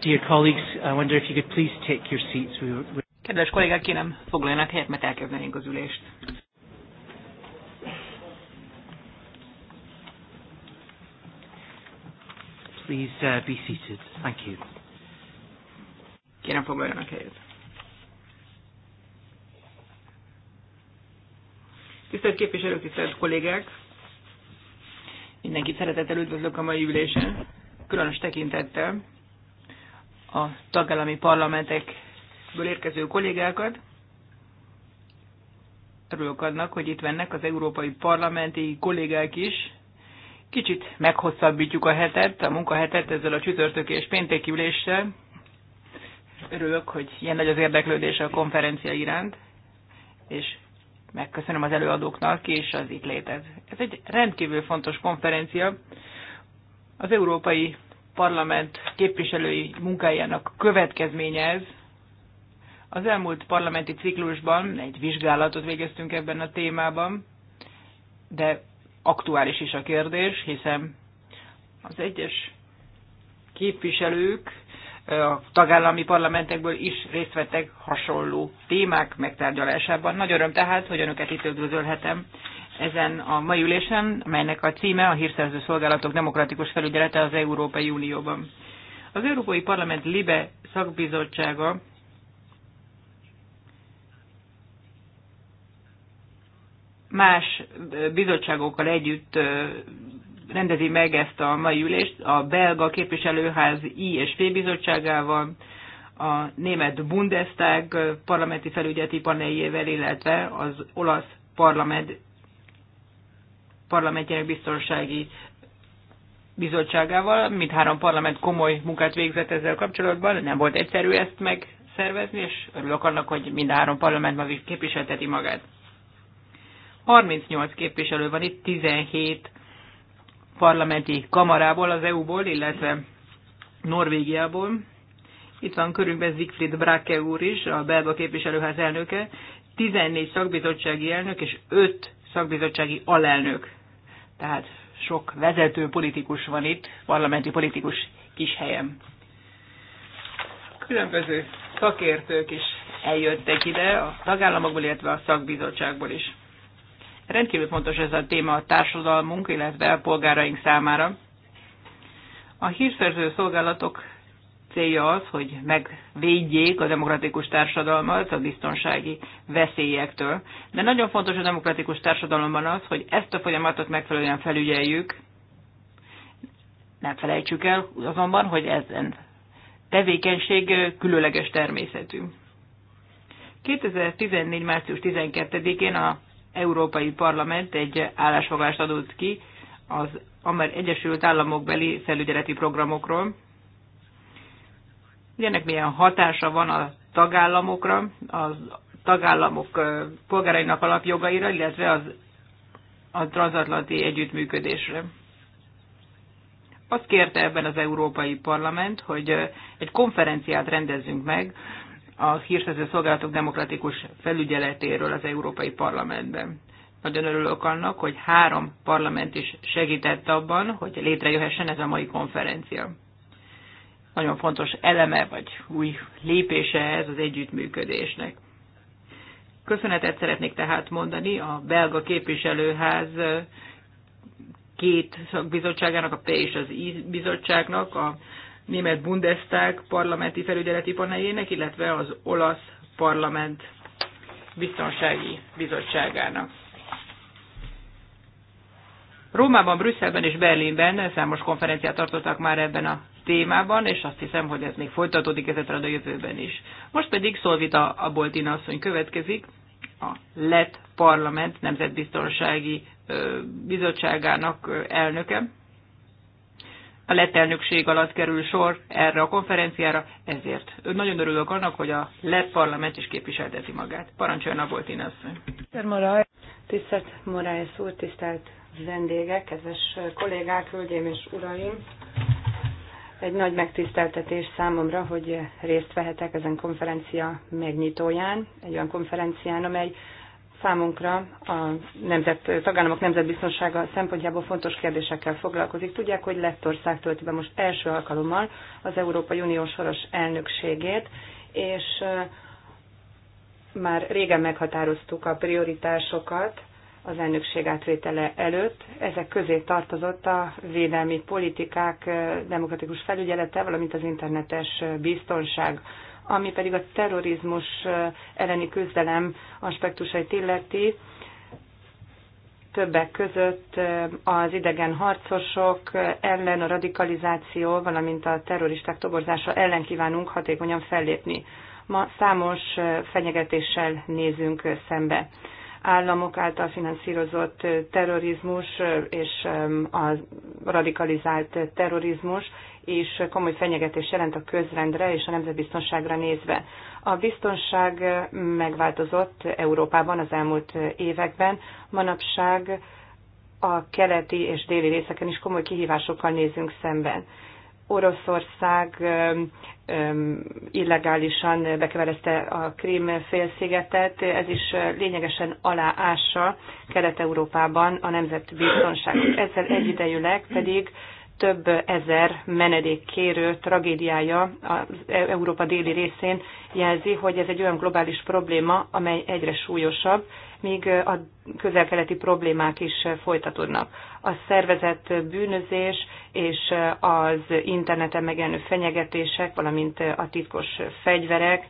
Dear colleagues, I wonder if you could please take your seats. We we... Kedves kollégák, kérem, foglaljanak helyet, mert elkezdenénk az ülést. Please uh, be seated. Thank you. Kérem, foglaljanak helyet. Tisztelt képviselők, tisztelt kollégák! Mindenkit szeretettel üdvözlök a mai ülésen, különös tekintettel a tagállami parlamentekből érkező kollégákat. Örülök annak, hogy itt vennek az európai parlamenti kollégák is. Kicsit meghosszabbítjuk a hetet, a munkahetet ezzel a csütörtök és pénteki üléssel. Örülök, hogy ilyen nagy az érdeklődés a konferencia iránt, és megköszönöm az előadóknak és az itt létez. Ez egy rendkívül fontos konferencia. Az európai parlament képviselői munkájának következménye ez. Az elmúlt parlamenti ciklusban egy vizsgálatot végeztünk ebben a témában, de aktuális is a kérdés, hiszen az egyes képviselők a tagállami parlamentekből is részt vettek hasonló témák megtárgyalásában. Nagy öröm tehát, hogy önöket itt üdvözölhetem ezen a mai ülésen, melynek a címe a hírszerző szolgálatok demokratikus felügyelete az Európai Unióban. Az Európai Parlament Libe szakbizottsága más bizottságokkal együtt rendezi meg ezt a mai ülést a belga képviselőház I és f bizottságával, a német Bundestag parlamenti felügyeti paneljével, illetve az olasz parlament parlamentjének biztonsági bizottságával. mint három parlament komoly munkát végzett ezzel kapcsolatban, nem volt egyszerű ezt megszervezni, és örülök annak, hogy három parlament is képviselteti magát. 38 képviselő van itt, 17 parlamenti kamarából, az EU-ból, illetve Norvégiából. Itt van körünkben Siegfried Brake úr is, a belga képviselőház elnöke, 14 szakbizottsági elnök és 5 szakbizottsági alelnök tehát sok vezető politikus van itt, parlamenti politikus kis helyen. Különböző szakértők is eljöttek ide, a tagállamokból, illetve a szakbizottságból is. Rendkívül fontos ez a téma a társadalmunk, illetve a polgáraink számára. A hírszerző szolgálatok célja az, hogy megvédjék a demokratikus társadalmat a biztonsági veszélyektől. De nagyon fontos a demokratikus társadalomban az, hogy ezt a folyamatot megfelelően felügyeljük. Nem felejtsük el azonban, hogy ezen tevékenység különleges természetű. 2014. március 12-én a Európai Parlament egy állásfoglalást adott ki az Egyesült Államok beli felügyeleti programokról, hogy ennek milyen hatása van a tagállamokra, a tagállamok polgárainak alapjogaira, illetve az, a transatlanti együttműködésre. Azt kérte ebben az Európai Parlament, hogy egy konferenciát rendezzünk meg a hírszerző szolgálatok demokratikus felügyeletéről az Európai Parlamentben. Nagyon örülök annak, hogy három parlament is segített abban, hogy létrejöhessen ez a mai konferencia nagyon fontos eleme vagy új lépése ez az együttműködésnek. Köszönetet szeretnék tehát mondani a belga képviselőház két szakbizottságának, a P és az I bizottságnak, a német Bundestag parlamenti felügyeleti panelének, illetve az olasz parlament biztonsági bizottságának. Rómában, Brüsszelben és Berlinben számos konferenciát tartottak már ebben a témában, és azt hiszem, hogy ez még folytatódik ezetre a jövőben is. Most pedig Szolvita Aboltina asszony következik, a lett parlament nemzetbiztonsági bizottságának elnöke. A lett elnökség alatt kerül sor erre a konferenciára, ezért nagyon örülök annak, hogy a lett parlament is képviselteti magát. Parancsoljon Boltin asszony. Tisztelt Moraes úr, tisztelt vendégek, kedves kollégák, hölgyeim és uraim! Egy nagy megtiszteltetés számomra, hogy részt vehetek ezen konferencia megnyitóján, egy olyan konferencián, amely számunkra a nemzet, tagállamok nemzetbiztonsága szempontjából fontos kérdésekkel foglalkozik. Tudják, hogy Lettország tölti be most első alkalommal az Európai Unió soros elnökségét, és már régen meghatároztuk a prioritásokat, az elnökség átvétele előtt. Ezek közé tartozott a védelmi politikák eh, demokratikus felügyelete, valamint az internetes eh, biztonság, ami pedig a terrorizmus eh, elleni küzdelem aspektusait illeti. Többek között az idegen harcosok ellen a radikalizáció, valamint a terroristák toborzása ellen kívánunk hatékonyan fellépni. Ma számos fenyegetéssel nézünk szembe államok által finanszírozott terrorizmus és a radikalizált terrorizmus és komoly fenyegetés jelent a közrendre és a nemzetbiztonságra nézve. A biztonság megváltozott Európában az elmúlt években, manapság a keleti és déli részeken is komoly kihívásokkal nézünk szemben. Oroszország illegálisan bekeverezte a Krím félszigetet, ez is lényegesen aláássa Kelet-Európában a nemzetbiztonságot. Ezzel egyidejűleg pedig több ezer menedékkérő tragédiája az e- Európa déli részén jelzi, hogy ez egy olyan globális probléma, amely egyre súlyosabb, míg a közelkeleti problémák is folytatódnak. A szervezett bűnözés és az interneten megjelenő fenyegetések, valamint a titkos fegyverek,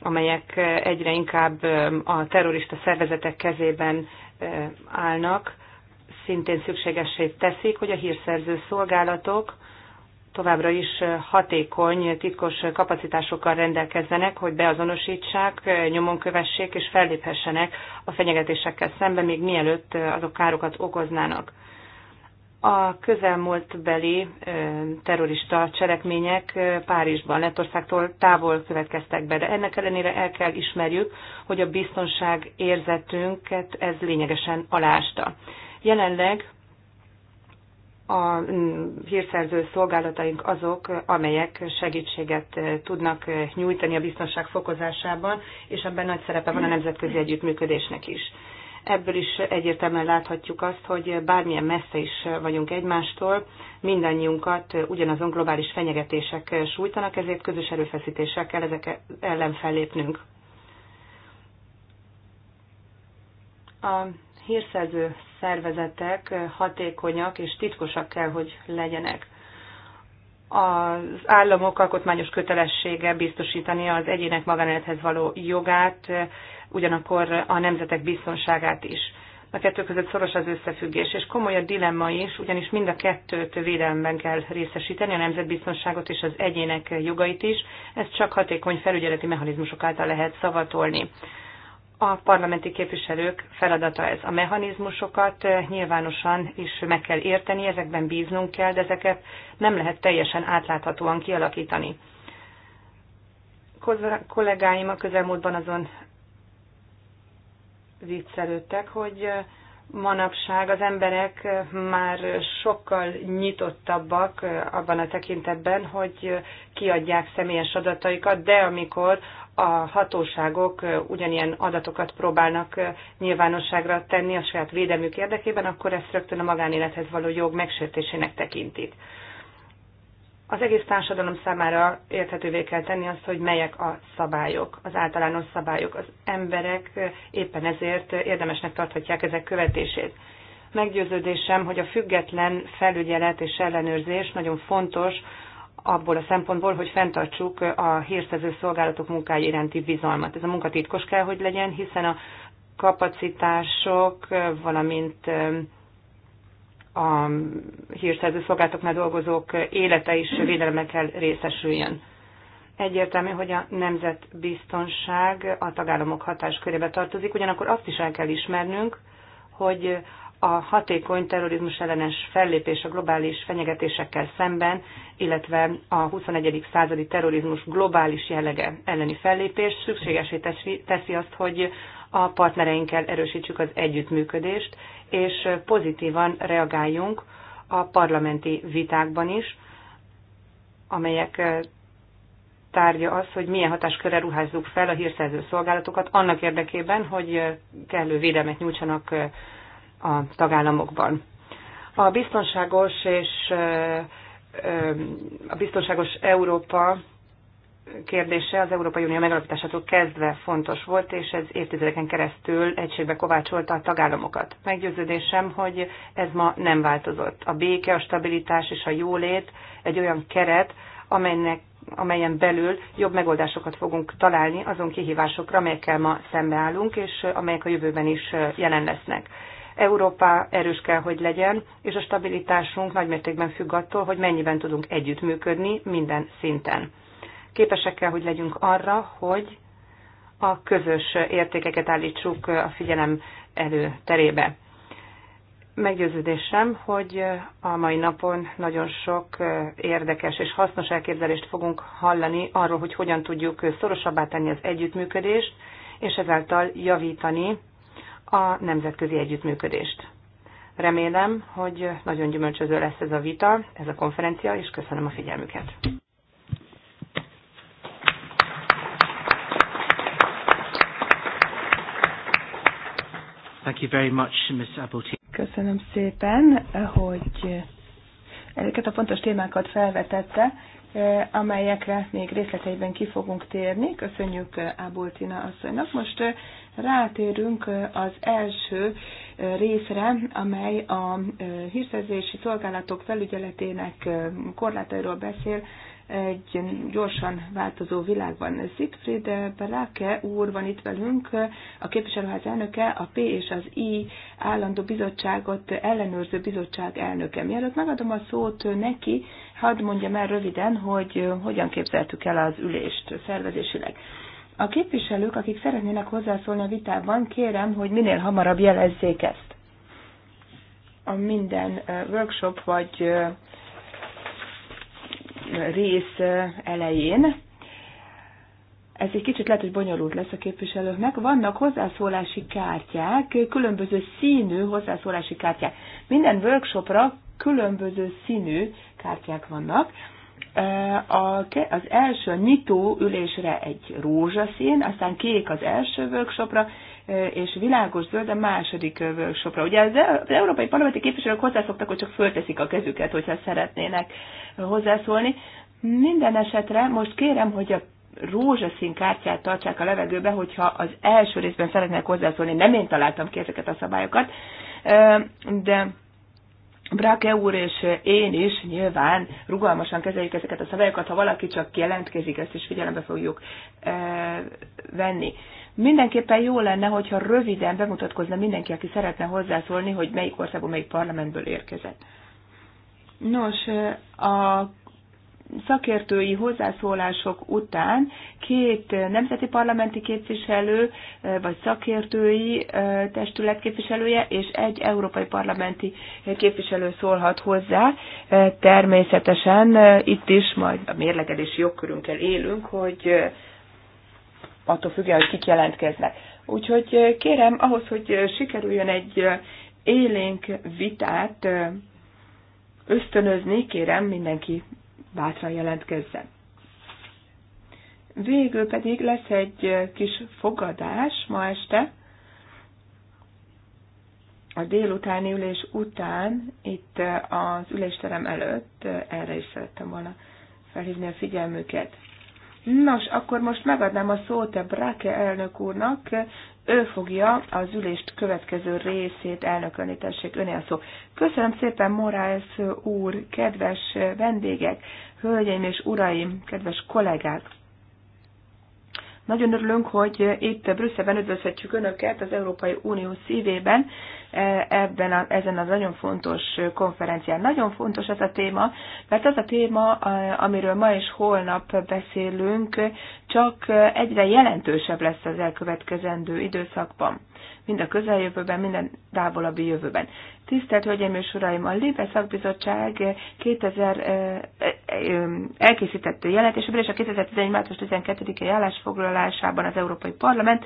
amelyek egyre inkább a terrorista szervezetek kezében eh, állnak, szintén szükségessé teszik, hogy a hírszerző szolgálatok továbbra is hatékony titkos kapacitásokkal rendelkezzenek, hogy beazonosítsák, nyomon kövessék és felléphessenek a fenyegetésekkel szemben, még mielőtt azok károkat okoznának. A közelmúltbeli terrorista cselekmények Párizsban, Lettországtól távol következtek be, de ennek ellenére el kell ismerjük, hogy a biztonság érzetünket ez lényegesen alásta. Jelenleg a mm, hírszerző szolgálataink azok, amelyek segítséget eh, tudnak eh, nyújtani a biztonság fokozásában, és ebben nagy szerepe van a nemzetközi együttműködésnek is. Ebből is egyértelműen láthatjuk azt, hogy bármilyen messze is vagyunk egymástól, mindannyiunkat ugyanazon globális fenyegetések sújtanak, ezért közös erőfeszítésekkel ezek ellen fellépnünk. A hírszerző szervezetek hatékonyak és titkosak kell, hogy legyenek. Az államok alkotmányos kötelessége biztosítani az egyének magánélethez való jogát, ugyanakkor a nemzetek biztonságát is. A kettő között szoros az összefüggés, és komoly a dilemma is, ugyanis mind a kettőt védelemben kell részesíteni, a nemzetbiztonságot és az egyének jogait is. Ezt csak hatékony felügyeleti mechanizmusok által lehet szavatolni a parlamenti képviselők feladata ez. A mechanizmusokat eh, nyilvánosan is meg kell érteni, ezekben bíznunk kell, de ezeket nem lehet teljesen átláthatóan kialakítani. Kollégáim a közelmúltban azon viccelődtek, hogy eh, manapság az emberek eh, már sokkal nyitottabbak abban a tekintetben, hogy kiadják személyes adataikat, de amikor a hatóságok ugyanilyen adatokat próbálnak nyilvánosságra tenni a saját védelmük érdekében, akkor ezt rögtön a magánélethez való jog megsértésének tekintik. Az egész társadalom számára érthetővé kell tenni azt, hogy melyek a szabályok, az általános szabályok. Az emberek éppen ezért érdemesnek tarthatják ezek követését. Meggyőződésem, hogy a független felügyelet és ellenőrzés nagyon fontos abból a szempontból, hogy fenntartsuk a hírszerző szolgálatok munkája iránti bizalmat. Ez a munka titkos kell, hogy legyen, hiszen a kapacitások, valamint um, a hírszerző szolgálatoknál dolgozók élete is védelemre kell részesüljön. Egyértelmű, hogy a nemzetbiztonság a tagállamok hatáskörébe tartozik, ugyanakkor azt is el kell ismernünk, hogy a hatékony terrorizmus ellenes fellépés a globális fenyegetésekkel szemben, illetve a 21. századi terrorizmus globális jellege elleni fellépés szükségesé teszi azt, hogy a partnereinkkel erősítsük az együttműködést, és pozitívan reagáljunk a parlamenti vitákban is, amelyek eh, tárgya az, hogy milyen hatáskörre ruházzuk fel a hírszerző szolgálatokat annak érdekében, hogy eh, kellő védelmet nyújtsanak eh, a tagállamokban. A biztonságos és a biztonságos Európa kérdése az Európai Unió megalapításától kezdve fontos volt, és ez évtizedeken keresztül egységbe kovácsolta a tagállamokat. Meggyőződésem, hogy ez ma nem változott. A béke, a stabilitás és a jólét egy olyan keret, amelynek, amelyen belül jobb megoldásokat fogunk találni azon kihívásokra, amelyekkel ma szembeállunk, és amelyek a jövőben is jelen lesznek. Európa erős kell, hogy legyen, és a stabilitásunk nagymértékben függ attól, hogy mennyiben tudunk együttműködni minden szinten. Képesek kell, hogy legyünk arra, hogy a közös értékeket állítsuk a figyelem előterébe. Meggyőződésem, hogy a mai napon nagyon sok érdekes és hasznos elképzelést fogunk hallani arról, hogy hogyan tudjuk szorosabbá tenni az együttműködést, és ezáltal javítani a nemzetközi együttműködést. Remélem, hogy nagyon gyümölcsöző lesz ez a vita, ez a konferencia, és köszönöm a figyelmüket. Thank you very much, Ms. Köszönöm szépen, hogy ezeket a fontos témákat felvetette, amelyekre még részleteiben ki fogunk térni. Köszönjük Áboltina asszonynak. Most Rátérünk az első részre, amely a hírszerzési szolgálatok felügyeletének korlátairól beszél, egy gyorsan változó világban. Siegfried Belake úr van itt velünk, a képviselőház elnöke, a P és az I állandó bizottságot ellenőrző bizottság elnöke. Mielőtt megadom a szót neki, hadd mondjam el röviden, hogy hogyan képzeltük el az ülést szervezésileg. A képviselők, akik szeretnének hozzászólni a vitában, kérem, hogy minél hamarabb jelezzék ezt. A minden workshop vagy rész elején. Ez egy kicsit lehet, hogy bonyolult lesz a képviselőknek. Vannak hozzászólási kártyák, különböző színű hozzászólási kártyák. Minden workshopra különböző színű kártyák vannak az első nyitó ülésre egy rózsaszín, aztán kék az első workshopra, és világos zöld a második workshopra. Ugye e- az európai parlamenti képviselők hozzászoktak, hogy csak fölteszik a kezüket, hogyha szeretnének hozzászólni. Minden esetre most kérem, hogy a rózsaszín kártyát tartsák a levegőbe, hogyha az első részben szeretnének hozzászólni. Nem én találtam ki ezeket a szabályokat, de Brake úr és én is nyilván rugalmasan kezeljük ezeket a szabályokat, ha valaki csak jelentkezik, ezt is figyelembe fogjuk e, venni. Mindenképpen jó lenne, hogyha röviden bemutatkozna mindenki, aki szeretne hozzászólni, hogy melyik országból, melyik parlamentből érkezett. Nos, eh, a szakértői hozzászólások után két nemzeti parlamenti képviselő, vagy szakértői testület képviselője és egy európai parlamenti képviselő szólhat hozzá. Természetesen itt is majd a mérlegedési jogkörünkkel élünk, hogy attól függően, hogy kik jelentkeznek. Úgyhogy kérem, ahhoz, hogy sikerüljön egy élénk vitát ösztönözni, kérem mindenki bátran jelentkezzen. Végül pedig lesz egy kis fogadás ma este, a délutáni ülés után, itt az ülésterem előtt, erre is szerettem volna felhívni a figyelmüket. Nos, akkor most megadnám a szót a Brake elnök úrnak, ő fogja az ülést következő részét elnökölni, tessék öné a szó. Köszönöm szépen, Morales úr, kedves vendégek, hölgyeim és uraim, kedves kollégák! Nagyon örülünk, hogy itt Brüsszelben üdvözhetjük Önöket az Európai Unió szívében, E, ebben a, ezen a nagyon fontos konferencián. Nagyon fontos ez a téma, mert az a téma, amiről ma és holnap beszélünk, csak egyre jelentősebb lesz az elkövetkezendő időszakban. Mind a közeljövőben, minden távolabbi jövőben. Tisztelt Hölgyeim és Uraim, a Libe Szakbizottság 2000, e, e, elkészítette jelentésében, és a 2011. március 12-i állásfoglalásában az Európai Parlament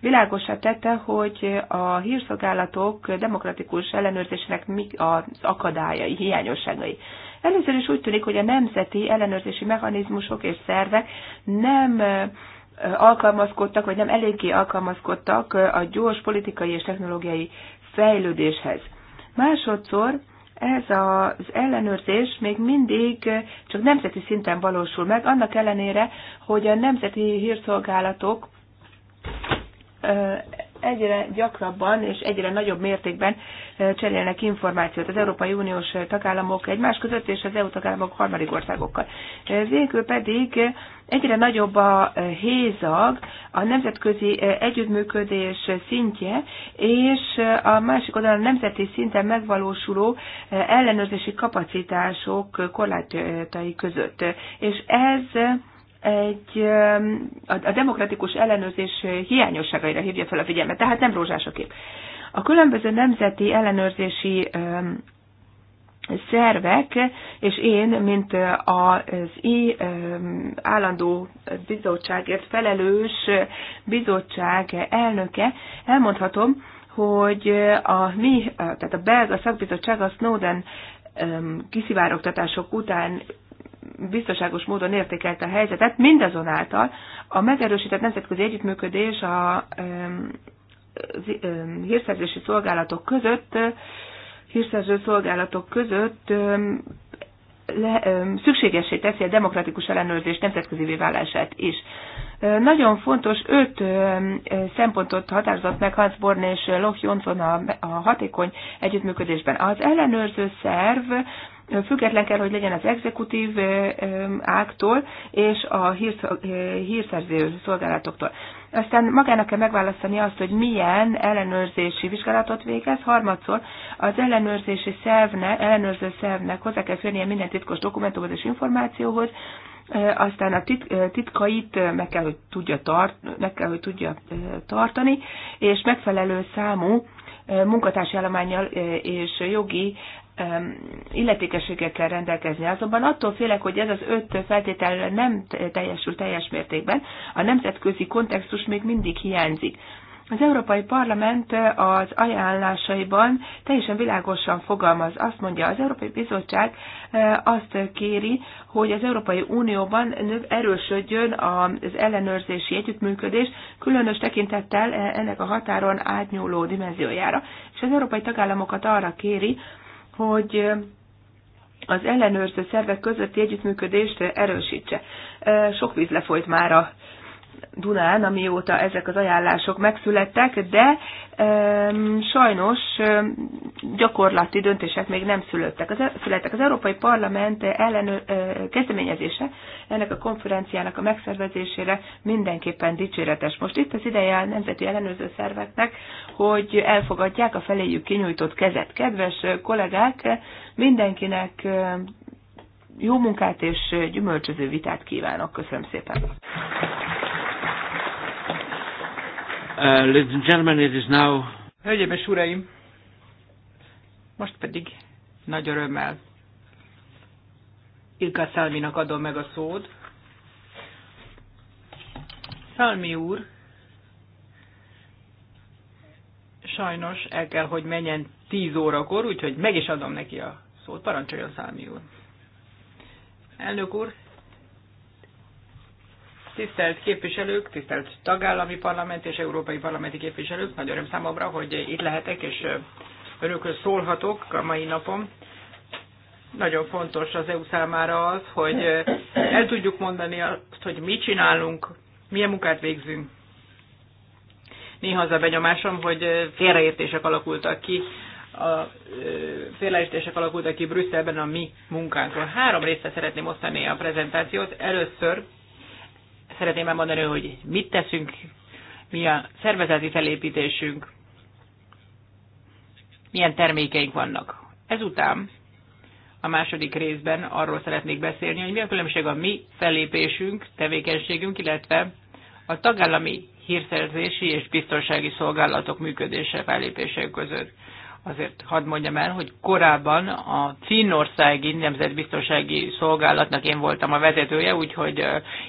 világosá tette, hogy a hírszolgálatok demokratikus ellenőrzésének mi az akadályai, hiányosságai. Először is úgy tűnik, hogy a nemzeti ellenőrzési mechanizmusok és szervek nem alkalmazkodtak, vagy nem eléggé alkalmazkodtak a gyors politikai és technológiai fejlődéshez. Másodszor ez az ellenőrzés még mindig csak nemzeti szinten valósul meg, annak ellenére, hogy a nemzeti hírszolgálatok egyre gyakrabban és egyre nagyobb mértékben cserélnek információt az Európai Uniós tagállamok egymás között és az EU tagállamok harmadik országokkal. Végül pedig egyre nagyobb a hézag, a nemzetközi együttműködés szintje és a másik oldalon a nemzeti szinten megvalósuló ellenőrzési kapacitások korlátai között. És ez egy, a demokratikus ellenőrzés hiányosságaira hívja fel a figyelmet, tehát nem rózsás a kép. A különböző nemzeti ellenőrzési szervek, és én, mint az I állandó bizottságért felelős bizottság elnöke, elmondhatom, hogy a mi, tehát a belga szakbizottság a Snowden kiszivárogtatások után biztoságos módon értékelte a helyzetet, mindazonáltal a megerősített nemzetközi együttműködés a hírszerzési szolgálatok között, hírszerző szolgálatok között le, szükségessé teszi a demokratikus ellenőrzés nemzetközi válását is. Nagyon fontos öt szempontot határozott meg Hans Born és Loch Jonsson a, a hatékony együttműködésben. Az ellenőrző szerv független kell, hogy legyen az exekutív ágtól és a hírszerző szolgálatoktól. Aztán magának kell megválasztani azt, hogy milyen ellenőrzési vizsgálatot végez. Harmadszor az ellenőrzési szervnek, ellenőrző szervnek hozzá kell férnie minden titkos dokumentumhoz és információhoz, aztán a tit, titkait meg kell, hogy tudja, tart, meg kell, hogy tudja tartani, és megfelelő számú munkatársi állományjal és jogi illetékességekkel rendelkezni. Azonban attól félek, hogy ez az öt feltétel nem teljesül teljes mértékben, a nemzetközi kontextus még mindig hiányzik. Az Európai Parlament eh, az ajánlásaiban teljesen világosan fogalmaz. Azt mondja, az Európai Bizottság eh, azt kéri, hogy az Európai Unióban erősödjön az ellenőrzési együttműködés, különös tekintettel eh, ennek a határon átnyúló dimenziójára, és az európai tagállamokat arra kéri, hogy az ellenőrző szervek közötti együttműködést erősítse. Sok víz lefolyt már a Dunán, amióta ezek az ajánlások megszülettek, de um, sajnos um, gyakorlati döntések még nem születtek. Az, e, születtek. az Európai Parlament ellenő, uh, kezdeményezése ennek a konferenciának a megszervezésére mindenképpen dicséretes. Most itt az ideje a nemzeti ellenőrző szerveknek, hogy elfogadják a feléjük kinyújtott kezet. Kedves kollégák, mindenkinek uh, jó munkát és gyümölcsöző vitát kívánok. Köszönöm szépen! Uh, ladies and gentlemen, it is now... Hölgyeim és uraim, most pedig nagy örömmel Ilka Szalminak adom meg a szót. Szalmi úr, sajnos el kell, hogy menjen 10 órakor, úgyhogy meg is adom neki a szót. Parancsoljon, Szalmi úr. Elnök úr, Tisztelt képviselők, tisztelt tagállami parlament és európai parlamenti képviselők, nagy öröm számomra, hogy itt lehetek és önökhöz szólhatok a mai napon. Nagyon fontos az EU számára az, hogy el tudjuk mondani azt, hogy mit csinálunk, milyen munkát végzünk. Néha az a benyomásom, hogy félreértések alakultak ki, a félreértések alakultak ki Brüsszelben a mi munkánkról. Három részre szeretném osztani a prezentációt. Először szeretném elmondani, hogy mit teszünk, mi a szervezeti felépítésünk, milyen termékeink vannak. Ezután a második részben arról szeretnék beszélni, hogy mi a különbség a mi fellépésünk, tevékenységünk, illetve a tagállami hírszerzési és biztonsági szolgálatok működése fellépése között azért hadd mondjam el, hogy korábban a Finnországi Nemzetbiztonsági Szolgálatnak én voltam a vezetője, úgyhogy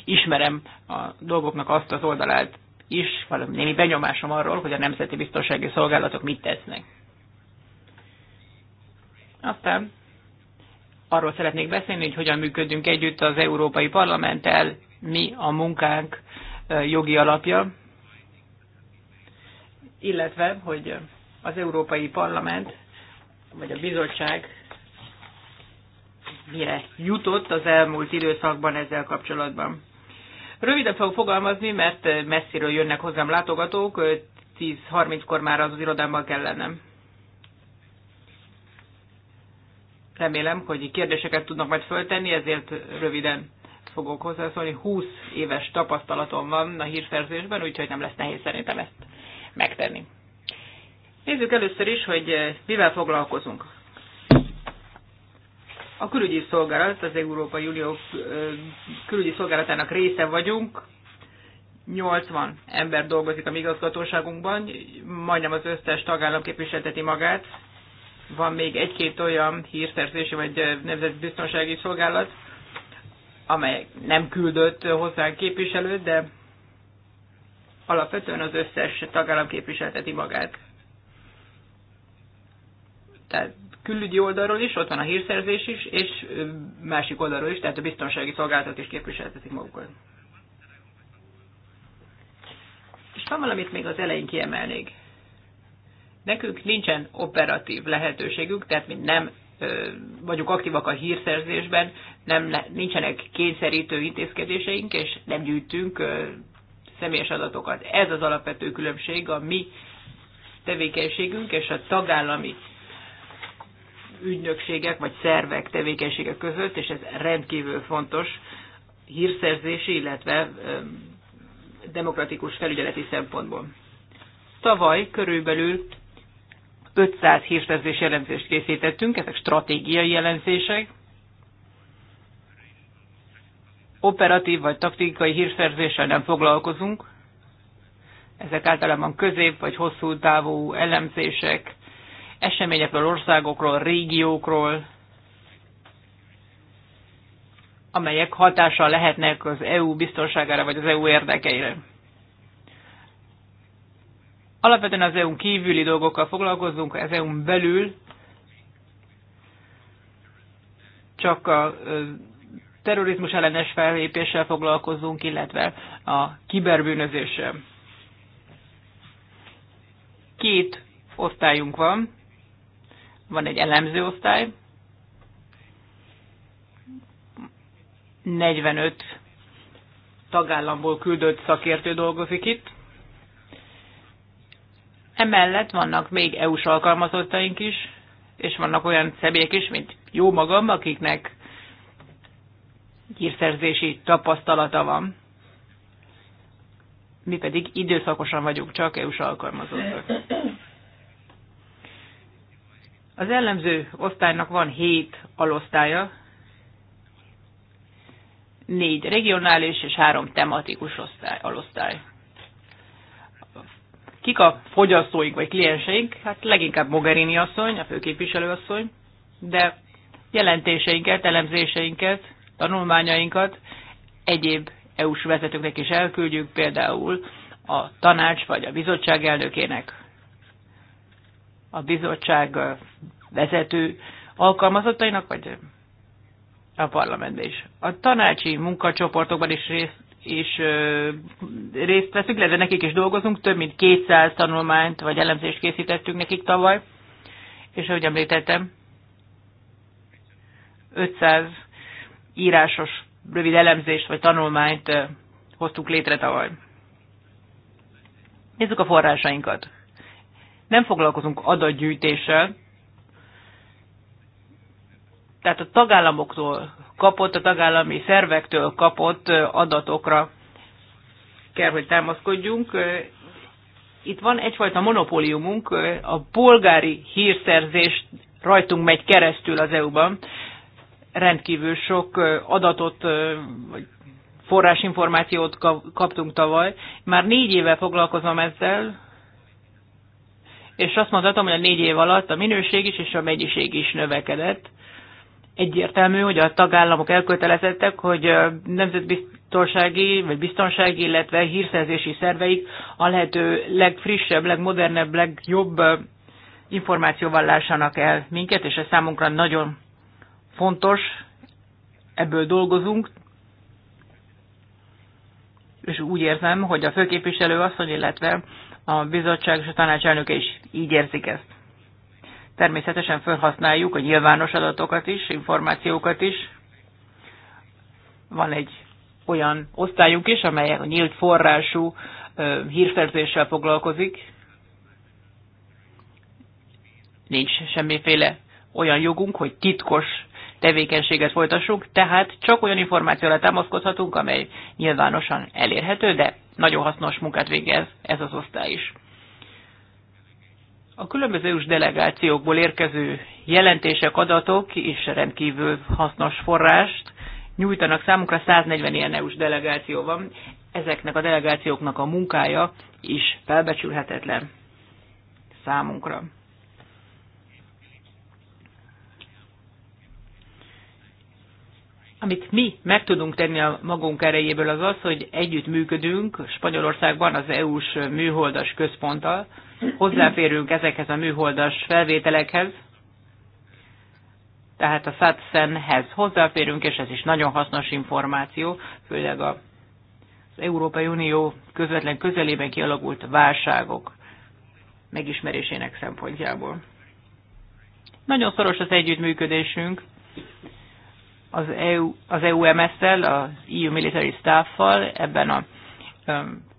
ismerem a dolgoknak azt az oldalát is, valami némi benyomásom arról, hogy a Nemzeti Biztonsági Szolgálatok mit tesznek. Aztán arról szeretnék beszélni, hogy hogyan működünk együtt az Európai Parlamenttel, mi a munkánk jogi alapja, illetve, hogy az Európai Parlament vagy a bizottság mire jutott az elmúlt időszakban ezzel kapcsolatban. Röviden fogok fogalmazni, mert messziről jönnek hozzám látogatók, 10-30-kor már az irodámban kell lennem. Remélem, hogy kérdéseket tudnak majd föltenni, ezért röviden fogok hozzászólni. 20 éves tapasztalatom van a hírszerzésben, úgyhogy nem lesz nehéz szerintem ezt megtenni. Nézzük először is, hogy eh, mivel foglalkozunk. A külügyi szolgálat, az Európai Unió eh, külügyi szolgálatának része vagyunk. 80 ember dolgozik a mi igazgatóságunkban, majdnem az összes tagállam képviselteti magát. Van még egy-két olyan hírszerzési vagy eh, nemzetbiztonsági szolgálat, amely nem küldött hozzánk képviselőt, de alapvetően az összes tagállam képviselteti magát tehát külügyi oldalról is, ott van a hírszerzés is, és másik oldalról is, tehát a biztonsági szolgálatot is képviseltetik magukat. És van valamit még az elején kiemelnék. Nekünk nincsen operatív lehetőségünk, tehát mi nem vagyunk aktívak a hírszerzésben, nem, nincsenek kényszerítő intézkedéseink, és nem gyűjtünk személyes adatokat. Ez az alapvető különbség a mi tevékenységünk és a tagállami ügynökségek vagy szervek tevékenysége között, és ez rendkívül fontos hírszerzési, illetve demokratikus felügyeleti szempontból. Tavaly körülbelül 500 hírszerzési jelentést készítettünk, ezek stratégiai jelentések, operatív vagy taktikai hírszerzéssel nem foglalkozunk. Ezek általában közép vagy hosszú távú elemzések, eseményekről, országokról, régiókról, amelyek hatással lehetnek az EU biztonságára vagy az EU érdekeire. Alapvetően az EU-n kívüli dolgokkal foglalkozunk, az EU-n belül csak a terrorizmus ellenes fellépéssel foglalkozunk, illetve a kiberbűnözéssel. Két osztályunk van van egy elemző osztály, 45 tagállamból küldött szakértő dolgozik itt. Emellett vannak még EU-s alkalmazottaink is, és vannak olyan személyek is, mint jó magam, akiknek hírszerzési tapasztalata van. Mi pedig időszakosan vagyunk csak EU-s alkalmazottak. Az ellenző osztálynak van hét alosztálya, négy regionális és három tematikus osztály, alosztály. Kik a fogyasztóik vagy klienseink? Hát leginkább Mogherini asszony, a főképviselő asszony, de jelentéseinket, elemzéseinket, tanulmányainkat egyéb EU-s vezetőknek is elküldjük, például a tanács vagy a bizottság elnökének a bizottság vezető alkalmazottainak, vagy a parlamentben is. A tanácsi munkacsoportokban is részt, is ö, részt veszünk, de nekik is dolgozunk, több mint 200 tanulmányt vagy elemzést készítettünk nekik tavaly, és ahogy említettem, 500 írásos rövid elemzést vagy tanulmányt hoztuk létre tavaly. Nézzük a forrásainkat nem foglalkozunk adatgyűjtéssel, tehát a tagállamoktól kapott, a tagállami szervektől kapott adatokra kell, hogy támaszkodjunk. Itt van egyfajta monopóliumunk, a polgári hírszerzés rajtunk megy keresztül az EU-ban. Rendkívül sok adatot, vagy forrásinformációt kaptunk tavaly. Már négy éve foglalkozom ezzel, és azt mondhatom, hogy a négy év alatt a minőség is és a mennyiség is növekedett. Egyértelmű, hogy a tagállamok elkötelezettek, hogy nemzetbiztonsági vagy biztonsági, illetve hírszerzési szerveik a lehető legfrissebb, legmodernebb, legjobb információval lássanak el minket, és ez számunkra nagyon fontos, ebből dolgozunk, és úgy érzem, hogy a főképviselő asszony, illetve a bizottság és a tanács elnöke is így érzik ezt. Természetesen felhasználjuk a nyilvános adatokat is, információkat is. Van egy olyan osztályunk is, amely a nyílt forrású hírszerzéssel foglalkozik. Nincs semmiféle olyan jogunk, hogy titkos tevékenységet folytassunk, tehát csak olyan információra támaszkodhatunk, amely nyilvánosan elérhető, de nagyon hasznos munkát végez ez az osztály is. A különböző EU-s delegációkból érkező jelentések, adatok és rendkívül hasznos forrást nyújtanak számunkra. 140 ilyen EU-s delegáció van. Ezeknek a delegációknak a munkája is felbecsülhetetlen számunkra. amit mi meg tudunk tenni a magunk erejéből az az, hogy együtt működünk Spanyolországban az EU-s műholdas központtal, hozzáférünk ezekhez a műholdas felvételekhez, tehát a SATSEN-hez hozzáférünk, és ez is nagyon hasznos információ, főleg az Európai Unió közvetlen közelében kialakult válságok megismerésének szempontjából. Nagyon szoros az együttműködésünk az, EU, az e ms szel az EU Military Staff-fal, ebben a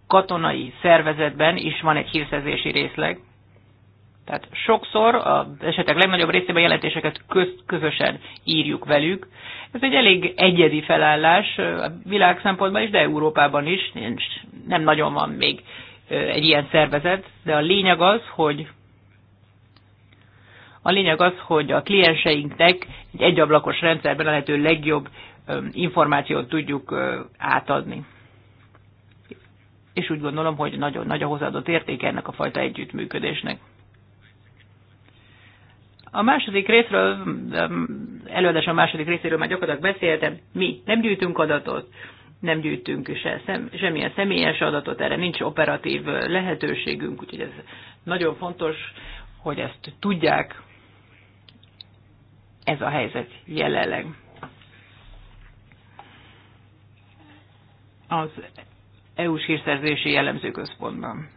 katonai szervezetben is van egy hírszerzési részleg. Tehát sokszor az esetek legnagyobb részében jelentéseket köz, közösen írjuk velük. Ez egy elég egyedi felállás a világ szempontból is, de Európában is. Nincs, nem nagyon van még egy ilyen szervezet, de a lényeg az, hogy a lényeg az, hogy a klienseinknek egy egyablakos rendszerben a lehető legjobb információt tudjuk átadni. És úgy gondolom, hogy nagyon nagy a hozzáadott értéke ennek a fajta együttműködésnek. A második részről, előadás a második részéről már gyakorlatilag beszéltem, mi nem gyűjtünk adatot, nem gyűjtünk se szem, semmilyen személyes adatot, erre nincs operatív lehetőségünk, úgyhogy ez nagyon fontos, hogy ezt tudják ez a helyzet jelenleg. Az EU-s hírszerzési jellemzőközpontban.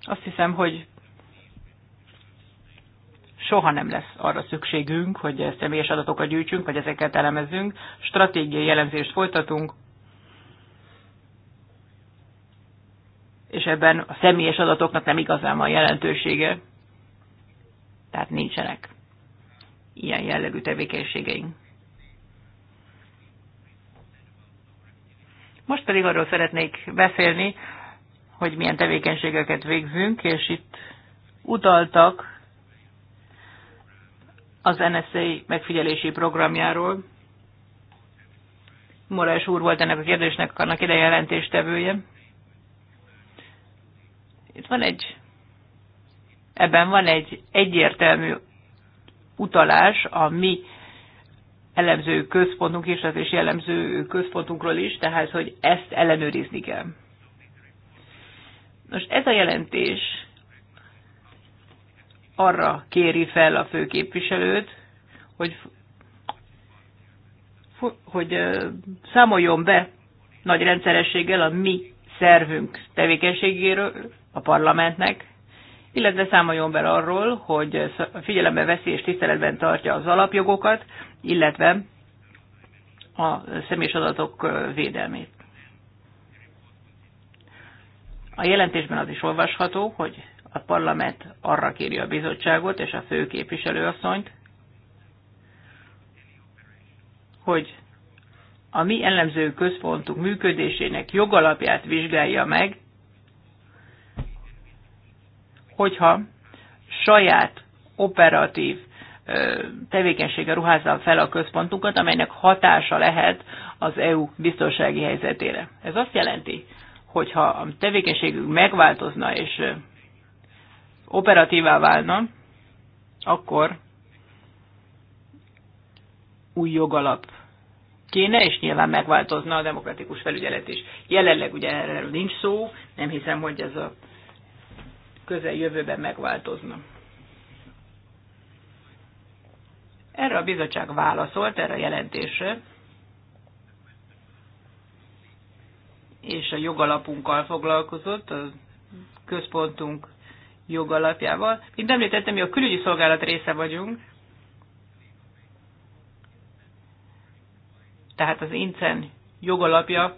Azt hiszem, hogy soha nem lesz arra szükségünk, hogy személyes adatokat gyűjtsünk, vagy ezeket elemezzünk. Stratégiai jellemzést folytatunk, és ebben a személyes adatoknak nem igazán van jelentősége tehát nincsenek ilyen jellegű tevékenységeink. Most pedig arról szeretnék beszélni, hogy milyen tevékenységeket végzünk, és itt utaltak az NSA megfigyelési programjáról. Morales úr volt ennek a kérdésnek annak ide jelentéstevője. Itt van egy Ebben van egy egyértelmű utalás a mi elemző központunk és az is jellemző központunkról is, tehát hogy ezt ellenőrizni kell. Nos, ez a jelentés arra kéri fel a főképviselőt, hogy, hogy számoljon be nagy rendszerességgel a mi szervünk tevékenységéről a parlamentnek, illetve számoljon be arról, hogy figyelembe veszi és tiszteletben tartja az alapjogokat, illetve a személyes adatok védelmét. A jelentésben az is olvasható, hogy a parlament arra kéri a bizottságot és a főképviselőasszonyt, hogy a mi ellenző központunk működésének jogalapját vizsgálja meg, hogyha saját operatív tevékenysége ruházza fel a központunkat, amelynek hatása lehet az EU biztonsági helyzetére. Ez azt jelenti, hogyha a tevékenységük megváltozna és operatívá válna, akkor új jogalap kéne, és nyilván megváltozna a demokratikus felügyelet is. Jelenleg ugye erről nincs szó, nem hiszem, hogy ez a közeljövőben megváltozna. Erre a bizottság válaszolt, erre a jelentésre, és a jogalapunkkal foglalkozott, a központunk jogalapjával. Mint említettem, mi a külügyi szolgálat része vagyunk, tehát az INCEN jogalapja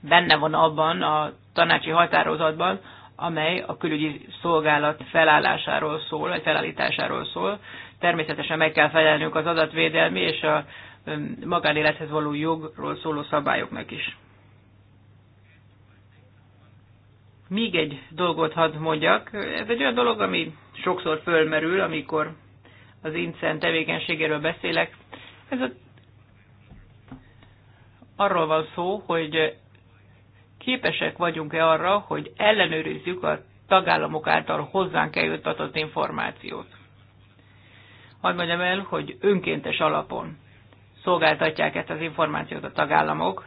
benne van abban a tanácsi határozatban, amely a külügyi szolgálat felállásáról szól, vagy felállításáról szól. Természetesen meg kell felelnünk az adatvédelmi és a magánélethez való jogról szóló szabályoknak is. Még egy dolgot hadd mondjak, ez egy olyan dolog, ami sokszor fölmerül, amikor az incen tevékenységéről beszélek. Ez a, arról van szó, hogy képesek vagyunk-e arra, hogy ellenőrizzük a tagállamok által hozzánk eljuttatott információt. Hadd mondjam el, hogy önkéntes alapon szolgáltatják ezt az információt a tagállamok,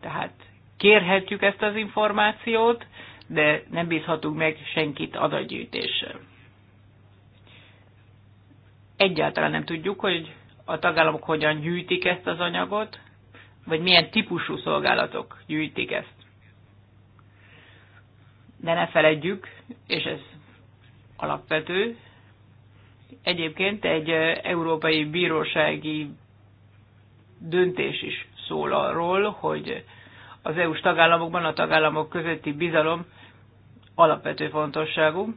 tehát kérhetjük ezt az információt, de nem bízhatunk meg senkit adatgyűjtéssel. Egyáltalán nem tudjuk, hogy a tagállamok hogyan gyűjtik ezt az anyagot, vagy milyen típusú szolgálatok gyűjtik ezt. De ne feledjük, és ez alapvető, egyébként egy európai bírósági döntés is szól arról, hogy az EU-s tagállamokban a tagállamok közötti bizalom alapvető fontosságú.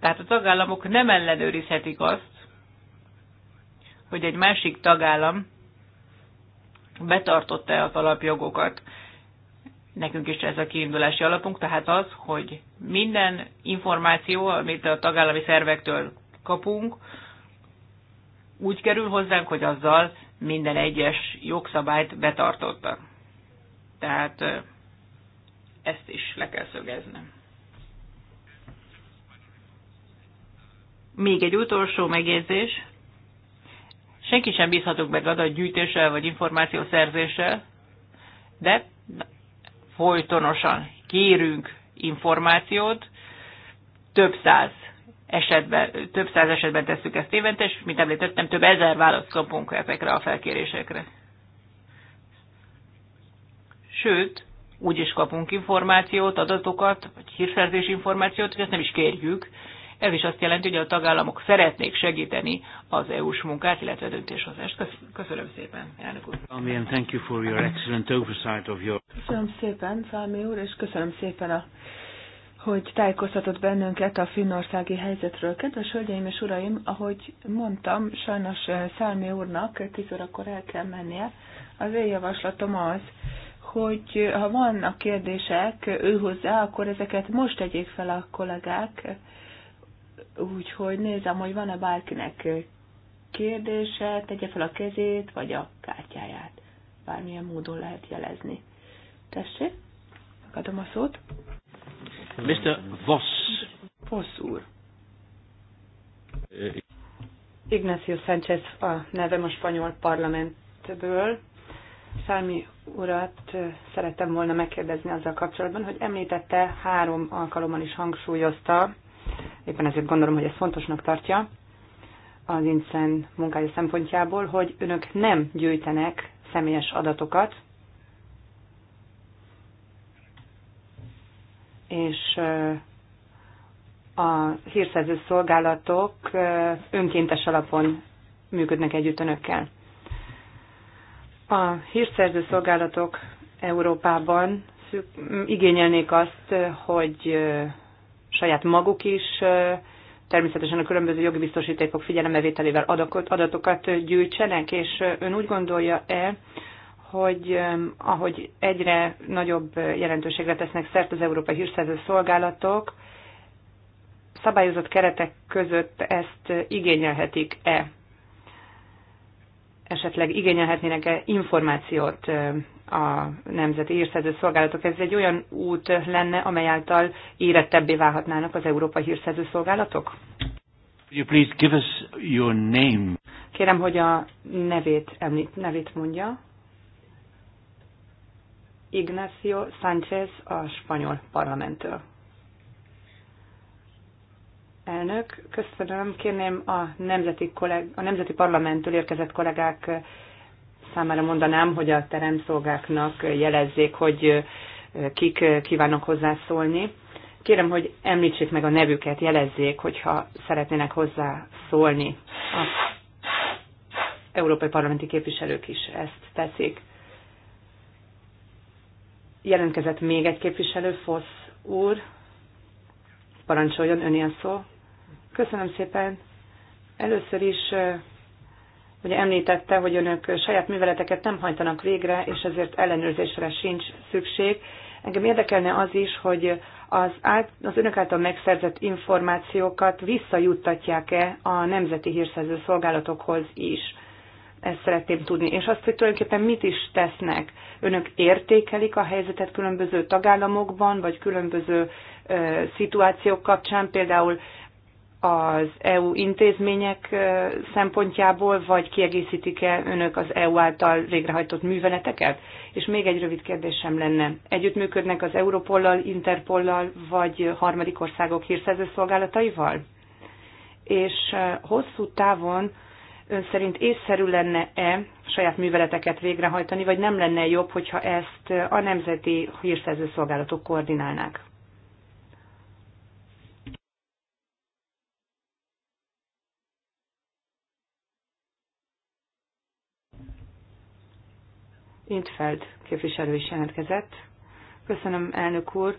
Tehát a tagállamok nem ellenőrizhetik azt, hogy egy másik tagállam betartotta-e az alapjogokat. Nekünk is ez a kiindulási alapunk, tehát az, hogy minden információ, amit a tagállami szervektől kapunk, úgy kerül hozzánk, hogy azzal minden egyes jogszabályt betartottak. Tehát ezt is le kell szögeznem. Még egy utolsó megjegyzés senki sem bízhatunk meg adatgyűjtéssel vagy információszerzéssel, de folytonosan kérünk információt, több száz esetben, több száz esetben tesszük ezt évente, és mint említettem, több ezer választ kapunk ezekre a felkérésekre. Sőt, úgy is kapunk információt, adatokat, vagy hírszerzés információt, hogy ezt nem is kérjük, ez is azt jelenti, hogy a tagállamok szeretnék segíteni az EU-s munkát, illetve döntéshozást. Köszönöm szépen, elnök úr. thank you for your excellent oversight of your... Köszönöm szépen, Szalmi úr, és köszönöm szépen a hogy tájékoztatott bennünket a finnországi helyzetről. Kedves hölgyeim és uraim, ahogy mondtam, sajnos eh, Szálmi úrnak 10 órakor el kell mennie. Az én javaslatom az, hogy eh, ha vannak kérdések ő hozzá, akkor ezeket most tegyék fel a kollégák, Úgyhogy nézem, hogy van-e bárkinek kérdése, tegye fel a kezét, vagy a kártyáját. Bármilyen módon lehet jelezni. Tessék, megadom a szót. Mr. Voss. Voss úr. Eh, Ignacio Sánchez a nevem a spanyol parlamentből. Szálmi urat eh, szerettem volna megkérdezni azzal kapcsolatban, hogy említette három alkalommal is hangsúlyozta, éppen ezért gondolom, hogy ezt fontosnak tartja az Insen munkája szempontjából, hogy önök nem gyűjtenek személyes adatokat, és a hírszerző szolgálatok önkéntes alapon működnek együtt önökkel. A hírszerző szolgálatok Európában igényelnék azt, hogy saját maguk is természetesen a különböző jogi biztosítékok figyelembevételével adatokat gyűjtsenek, és ön úgy gondolja-e, hogy ahogy egyre nagyobb jelentőségre tesznek szert az Európai Hírszerző Szolgálatok, szabályozott keretek között ezt igényelhetik-e? esetleg igényelhetnének-e információt a Nemzeti Hírszerző Szolgálatok. Ez egy olyan út lenne, amely által érettebbé válhatnának az Európai Hírszerző Szolgálatok? You please give us your name. Kérem, hogy a nevét, említ, nevét mondja. Ignacio Sánchez a spanyol parlamenttől. Elnök, köszönöm. Kérném a nemzeti, kolleg, a nemzeti parlamenttől érkezett kollégák eh, számára mondanám, hogy a teremszolgáknak jelezzék, hogy eh, kik eh, kívánok hozzászólni. Kérem, hogy említsék meg a nevüket, jelezzék, hogyha szeretnének hozzászólni. A európai parlamenti képviselők is ezt teszik. Jelentkezett még egy képviselő, Fosz úr. Parancsoljon, öné a szó. Köszönöm szépen. Először is ugye említette, hogy önök saját műveleteket nem hajtanak végre, és ezért ellenőrzésre sincs szükség. Engem érdekelne az is, hogy az, át, az önök által megszerzett információkat visszajuttatják-e a nemzeti hírszerző szolgálatokhoz is. Ezt szeretném tudni. És azt, hogy tulajdonképpen mit is tesznek. Önök értékelik a helyzetet különböző tagállamokban, vagy különböző ö, szituációk kapcsán, például az EU intézmények szempontjából, vagy kiegészítik-e önök az EU által végrehajtott műveleteket? És még egy rövid kérdésem lenne. Együttműködnek az Europollal, Interpollal, vagy harmadik országok hírszerző szolgálataival? És hosszú távon ön szerint észszerű lenne-e saját műveleteket végrehajtani, vagy nem lenne jobb, hogyha ezt a nemzeti hírszerző szolgálatok koordinálnák? Intfeld képviselő is jelentkezett. Köszönöm, elnök úr.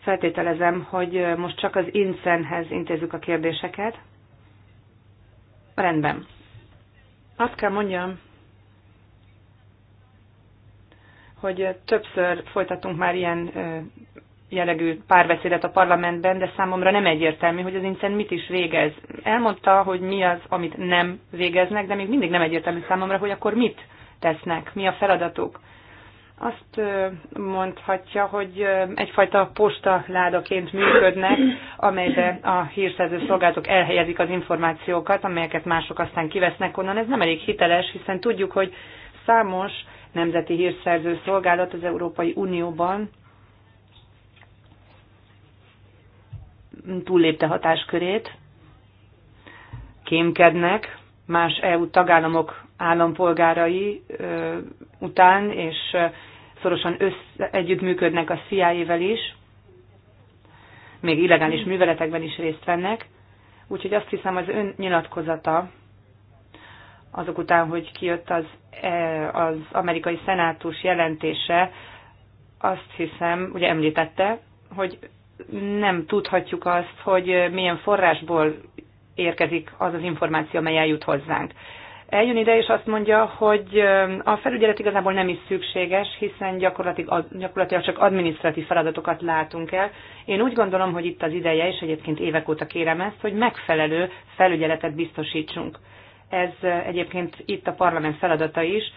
Feltételezem, hogy most csak az INSEN-hez intézzük a kérdéseket. Rendben. Azt kell mondjam, hogy többször folytatunk már ilyen jellegű párbeszédet a parlamentben, de számomra nem egyértelmű, hogy az INSZEN mit is végez. Elmondta, hogy mi az, amit nem végeznek, de még mindig nem egyértelmű számomra, hogy akkor mit tesznek, mi a feladatuk. Azt mondhatja, hogy egyfajta posta ládaként működnek, amelybe a hírszerző szolgálatok elhelyezik az információkat, amelyeket mások aztán kivesznek onnan. Ez nem elég hiteles, hiszen tudjuk, hogy számos nemzeti hírszerző szolgálat az Európai Unióban túllépte hatáskörét, kémkednek más EU tagállamok állampolgárai után, és szorosan össze, együttműködnek a CIA-vel is, még illegális műveletekben is részt vennek. Úgyhogy azt hiszem az ön nyilatkozata, azok után, hogy kijött az, e, az amerikai szenátus jelentése, azt hiszem, ugye említette, hogy nem tudhatjuk azt, hogy milyen forrásból érkezik az az információ, amely eljut hozzánk eljön ide, és azt mondja, hogy a felügyelet igazából nem is szükséges, hiszen gyakorlatilag, gyakorlatilag csak adminisztratív feladatokat látunk el. Én úgy gondolom, hogy itt az ideje, és egyébként évek óta kérem ezt, hogy megfelelő felügyeletet biztosítsunk. Ez egyébként itt a parlament feladata is.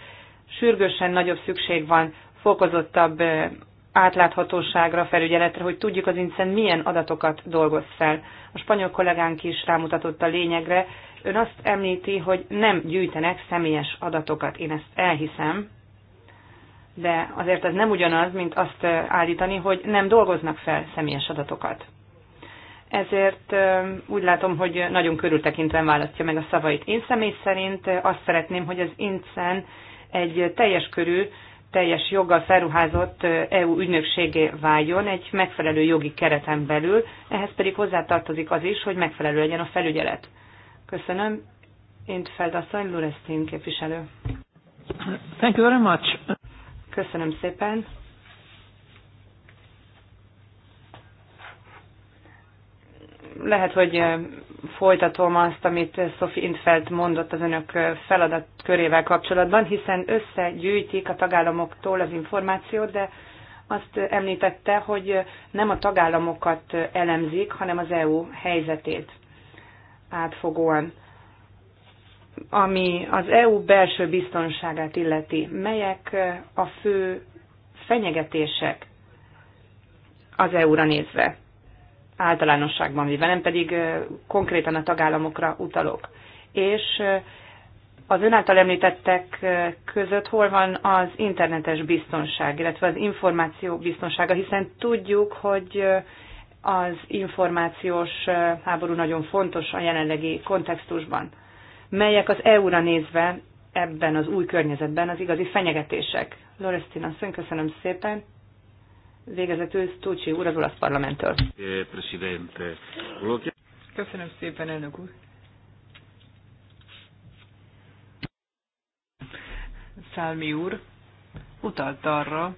Sürgősen nagyobb szükség van fokozottabb átláthatóságra, felügyeletre, hogy tudjuk az incen milyen adatokat dolgoz fel. A spanyol kollégánk is rámutatott a lényegre, Ön azt említi, hogy nem gyűjtenek személyes adatokat. Én ezt elhiszem, de azért ez nem ugyanaz, mint azt állítani, hogy nem dolgoznak fel személyes adatokat. Ezért úgy látom, hogy nagyon körültekintően választja meg a szavait. Én személy szerint azt szeretném, hogy az INCEN egy teljes körű, teljes joggal felruházott EU ügynökségé váljon egy megfelelő jogi kereten belül, ehhez pedig hozzátartozik az is, hogy megfelelő legyen a felügyelet. Köszönöm. Én Feldasszony, Luresztin képviselő. Thank you very much. Köszönöm szépen. Lehet, hogy eh, folytatom azt, amit Sophie Intfeld mondott az önök eh, feladat körével kapcsolatban, hiszen összegyűjtik a tagállamoktól az információt, de azt eh, említette, hogy nem a tagállamokat elemzik, hanem az EU helyzetét átfogóan, ami az EU belső biztonságát illeti. Melyek a fő fenyegetések az EU-ra nézve? általánosságban véve, nem pedig konkrétan a tagállamokra utalok. És az ön által említettek között hol van az internetes biztonság, illetve az információ biztonsága, hiszen tudjuk, hogy az információs háború nagyon fontos a jelenlegi kontextusban. Melyek az EU-ra nézve ebben az új környezetben az igazi fenyegetések? Lorestina, köszönöm szépen. Végezetül Stucci úr az olasz parlamenttől. Köszönöm szépen, elnök úr. Szálmi úr utalt arra,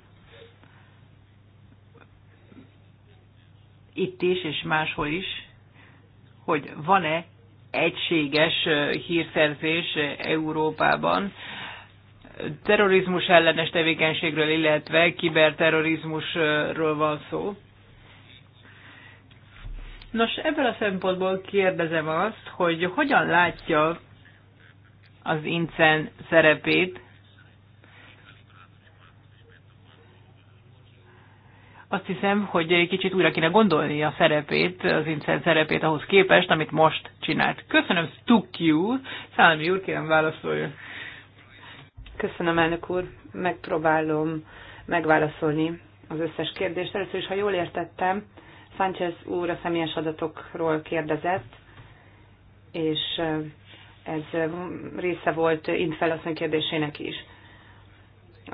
itt is és máshol is, hogy van-e egységes hírszerzés Európában terrorizmus ellenes tevékenységről, illetve kiberterrorizmusról van szó. Nos, ebből a szempontból kérdezem azt, hogy hogyan látja az INCEN szerepét Azt hiszem, hogy egy kicsit újra kéne gondolni a szerepét, az incel szerepét ahhoz képest, amit most csinált. Köszönöm, Stuck You! Szállami úr, kérem válaszoljon. Köszönöm, elnök úr. Megpróbálom megválaszolni az összes kérdést. Először is, ha jól értettem, Sánchez úr a személyes adatokról kérdezett, és ez része volt Intfel kérdésének is.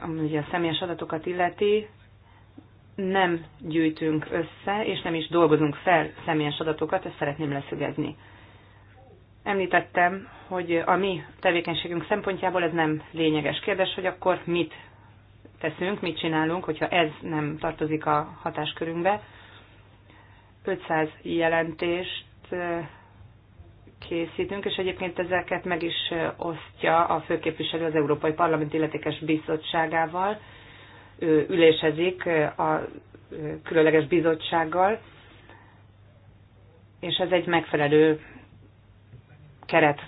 Ami ugye a személyes adatokat illeti, nem gyűjtünk össze, és nem is dolgozunk fel személyes adatokat, ezt szeretném leszögezni. Említettem, hogy a mi tevékenységünk szempontjából ez nem lényeges kérdés, hogy akkor mit teszünk, mit csinálunk, hogyha ez nem tartozik a hatáskörünkbe. 500 jelentést készítünk, és egyébként ezeket meg is osztja a főképviselő az Európai Parlament illetékes bizottságával, ülésezik a különleges bizottsággal, és ez egy megfelelő keret,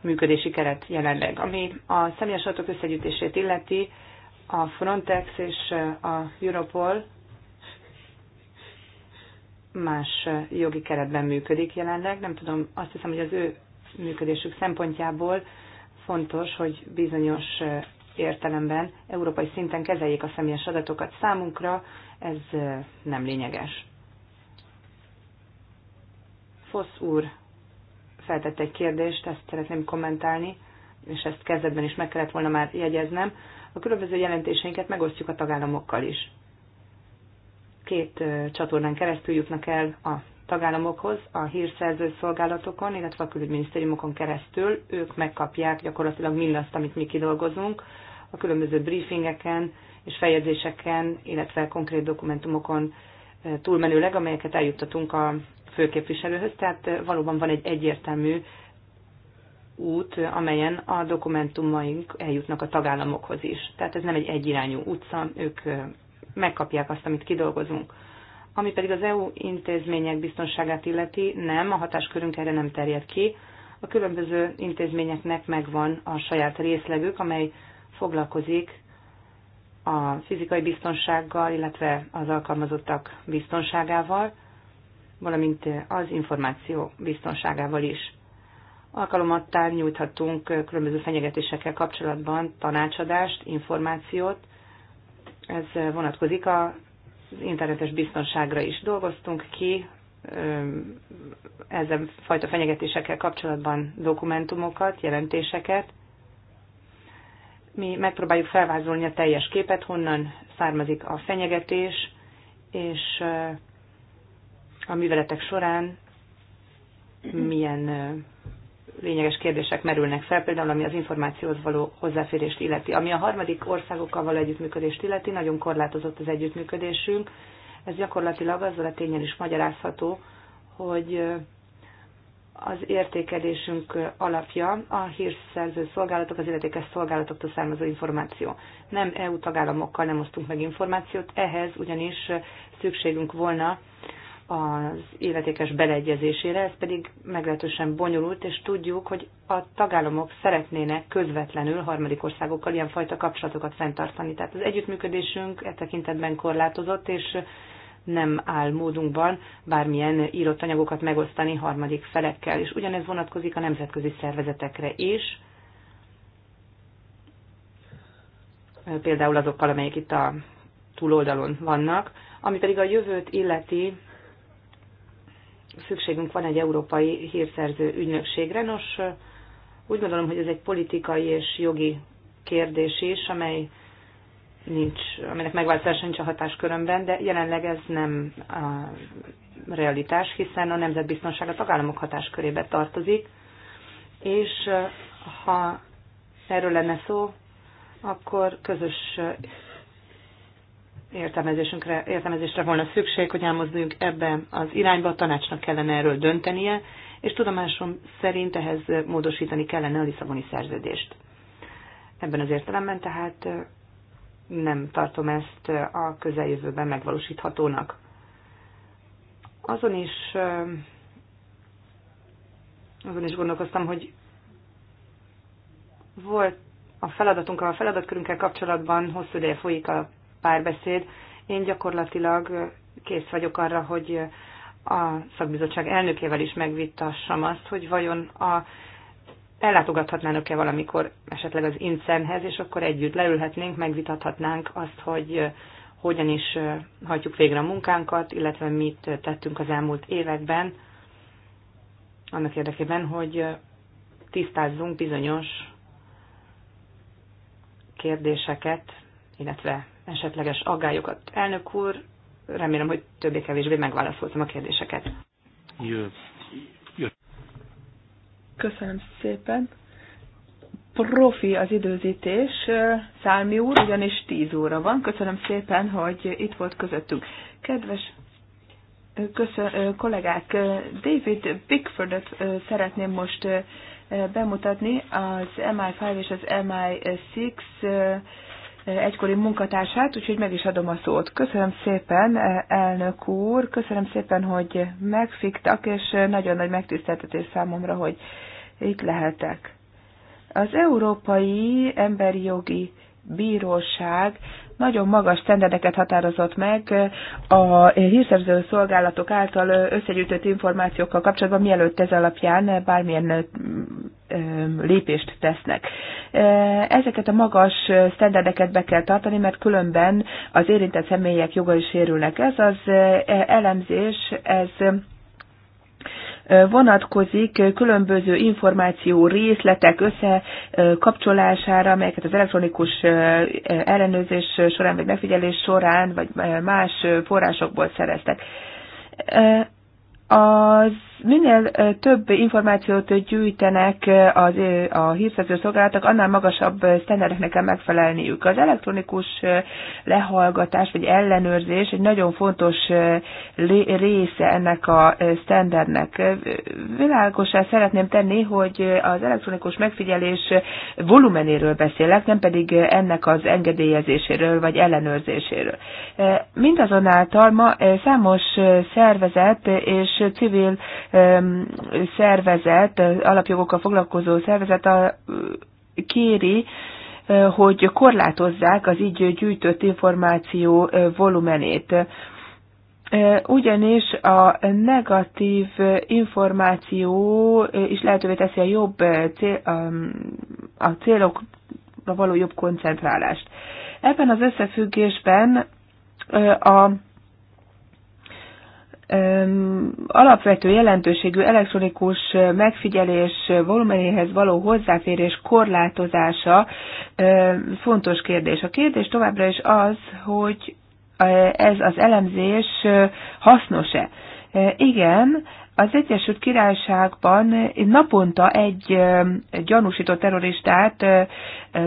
működési keret jelenleg. Ami a személyes adatok összegyűjtését illeti, a Frontex és a Europol más jogi keretben működik jelenleg. Nem tudom, azt hiszem, hogy az ő működésük szempontjából fontos, hogy bizonyos értelemben európai szinten kezeljék a személyes adatokat számunkra, ez nem lényeges. Fosz úr feltett egy kérdést, ezt szeretném kommentálni, és ezt kezdetben is meg kellett volna már jegyeznem. A különböző jelentéseinket megosztjuk a tagállamokkal is. Két csatornán keresztül jutnak el a tagállamokhoz, a hírszerző szolgálatokon, illetve a külügyminisztériumokon keresztül. Ők megkapják gyakorlatilag mindazt, amit mi kidolgozunk, a különböző briefingeken és fejezéseken, illetve konkrét dokumentumokon eh, túlmenőleg, amelyeket eljuttatunk a főképviselőhöz. Tehát eh, valóban van egy egyértelmű út, amelyen a dokumentumaink eljutnak a tagállamokhoz is. Tehát ez nem egy egyirányú utca, ők eh, megkapják azt, amit kidolgozunk. Ami pedig az EU intézmények biztonságát illeti, nem, a hatáskörünk erre nem terjed ki. A különböző intézményeknek megvan a saját részlegük, amely foglalkozik a fizikai biztonsággal, illetve az alkalmazottak biztonságával, valamint az információ biztonságával is. Alkalomattán nyújthatunk különböző fenyegetésekkel kapcsolatban tanácsadást, információt. Ez vonatkozik az internetes biztonságra is. Dolgoztunk ki ezen fajta fenyegetésekkel kapcsolatban dokumentumokat, jelentéseket, mi megpróbáljuk felvázolni a teljes képet, honnan származik a fenyegetés, és eh, a műveletek során milyen eh, lényeges kérdések merülnek fel, például ami az információhoz való hozzáférést illeti. Ami a harmadik országokkal való együttműködést illeti, nagyon korlátozott az együttműködésünk. Ez gyakorlatilag azzal a tényen is magyarázható, hogy eh, az értékelésünk alapja a hírszerző szolgálatok, az illetékes szolgálatoktól származó információ. Nem EU tagállamokkal nem osztunk meg információt, ehhez ugyanis szükségünk volna az illetékes beleegyezésére, ez pedig meglehetősen bonyolult, és tudjuk, hogy a tagállamok szeretnének közvetlenül harmadik országokkal ilyenfajta kapcsolatokat fenntartani. Tehát az együttműködésünk e tekintetben korlátozott, és nem áll módunkban bármilyen írott anyagokat megosztani harmadik felekkel, és ugyanez vonatkozik a nemzetközi szervezetekre is, például azokkal, amelyek itt a túloldalon vannak, ami pedig a jövőt illeti, szükségünk van egy európai hírszerző ügynökségre. Nos, úgy gondolom, hogy ez egy politikai és jogi kérdés is, amely nincs, aminek megváltozása nincs a hatáskörömben, de jelenleg ez nem a realitás, hiszen a nemzetbiztonság a tagállamok hatáskörébe tartozik, és eh, ha erről lenne szó, akkor közös eh, értelmezésünkre, értelmezésre volna szükség, hogy elmozduljunk ebbe az irányba, a tanácsnak kellene erről döntenie, és tudomásom szerint ehhez módosítani kellene a Lisszaboni szerződést. Ebben az értelemben tehát eh, nem tartom ezt a közeljövőben megvalósíthatónak. Azon is, azon is gondolkoztam, hogy volt a feladatunkkal, a feladatkörünkkel kapcsolatban hosszú ideje folyik a párbeszéd. Én gyakorlatilag kész vagyok arra, hogy a szakbizottság elnökével is megvitassam azt, hogy vajon a ellátogathatnának-e valamikor esetleg az insen és akkor együtt leülhetnénk, megvitathatnánk azt, hogy hogyan is hagyjuk végre a munkánkat, illetve mit tettünk az elmúlt években, annak érdekében, hogy tisztázzunk bizonyos kérdéseket, illetve esetleges aggályokat. Elnök úr, remélem, hogy többé-kevésbé megválaszoltam a kérdéseket. Jó. Köszönöm szépen. Profi az időzítés, Szálmi úr, ugyanis 10 óra van. Köszönöm szépen, hogy itt volt közöttünk. Kedves köszön, kollégák, David Pickfordot szeretném most bemutatni az MI5 és az MI6 egykori munkatársát, úgyhogy meg is adom a szót. Köszönöm szépen, e, elnök úr, köszönöm szépen, hogy megfiktak, és nagyon nagy megtiszteltetés számomra, hogy itt lehetek. Az Európai Emberi Jogi Bíróság nagyon magas sztenderdeket határozott meg eh, a hírszerző szolgálatok által eh, összegyűjtött információkkal kapcsolatban, mielőtt ez alapján eh, bármilyen lépést tesznek. Ezeket a magas sztenderdeket be kell tartani, mert különben az érintett személyek jogai sérülnek. Ez az elemzés, ez vonatkozik különböző információ részletek összekapcsolására, amelyeket az elektronikus ellenőrzés során, vagy megfigyelés során, vagy más forrásokból szereztek az minél több információt gyűjtenek az, a hírszerző szolgálatok, annál magasabb sztendereknek kell megfelelniük. Az elektronikus lehallgatás vagy ellenőrzés egy nagyon fontos része ennek a sztendernek. Világosá szeretném tenni, hogy az elektronikus megfigyelés volumenéről beszélek, nem pedig ennek az engedélyezéséről vagy ellenőrzéséről. Mindazonáltal ma számos szervezet és civil szervezet, alapjogokkal foglalkozó szervezet kéri, e, hogy korlátozzák az így gyűjtött információ e, volumenét. E, ugyanis a negatív információ is lehetővé teszi a jobb cél, a célokra való jobb koncentrálást. Ebben az összefüggésben a alapvető jelentőségű elektronikus megfigyelés volumenéhez való hozzáférés korlátozása fontos kérdés. A kérdés továbbra is az, hogy ez az elemzés hasznos-e. Igen, az Egyesült Királyságban naponta egy gyanúsított terroristát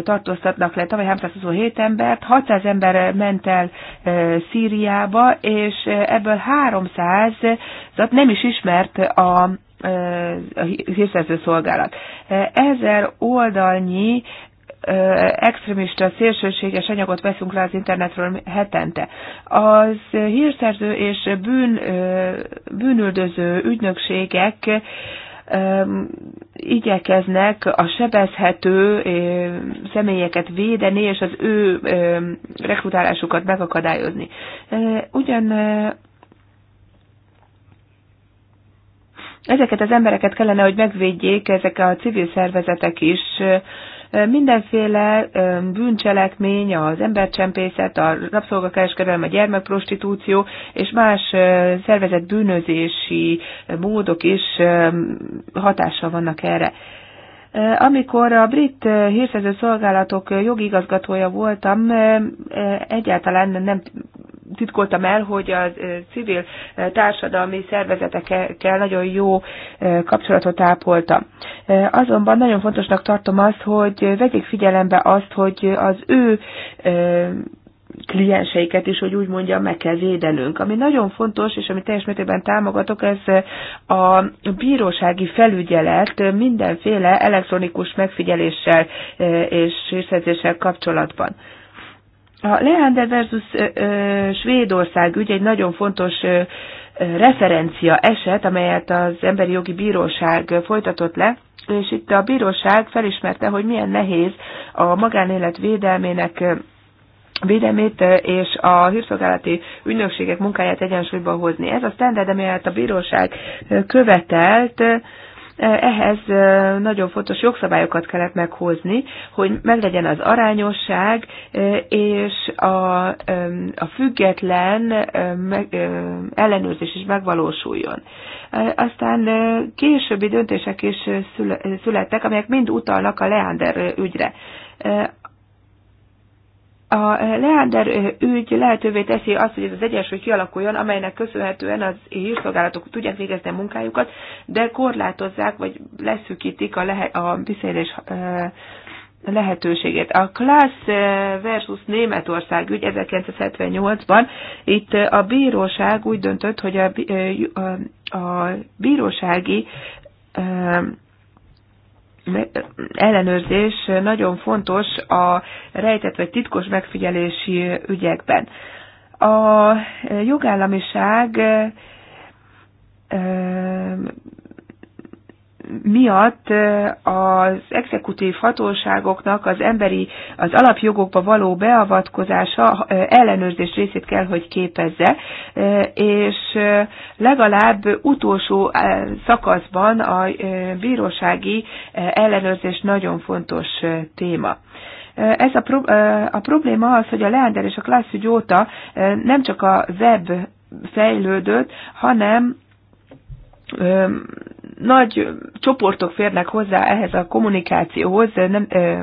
tartóztatnak le, tavaly 327 embert, 600 ember ment el Szíriába, és ebből 300 nem is ismert a a hírszerző szolgálat. Ezer oldalnyi extrémista, szélsőséges anyagot veszünk le az internetről hetente. Az hírszerző és bűn, bűnüldöző ügynökségek igyekeznek a sebezhető személyeket védeni, és az ő rekrutálásukat megakadályozni. Ugyan ezeket az embereket kellene, hogy megvédjék ezek a civil szervezetek is, mindenféle bűncselekmény, az embercsempészet, a rabszolgakereskedelem, a gyermekprostitúció és más szervezett bűnözési módok is hatással vannak erre. Amikor a brit hírszerző szolgálatok jogigazgatója voltam, egyáltalán nem titkoltam el, hogy a civil társadalmi szervezetekkel nagyon jó kapcsolatot ápoltam. Azonban nagyon fontosnak tartom azt, hogy vegyék figyelembe azt, hogy az ő klienseiket is, hogy úgy mondja, meg kell védenünk. Ami nagyon fontos, és amit teljes mértékben támogatok, ez a bírósági felügyelet mindenféle elektronikus megfigyeléssel e, és sérszerzéssel kapcsolatban. A Leander versus e, e, Svédország ügy egy nagyon fontos referencia eset, amelyet az Emberi Jogi Bíróság folytatott le, és itt a bíróság felismerte, hogy milyen nehéz a magánélet védelmének védelmét eh, és a hírszolgálati ügynökségek munkáját egyensúlyba hozni. Ez a standard, amelyet a bíróság eh, követelt, eh, ehhez nagyon fontos jogszabályokat kellett meghozni, hogy meglegyen az arányosság és a, a független ellenőrzés is megvalósuljon. Aztán későbbi döntések is születtek, amelyek mind utalnak a Leander ügyre. A Leander ügy lehetővé teszi azt, hogy ez az egyensúly kialakuljon, amelynek köszönhetően az hírszolgálatok tudják végezni a munkájukat, de korlátozzák vagy leszűkítik a, lehe- a visszaélés lehetőségét. A Klassz versus Németország ügy 1978-ban itt a bíróság úgy döntött, hogy a, a, a bírósági ellenőrzés nagyon fontos a rejtett vagy titkos megfigyelési ügyekben. A jogállamiság miatt az exekutív hatóságoknak az emberi, az alapjogokba való beavatkozása ellenőrzés részét kell, hogy képezze, és legalább utolsó szakaszban a bírósági ellenőrzés nagyon fontos téma. Ez a, pro, a probléma az, hogy a Leander és a Klasszügy óta nem csak a web fejlődött, hanem ö, nagy csoportok férnek hozzá ehhez a kommunikációhoz, nem, ö,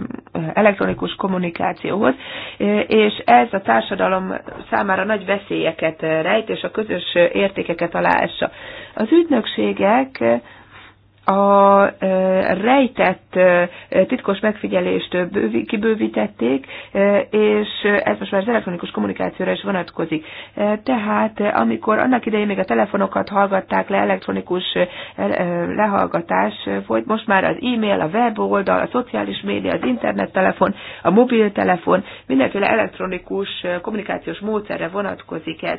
elektronikus kommunikációhoz, és ez a társadalom számára nagy veszélyeket rejt, és a közös értékeket aláássa. Az ügynökségek a rejtett titkos megfigyelést kibővítették, és ez most már az elektronikus kommunikációra is vonatkozik. Tehát amikor annak idején még a telefonokat hallgatták le, elektronikus lehallgatás volt, most már az e-mail, a weboldal, a szociális média, az internettelefon, a mobiltelefon, mindenféle elektronikus kommunikációs módszerre vonatkozik ez.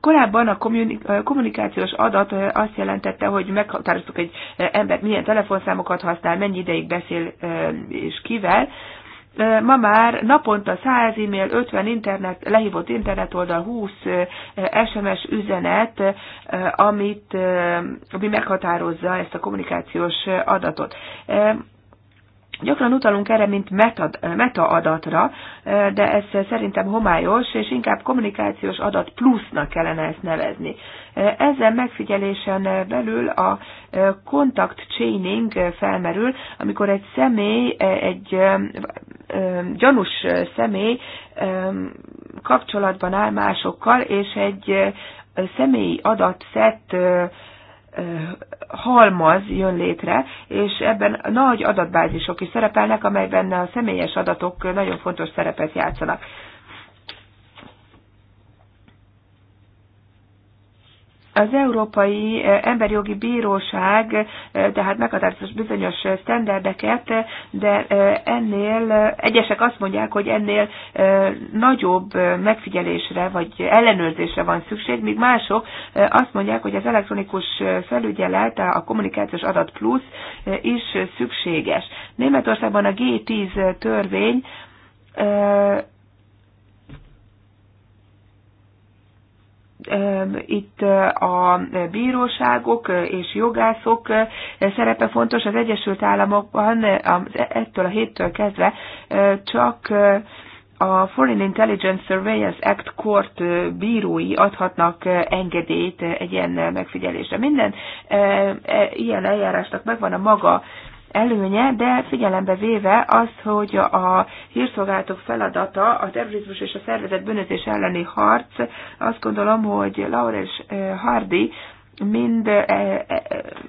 Korábban a kommunikációs adat azt jelentette, hogy meghatároztuk egy embert, milyen telefonszámokat használ, mennyi ideig beszél és kivel. Ma már naponta 100 e-mail, 50 internet, lehívott internetoldal, 20 SMS üzenet, amit, ami meghatározza ezt a kommunikációs adatot. Gyakran utalunk erre, mint metaadatra, meta de ez szerintem homályos, és inkább kommunikációs adat plusznak kellene ezt nevezni. Ezen megfigyelésen belül a contact chaining felmerül, amikor egy személy, egy gyanús személy kapcsolatban áll másokkal, és egy személyi adatszett halmaz jön létre, és ebben nagy adatbázisok is szerepelnek, amelyben a személyes adatok nagyon fontos szerepet játszanak. Az Európai eh, Emberjogi Bíróság eh, tehát meghatározott bizonyos sztenderdeket, de eh, ennél egyesek azt mondják, hogy ennél nagyobb megfigyelésre vagy ellenőrzésre van szükség, míg mások azt mondják, hogy az elektronikus felügyelet, a kommunikációs adat plusz is szükséges. Németországban a G10 törvény itt a bíróságok és jogászok szerepe fontos. Az Egyesült Államokban e- ettől a héttől kezdve csak a Foreign Intelligence Surveillance Act Court bírói adhatnak engedélyt egy ilyen megfigyelésre. Minden e- ilyen eljárásnak megvan a maga előnye, de figyelembe véve az, hogy a hírszolgálatok feladata a terrorizmus és a szervezet bűnözés elleni harc, azt gondolom, hogy Laura és eh, Hardy mind, eh, eh,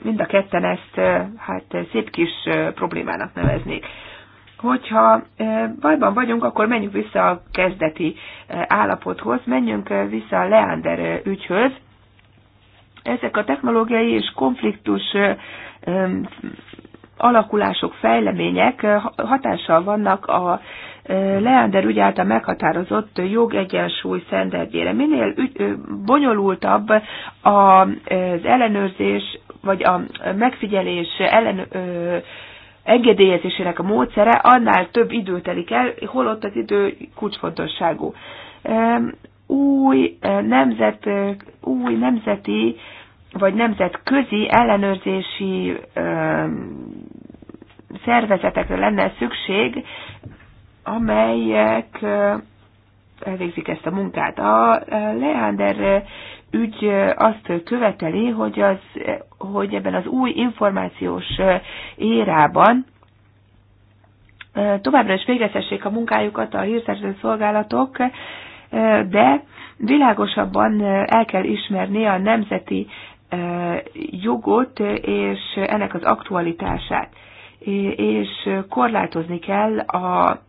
mind a ketten ezt hát szép kis problémának neveznék. Hogyha bajban vagyunk, akkor menjünk vissza a kezdeti állapothoz, menjünk vissza a Leander ügyhöz. Ezek a technológiai és konfliktus alakulások, fejlemények eh, hatással vannak a eh, Leander ügy által meghatározott jogegyensúly szenderdjére. Minél ügy, eh, bonyolultabb az ellenőrzés, vagy a megfigyelés ellen, ö, engedélyezésének a módszere, annál több idő telik el, holott az idő kulcsfontosságú. Új, nemzet, új nemzeti vagy nemzetközi ellenőrzési szervezetekre lenne szükség, amelyek elvégzik ezt a munkát. A Leander ügy azt követeli, hogy, az, hogy ebben az új információs érában továbbra is végezhessék a munkájukat a hírszerző szolgálatok, de világosabban el kell ismerni a nemzeti jogot és ennek az aktualitását és korlátozni kell a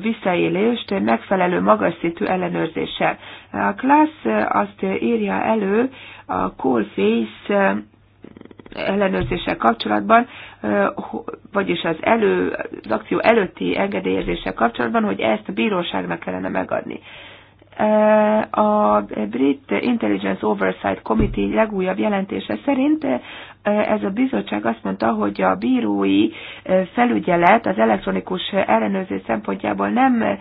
visszaélést megfelelő magas szintű ellenőrzéssel. A Class azt írja elő a Cool Face ellenőrzéssel kapcsolatban, vagyis az, elő, az akció előtti engedélyezéssel kapcsolatban, hogy ezt a bíróságnak kellene megadni. Eh, a Brit Intelligence Oversight Committee legújabb jelentése szerint eh, ez a bizottság azt mondta, hogy a bírói eh, felügyelet az elektronikus ellenőrzés szempontjából nem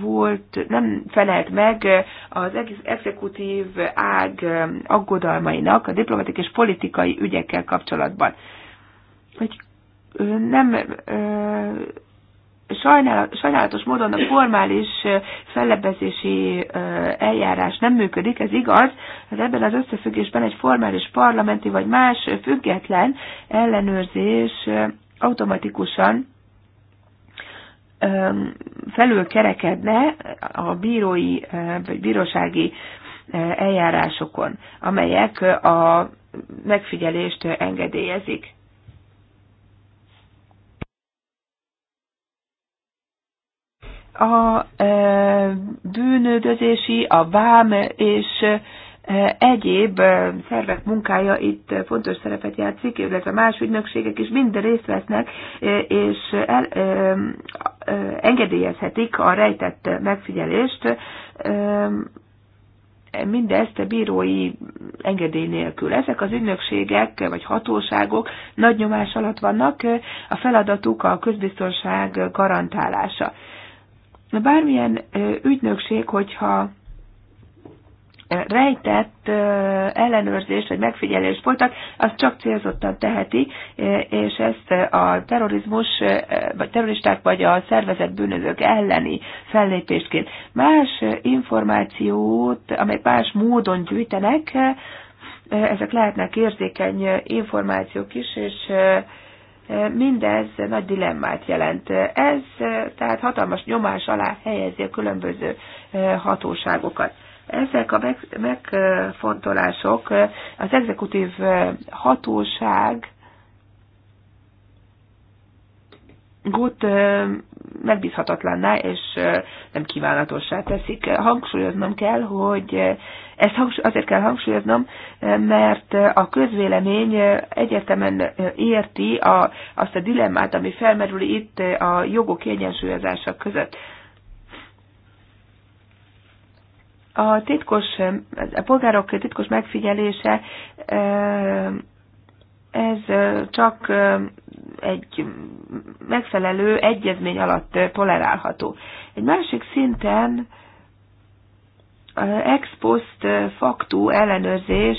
volt, nem felelt meg az exekutív ág aggodalmainak a diplomatik és politikai ügyekkel kapcsolatban. Hogy nem sajnálatos módon a formális fellebbezési eljárás nem működik, ez igaz, de ebben az összefüggésben egy formális parlamenti vagy más független ellenőrzés automatikusan felül kerekedne a bírói vagy bírósági eljárásokon, amelyek a megfigyelést engedélyezik. a e, bűnöldözési, a vám és e, egyéb e, szervek munkája itt fontos szerepet játszik, illetve más ügynökségek is minden részt vesznek, és el, engedélyezhetik a rejtett megfigyelést, mindezt bírói engedély nélkül. Ezek az ügynökségek vagy hatóságok nagy nyomás alatt vannak, a feladatuk a közbiztonság garantálása. Bármilyen ügynökség, hogyha rejtett ellenőrzést vagy megfigyelést folytat, azt csak célzottan teheti, és ezt a terrorizmus, vagy terroristák, vagy a szervezett bűnözők elleni fellépésként. Más információt, amely más módon gyűjtenek, ezek lehetnek érzékeny információk is, és mindez nagy dilemmát jelent. Ez tehát hatalmas nyomás alá helyezi a különböző eh, hatóságokat. Ezek a megfontolások eh, az exekutív eh, hatóság gót megbízhatatlanná és nem kívánatossá teszik. Hangsúlyoznom kell, hogy ezt azért kell hangsúlyoznom, mert a közvélemény egyetemen érti a, azt a dilemmát, ami felmerül itt a jogok egyensúlyozása között. A titkos, a polgárok titkos megfigyelése ez csak egy megfelelő egyezmény alatt tolerálható. Egy másik szinten ex post factu ellenőrzés,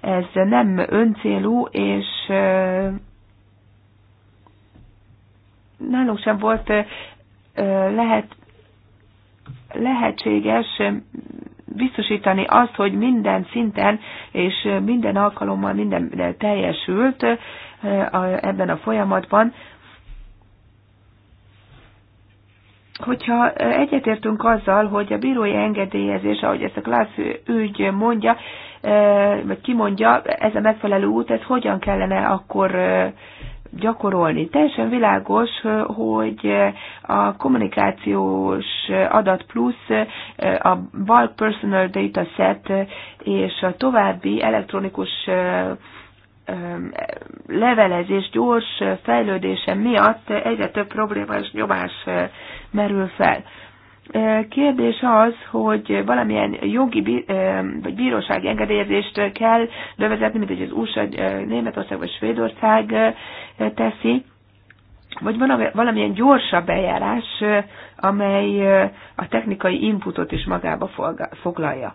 ez nem öncélú, és nálunk sem volt lehet, lehetséges biztosítani azt, hogy minden szinten és minden alkalommal minden teljesült ebben a folyamatban, hogyha egyetértünk azzal, hogy a bírói engedélyezés, ahogy ezt a Klász ügy mondja, vagy kimondja, ez a megfelelő út, ez hogyan kellene akkor gyakorolni. Teljesen világos, hogy a kommunikációs adat plusz, a bulk personal data set és a további elektronikus levelezés gyors fejlődése miatt egyre több probléma és nyomás merül fel. Kérdés az, hogy valamilyen jogi vagy bírósági engedélyezést kell bevezetni, mint hogy az USA, Németország vagy Svédország teszi, vagy van valamilyen gyorsabb eljárás, amely a technikai inputot is magába foglalja.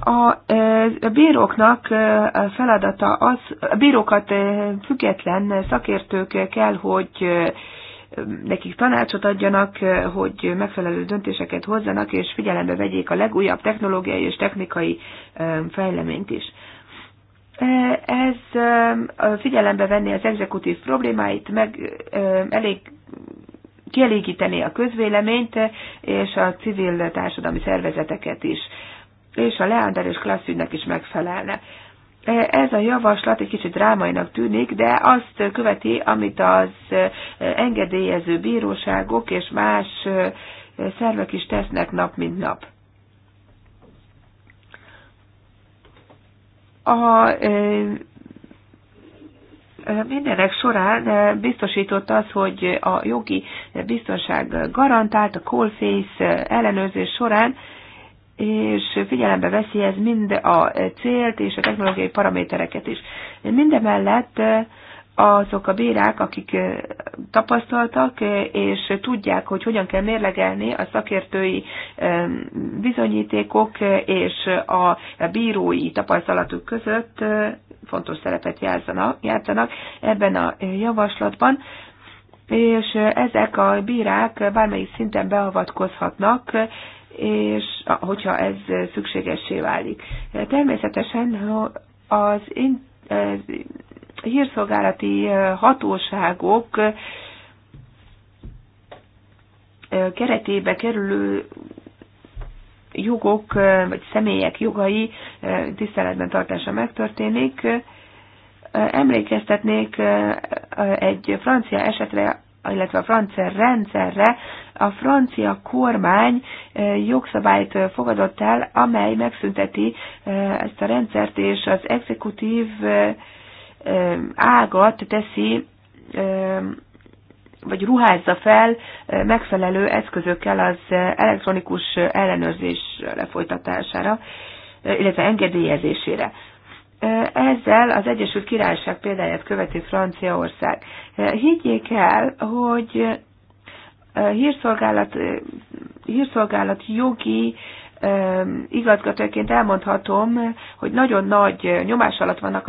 A, a bíróknak a feladata az, a bírókat független szakértők kell, hogy nekik tanácsot adjanak, hogy megfelelő döntéseket hozzanak, és figyelembe vegyék a legújabb technológiai és technikai fejleményt is. Ez figyelembe venni az exekutív problémáit, meg elég kielégíteni a közvéleményt és a civil társadalmi szervezeteket is és a Leander és Klassz is megfelelne. E, ez a javaslat egy kicsit drámainak tűnik, de azt követi, amit az engedélyező bíróságok és más e, szervek is tesznek nap mint nap. A e, mindenek során biztosított az, hogy a jogi biztonság garantált, a coalface ellenőrzés során és figyelembe veszi ez mind a célt és a technológiai paramétereket is. Mindemellett azok a bírák, akik tapasztaltak és tudják, hogy hogyan kell mérlegelni a szakértői bizonyítékok és a bírói tapasztalatuk között fontos szerepet játszanak ebben a javaslatban, és ezek a bírák bármelyik szinten beavatkozhatnak és hogyha ez szükségessé válik. Természetesen az, in, az hírszolgálati hatóságok keretébe kerülő jogok, vagy személyek jogai tiszteletben tartása megtörténik. Emlékeztetnék egy francia esetre, illetve a francia rendszerre a francia kormány jogszabályt fogadott el, amely megszünteti ezt a rendszert, és az exekutív ágat teszi vagy ruházza fel megfelelő eszközökkel az elektronikus ellenőrzés lefolytatására, illetve engedélyezésére. Ezzel az Egyesült Királyság példáját követi Franciaország. Higgyék el, hogy hírszolgálat, hírszolgálat jogi igazgatóként elmondhatom, hogy nagyon nagy nyomás alatt vannak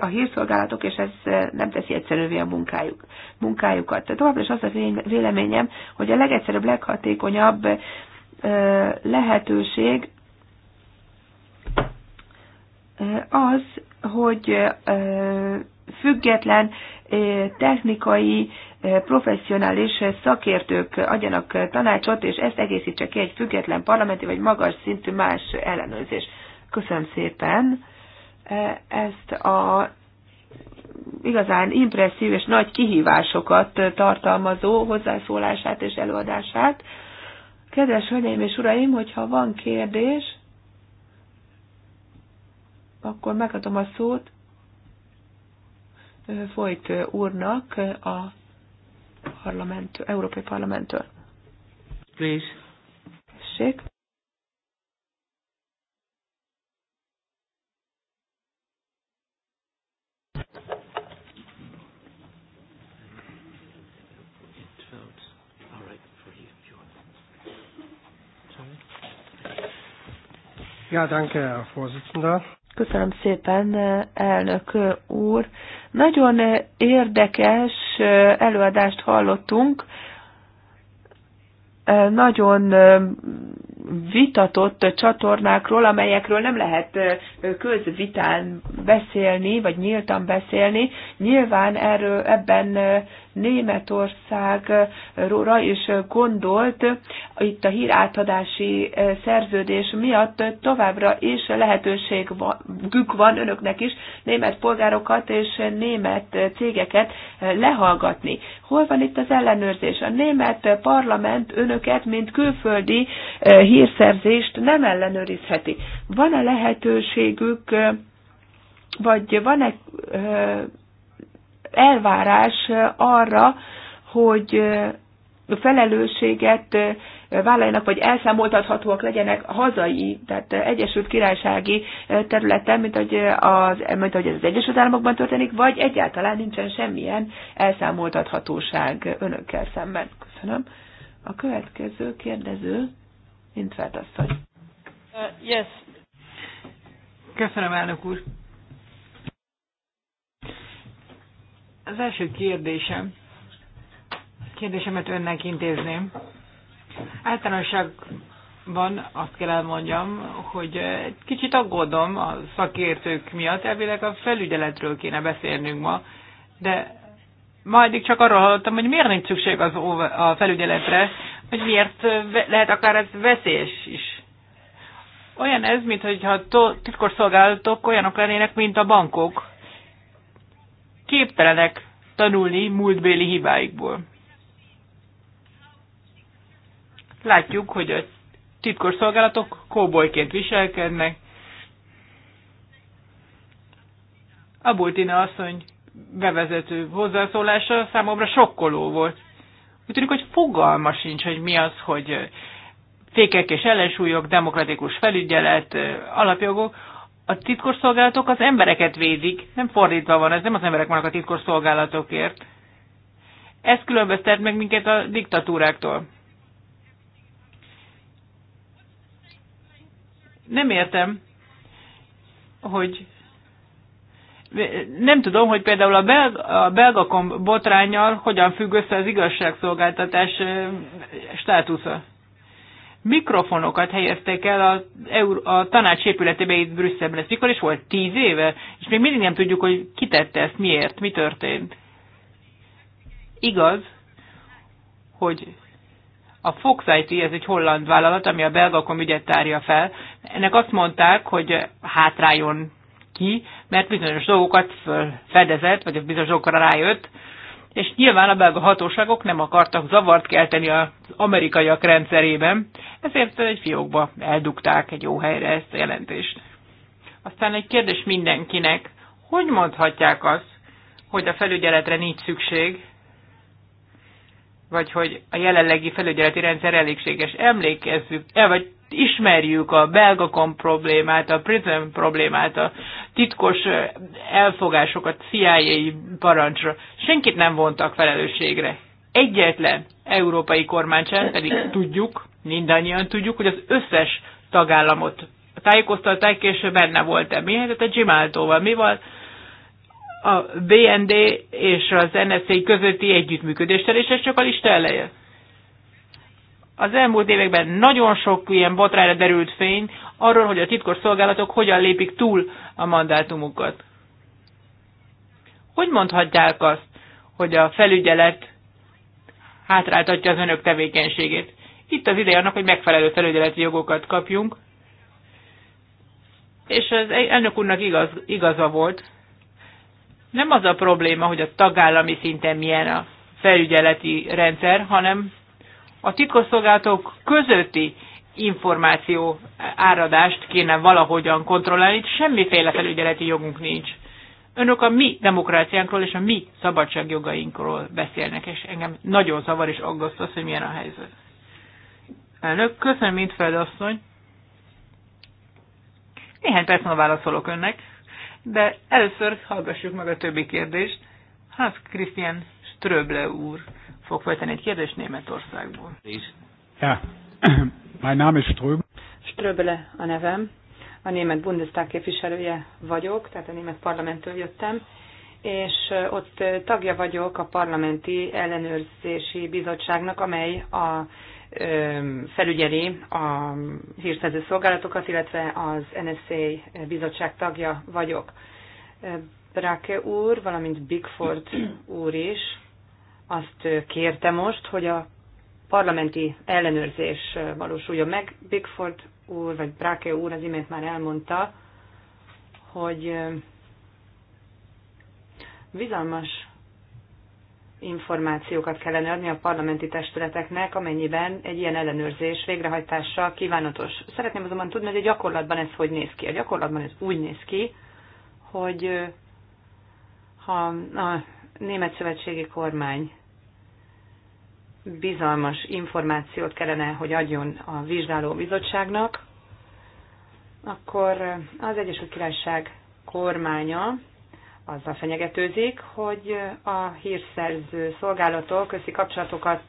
a hírszolgálatok, és ez nem teszi egyszerűvé a munkájuk, munkájukat. Továbbra is az a véleményem, hogy a legegyszerűbb, leghatékonyabb lehetőség az, hogy független technikai, professzionális szakértők adjanak tanácsot, és ezt egészítse ki egy független parlamenti vagy magas szintű más ellenőrzés. Köszönöm szépen ezt a igazán impresszív és nagy kihívásokat tartalmazó hozzászólását és előadását. Kedves hölgyeim és uraim, hogyha van kérdés, akkor megadom a szót Folyt úrnak a parlament, Európai Parlamenttől. Please. Ja, danke, Herr Vorsitzender. Köszönöm szépen, elnök úr. Nagyon érdekes előadást hallottunk, nagyon vitatott csatornákról, amelyekről nem lehet közvitán beszélni, vagy nyíltan beszélni. Nyilván erről ebben Németországra is gondolt, itt a hírátadási eh, szerződés miatt továbbra is lehetőségük van önöknek is német polgárokat és német cégeket eh, lehallgatni. Hol van itt az ellenőrzés? A német parlament önöket, mint külföldi eh, hírszerzést nem ellenőrizheti. Van-e lehetőségük vagy van-e elvárás arra, hogy felelősséget vállaljanak, vagy elszámoltathatóak legyenek hazai, tehát Egyesült Királysági területen, mint hogy az, mint hogy ez az Egyesült Államokban történik, vagy egyáltalán nincsen semmilyen elszámoltathatóság önökkel szemben. Köszönöm. A következő kérdező, Intvert asszony. Uh, yes. Köszönöm, elnök úr. Az első kérdésem, kérdésemet önnek intézném. Általánosságban azt kell elmondjam, hogy kicsit aggódom a szakértők miatt, elvileg a felügyeletről kéne beszélnünk ma, de majd csak arról hallottam, hogy miért nincs szükség az a felügyeletre, hogy miért lehet akár ez veszélyes is. Olyan ez, mintha titkos szolgálatok olyanok lennének, mint a bankok képtelenek tanulni múltbéli hibáikból. Látjuk, hogy a titkos szolgálatok kóbolyként viselkednek. Bultina asszony bevezető hozzászólása számomra sokkoló volt. Úgy tűnik, hogy fogalma sincs, hogy mi az, hogy fékek és ellensúlyok, demokratikus felügyelet, alapjogok a titkosszolgálatok az embereket védik, nem fordítva van, ez nem az emberek vannak a titkosszolgálatokért. Ez különböztet meg minket a diktatúráktól. Nem értem, hogy nem tudom, hogy például a, belg, a belgakom botrányjal hogyan függ össze az igazságszolgáltatás státusza mikrofonokat helyeztek el a, a tanács épületébe itt Brüsszelben. Ez mikor is volt? Tíz éve? És még mindig nem tudjuk, hogy ki tette ezt, miért, mi történt. Igaz, hogy a Fox IT, ez egy holland vállalat, ami a belgakom ügyet tárja fel. Ennek azt mondták, hogy hátráljon ki, mert bizonyos dolgokat fedezett, vagy bizonyos dolgokra rájött, és nyilván a belga hatóságok nem akartak zavart kelteni az amerikaiak rendszerében, ezért egy fiókba eldugták egy jó helyre ezt a jelentést. Aztán egy kérdés mindenkinek, hogy mondhatják azt, hogy a felügyeletre nincs szükség, vagy hogy a jelenlegi felügyeleti rendszer elégséges. Emlékezzük, el, eh, vagy ismerjük a belgakon problémát, a prison problémát, a titkos elfogásokat CIA parancsra. Senkit nem vontak felelősségre. Egyetlen európai kormány sem, pedig tudjuk, mindannyian tudjuk, hogy az összes tagállamot tájékoztatták, és benne volt-e. Mi helyzet a Gimáltóval? Mi van a BND és az NSZ közötti együttműködéssel, és ez csak a lista eleje? Az elmúlt években nagyon sok ilyen botrányra derült fény arról, hogy a titkos szolgálatok hogyan lépik túl a mandátumukat. Hogy mondhatják azt, hogy a felügyelet hátráltatja az önök tevékenységét? Itt az ideje annak, hogy megfelelő felügyeleti jogokat kapjunk, és az elnök úrnak igaz, igaza volt. Nem az a probléma, hogy a tagállami szinten milyen a felügyeleti rendszer, hanem a titkosszolgálatok közötti információ áradást kéne valahogyan kontrollálni, semmiféle felügyeleti jogunk nincs. Önök a mi demokráciánkról és a mi szabadságjogainkról beszélnek, és engem nagyon zavar és aggaszt az, hogy milyen a helyzet. Elnök, köszönöm, mint asszony. Néhány perc múlva válaszolok önnek, de először hallgassuk meg a többi kérdést. Hát, Krisztián Ströble úr fog feltenni egy kérdést Németországból. Ja, mein Name ist Ström. Ströbele a nevem. A német Bundestag képviselője vagyok, tehát a német parlamenttől jöttem, és ott tagja vagyok a parlamenti ellenőrzési bizottságnak, amely a felügyeli a hírszerző szolgálatokat, illetve az NSA bizottság tagja vagyok. Brake úr, valamint Bigford úr is azt kérte most, hogy a parlamenti ellenőrzés valósuljon meg. Bigford úr, vagy Bráke úr az imént már elmondta, hogy bizalmas információkat kellene adni a parlamenti testületeknek, amennyiben egy ilyen ellenőrzés végrehajtása kívánatos. Szeretném azonban tudni, hogy a gyakorlatban ez hogy néz ki. A gyakorlatban ez úgy néz ki, hogy ha a német szövetségi kormány bizalmas információt kellene, hogy adjon a vizsgáló bizottságnak, akkor az Egyesült Királyság kormánya azzal fenyegetőzik, hogy a hírszerző szolgálatok közi kapcsolatokat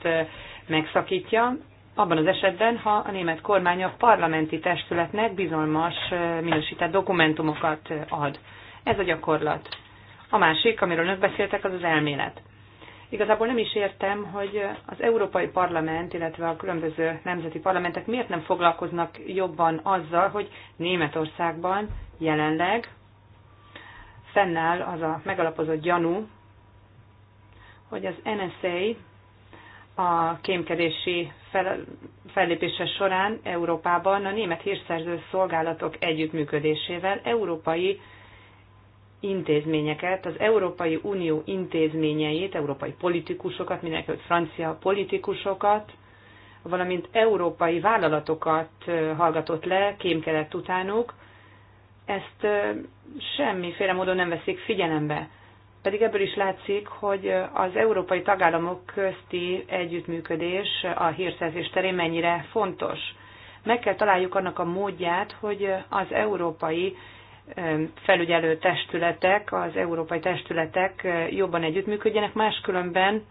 megszakítja, abban az esetben, ha a német kormány a parlamenti testületnek bizalmas minősített dokumentumokat ad. Ez a gyakorlat. A másik, amiről önök beszéltek, az az elmélet. Igazából nem is értem, hogy az Európai Parlament, illetve a különböző nemzeti parlamentek miért nem foglalkoznak jobban azzal, hogy Németországban jelenleg fennáll az a megalapozott gyanú, hogy az NSA a kémkedési fel, fellépése során Európában a német hírszerző szolgálatok együttműködésével európai intézményeket, az Európai Unió intézményeit, európai politikusokat, mindenkit francia politikusokat, valamint európai vállalatokat hallgatott le, kémkedett utánuk, ezt semmiféle módon nem veszik figyelembe. Pedig ebből is látszik, hogy az európai tagállamok közti együttműködés a hírszerzés terén mennyire fontos. Meg kell találjuk annak a módját, hogy az európai felügyelő testületek, az európai testületek jobban együttműködjenek, máskülönben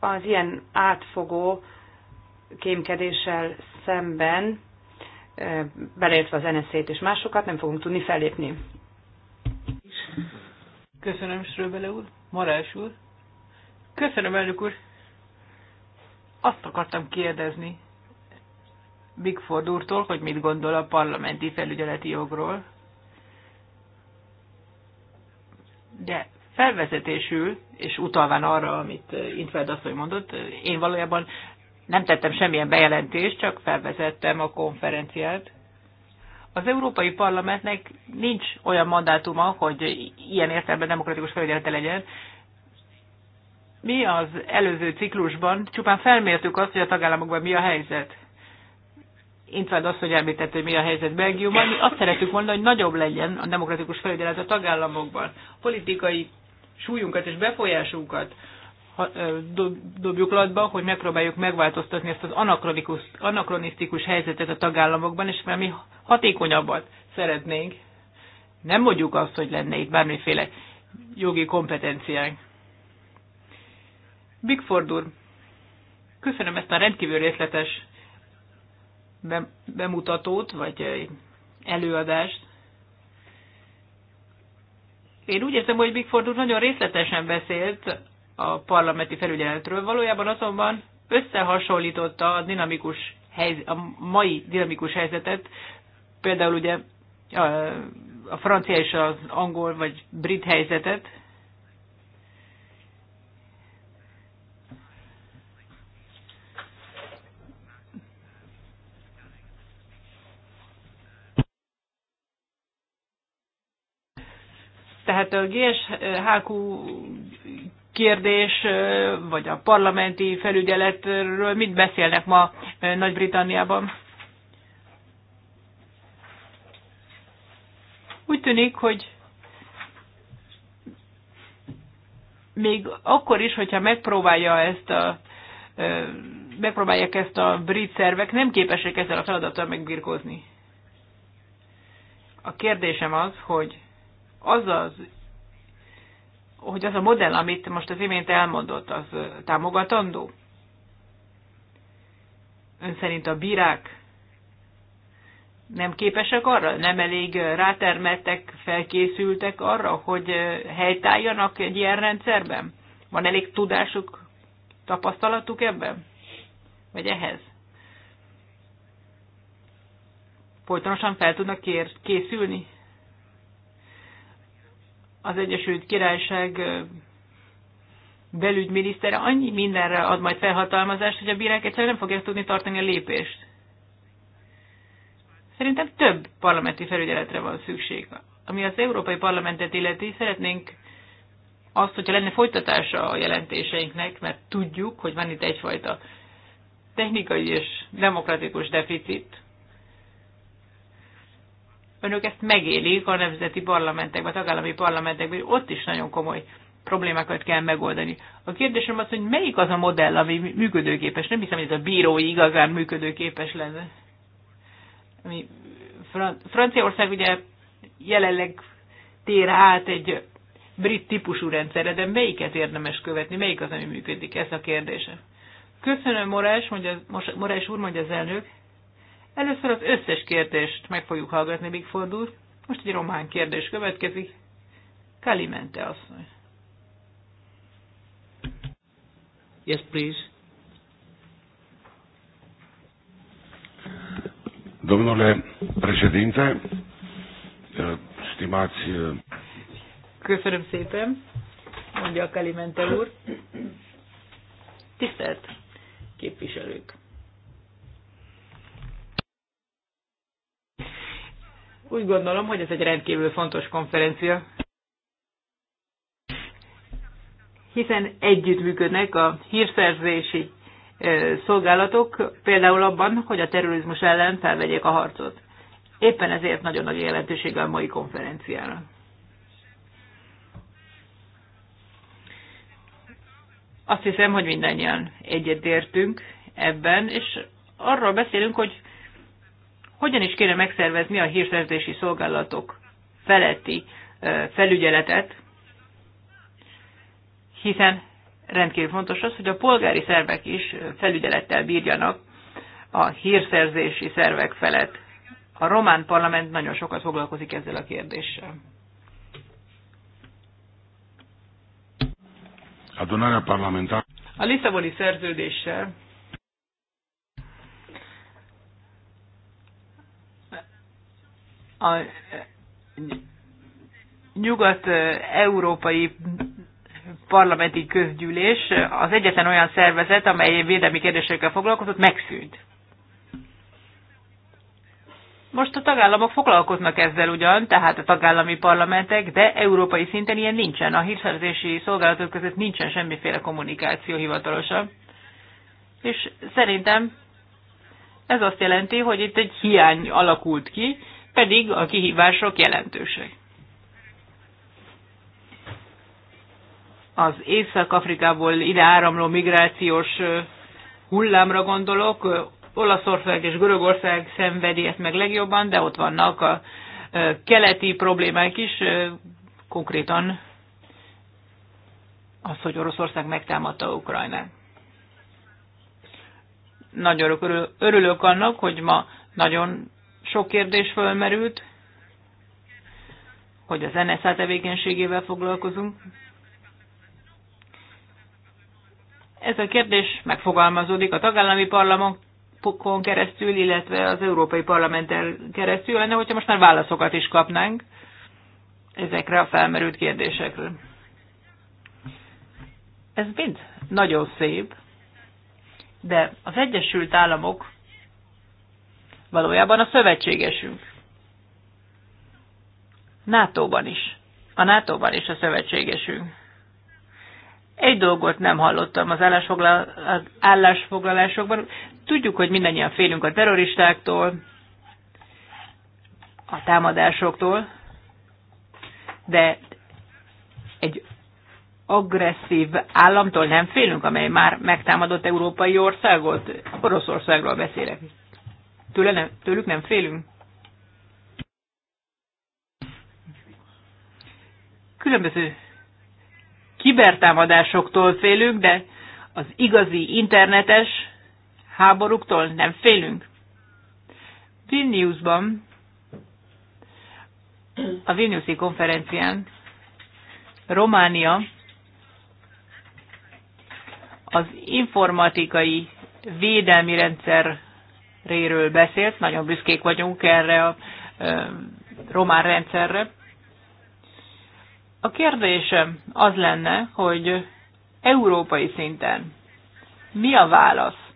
az ilyen átfogó kémkedéssel szemben, beleértve az NSZ-t és másokat, nem fogunk tudni fellépni. Köszönöm, Sröbele úr, Marás úr. Köszönöm, elnök úr. Azt akartam kérdezni Bigford úrtól, hogy mit gondol a parlamenti felügyeleti jogról. de felvezetésül, és utalván arra, amit Intveld asszony mondott, én valójában nem tettem semmilyen bejelentést, csak felvezettem a konferenciát. Az Európai Parlamentnek nincs olyan mandátuma, hogy ilyen értelemben demokratikus felügyelete legyen. Mi az előző ciklusban csupán felmértük azt, hogy a tagállamokban mi a helyzet. Intvád azt, hogy említett, hogy mi a helyzet Belgiumban. Mi azt szeretük mondani, hogy nagyobb legyen a demokratikus felügyelet a tagállamokban. Politikai súlyunkat és befolyásunkat dobjuk latba, hogy megpróbáljuk megváltoztatni ezt az anakronisztikus helyzetet a tagállamokban, és mi hatékonyabbat szeretnénk. Nem mondjuk azt, hogy lenne itt bármiféle jogi kompetenciánk. Bigford úr, köszönöm ezt a rendkívül részletes bemutatót, vagy előadást. Én úgy értem, hogy Bigford úr nagyon részletesen beszélt a parlamenti felügyeletről, valójában azonban összehasonlította a dinamikus helyzet, a mai dinamikus helyzetet, például ugye a, a francia és az angol vagy brit helyzetet, Tehát a GSHQ kérdés, vagy a parlamenti felügyeletről mit beszélnek ma Nagy-Britanniában? Úgy tűnik, hogy még akkor is, hogyha megpróbálja ezt a megpróbálják ezt a brit szervek, nem képesek ezzel a feladattal megbirkózni. A kérdésem az, hogy az az, hogy az a modell, amit most az imént elmondott, az támogatandó? Ön szerint a bírák nem képesek arra, nem elég rátermettek, felkészültek arra, hogy helytálljanak egy ilyen rendszerben? Van elég tudásuk, tapasztalatuk ebben? Vagy ehhez? Folytonosan fel tudnak kér- készülni? az Egyesült Királyság belügyminisztere annyi mindenre ad majd felhatalmazást, hogy a bírák egyszerűen nem fogják tudni tartani a lépést. Szerintem több parlamenti felügyeletre van szükség. Ami az Európai Parlamentet illeti, szeretnénk azt, hogyha lenne folytatása a jelentéseinknek, mert tudjuk, hogy van itt egyfajta technikai és demokratikus deficit, önök ezt megélik a nemzeti parlamentekben, a tagállami parlamentekben, ott is nagyon komoly problémákat kell megoldani. A kérdésem az, hogy melyik az a modell, ami működőképes. Nem hiszem, hogy ez a bírói igazán működőképes lenne. Ami Fran- Franciaország ugye jelenleg tér át egy brit típusú rendszerre, de melyiket érdemes követni, melyik az, ami működik? Ez a kérdése. Köszönöm, Morás, mondja, Morás úr, mondja az elnök. Először az összes kérdést meg fogjuk hallgatni, Bigford Fordul. Most egy román kérdés következik. Kalimente asszony. Yes, please. Domnule președinte, stimați... Köszönöm szépen, mondja a Kalimente úr. Tisztelt képviselők! Úgy gondolom, hogy ez egy rendkívül fontos konferencia, hiszen együttműködnek a hírszerzési szolgálatok, például abban, hogy a terrorizmus ellen felvegyék a harcot. Éppen ezért nagyon nagy jelentősége a mai konferenciára. Azt hiszem, hogy mindannyian egyetértünk ebben, és arról beszélünk, hogy hogyan is kéne megszervezni a hírszerzési szolgálatok feletti felügyeletet, hiszen rendkívül fontos az, hogy a polgári szervek is felügyelettel bírjanak a hírszerzési szervek felett. A román parlament nagyon sokat foglalkozik ezzel a kérdéssel. A Lisszaboni szerződéssel a nyugat-európai parlamenti közgyűlés az egyetlen olyan szervezet, amely védelmi kérdésekkel foglalkozott, megszűnt. Most a tagállamok foglalkoznak ezzel ugyan, tehát a tagállami parlamentek, de európai szinten ilyen nincsen. A hírszerzési szolgálatok között nincsen semmiféle kommunikáció hivatalosan. És szerintem ez azt jelenti, hogy itt egy hiány alakult ki, pedig a kihívások jelentősek. Az Észak-Afrikából ide áramló migrációs hullámra gondolok, Olaszország és Görögország szenvedi ezt meg legjobban, de ott vannak a keleti problémák is, konkrétan az, hogy Oroszország megtámadta Ukrajnát. Nagyon örülök annak, hogy ma nagyon sok kérdés fölmerült, hogy az NSA tevékenységével foglalkozunk. Ez a kérdés megfogalmazódik a tagállami parlamentokon keresztül, illetve az Európai Parlamenten keresztül lenne, hogyha most már válaszokat is kapnánk ezekre a felmerült kérdésekről. Ez mind nagyon szép, de az Egyesült Államok valójában a szövetségesünk. NATO-ban is. A NATO-ban is a szövetségesünk. Egy dolgot nem hallottam az, állásfoglal- az állásfoglalásokban. Tudjuk, hogy mindannyian félünk a terroristáktól, a támadásoktól, de egy agresszív államtól nem félünk, amely már megtámadott európai országot? Oroszországról beszélek. Tőle nem, tőlük nem félünk? Különböző kibertámadásoktól félünk, de az igazi internetes háborúktól nem félünk. Vilniusban, a Vilniuszi konferencián Románia az informatikai védelmi rendszer réről beszélt, nagyon büszkék vagyunk erre a román rendszerre. A kérdésem az lenne, hogy európai szinten mi a válasz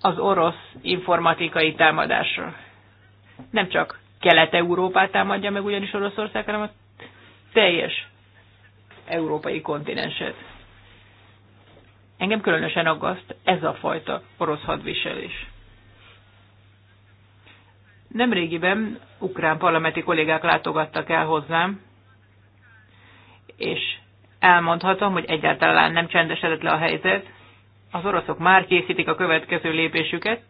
az orosz informatikai támadásra? Nem csak Kelet-Európát támadja meg ugyanis Oroszország, hanem a teljes európai kontinenset. Engem különösen aggaszt ez a fajta orosz hadviselés. Nemrégiben ukrán parlamenti kollégák látogattak el hozzám, és elmondhatom, hogy egyáltalán nem csendesedett le a helyzet. Az oroszok már készítik a következő lépésüket,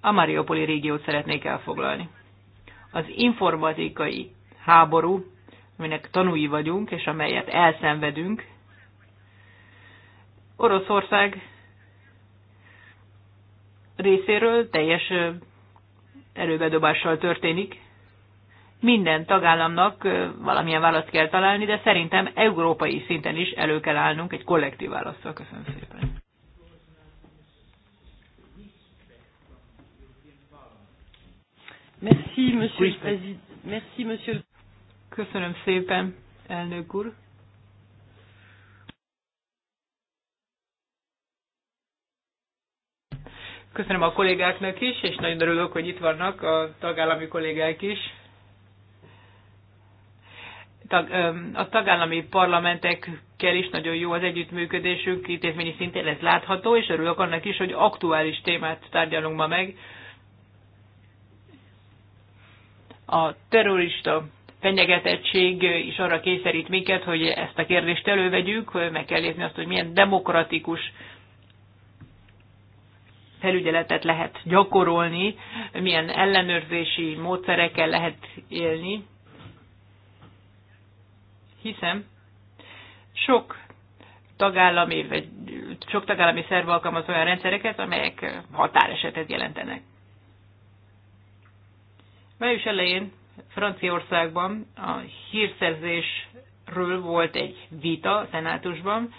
a Mariupoli régiót szeretnék elfoglalni. Az informatikai háború, aminek tanúi vagyunk, és amelyet elszenvedünk, Oroszország részéről teljes előbedobással történik. Minden tagállamnak valamilyen választ kell találni, de szerintem európai szinten is elő kell állnunk egy kollektív válaszsal. Köszönöm szépen. Merci, monsieur le président. Merci, monsieur. Köszönöm szépen, elnök úr. Köszönöm a kollégáknak is, és nagyon örülök, hogy itt vannak a tagállami kollégák is. A tagállami parlamentekkel is nagyon jó az együttműködésünk, intézményi szintén ez látható, és örülök annak is, hogy aktuális témát tárgyalunk ma meg. A terrorista fenyegetettség is arra kényszerít minket, hogy ezt a kérdést elővegyük, meg kell nézni azt, hogy milyen demokratikus felügyeletet lehet gyakorolni, milyen ellenőrzési módszerekkel lehet élni. Hiszem, sok tagállami, vagy sok tagállami szerv alkalmaz olyan rendszereket, amelyek határesetet jelentenek. Május elején Franciaországban a hírszerzésről volt egy vita a szenátusban,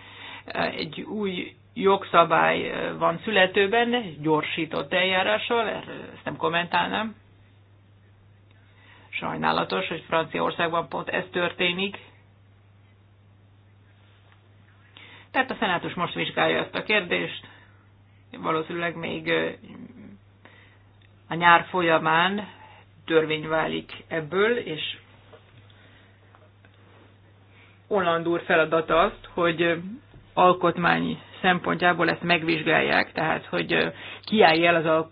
egy új jogszabály van születőben, gyorsított eljárással, ezt nem kommentálnám. Sajnálatos, hogy Franciaországban pont ez történik. Tehát a szenátus most vizsgálja ezt a kérdést, valószínűleg még a nyár folyamán törvény válik ebből, és Hollandúr feladata azt, hogy alkotmányi szempontjából ezt megvizsgálják, tehát hogy kiállja,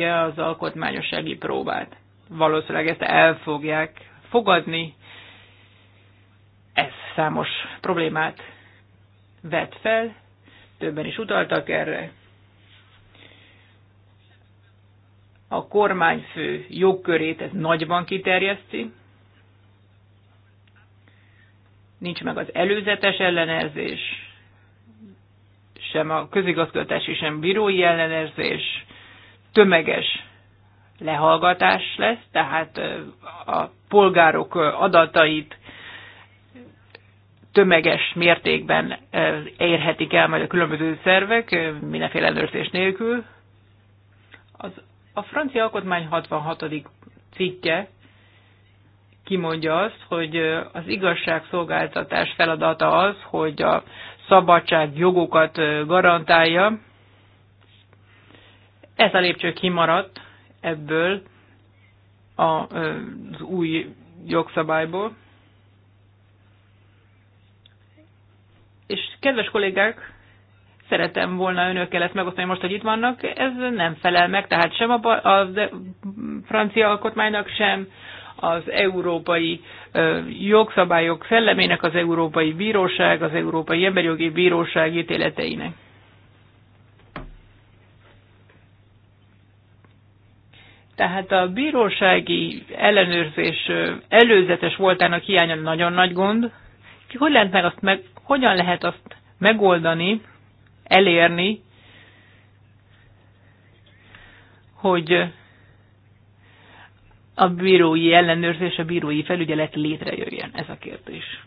el az, alkotmányossági próbát. Valószínűleg ezt el fogják fogadni. Ez számos problémát vet fel, többen is utaltak erre. A kormányfő jogkörét ez nagyban kiterjeszti, nincs meg az előzetes ellenezés, sem a közigazgatási, sem bírói ellenőrzés, tömeges lehallgatás lesz, tehát a polgárok adatait tömeges mértékben érhetik el majd a különböző szervek, mindenféle ellenőrzés nélkül. Az, a francia alkotmány 66. cikke kimondja azt, hogy az igazságszolgáltatás feladata az, hogy a szabadság, jogokat garantálja. Ez a lépcső kimaradt ebből az új jogszabályból. És kedves kollégák, szeretem volna önökkel ezt megosztani most, hogy itt vannak, ez nem felel meg, tehát sem a, a, a francia alkotmánynak, sem az európai jogszabályok szellemének, az Európai Bíróság, az Európai Emberjogi Bíróság ítéleteinek. Tehát a bírósági ellenőrzés előzetes voltának hiánya nagyon nagy gond. Ki hogy lehet meg azt meg, hogyan lehet azt megoldani, elérni, hogy a bírói ellenőrzés, a bírói felügyelet létrejöjjön? Ez a kérdés.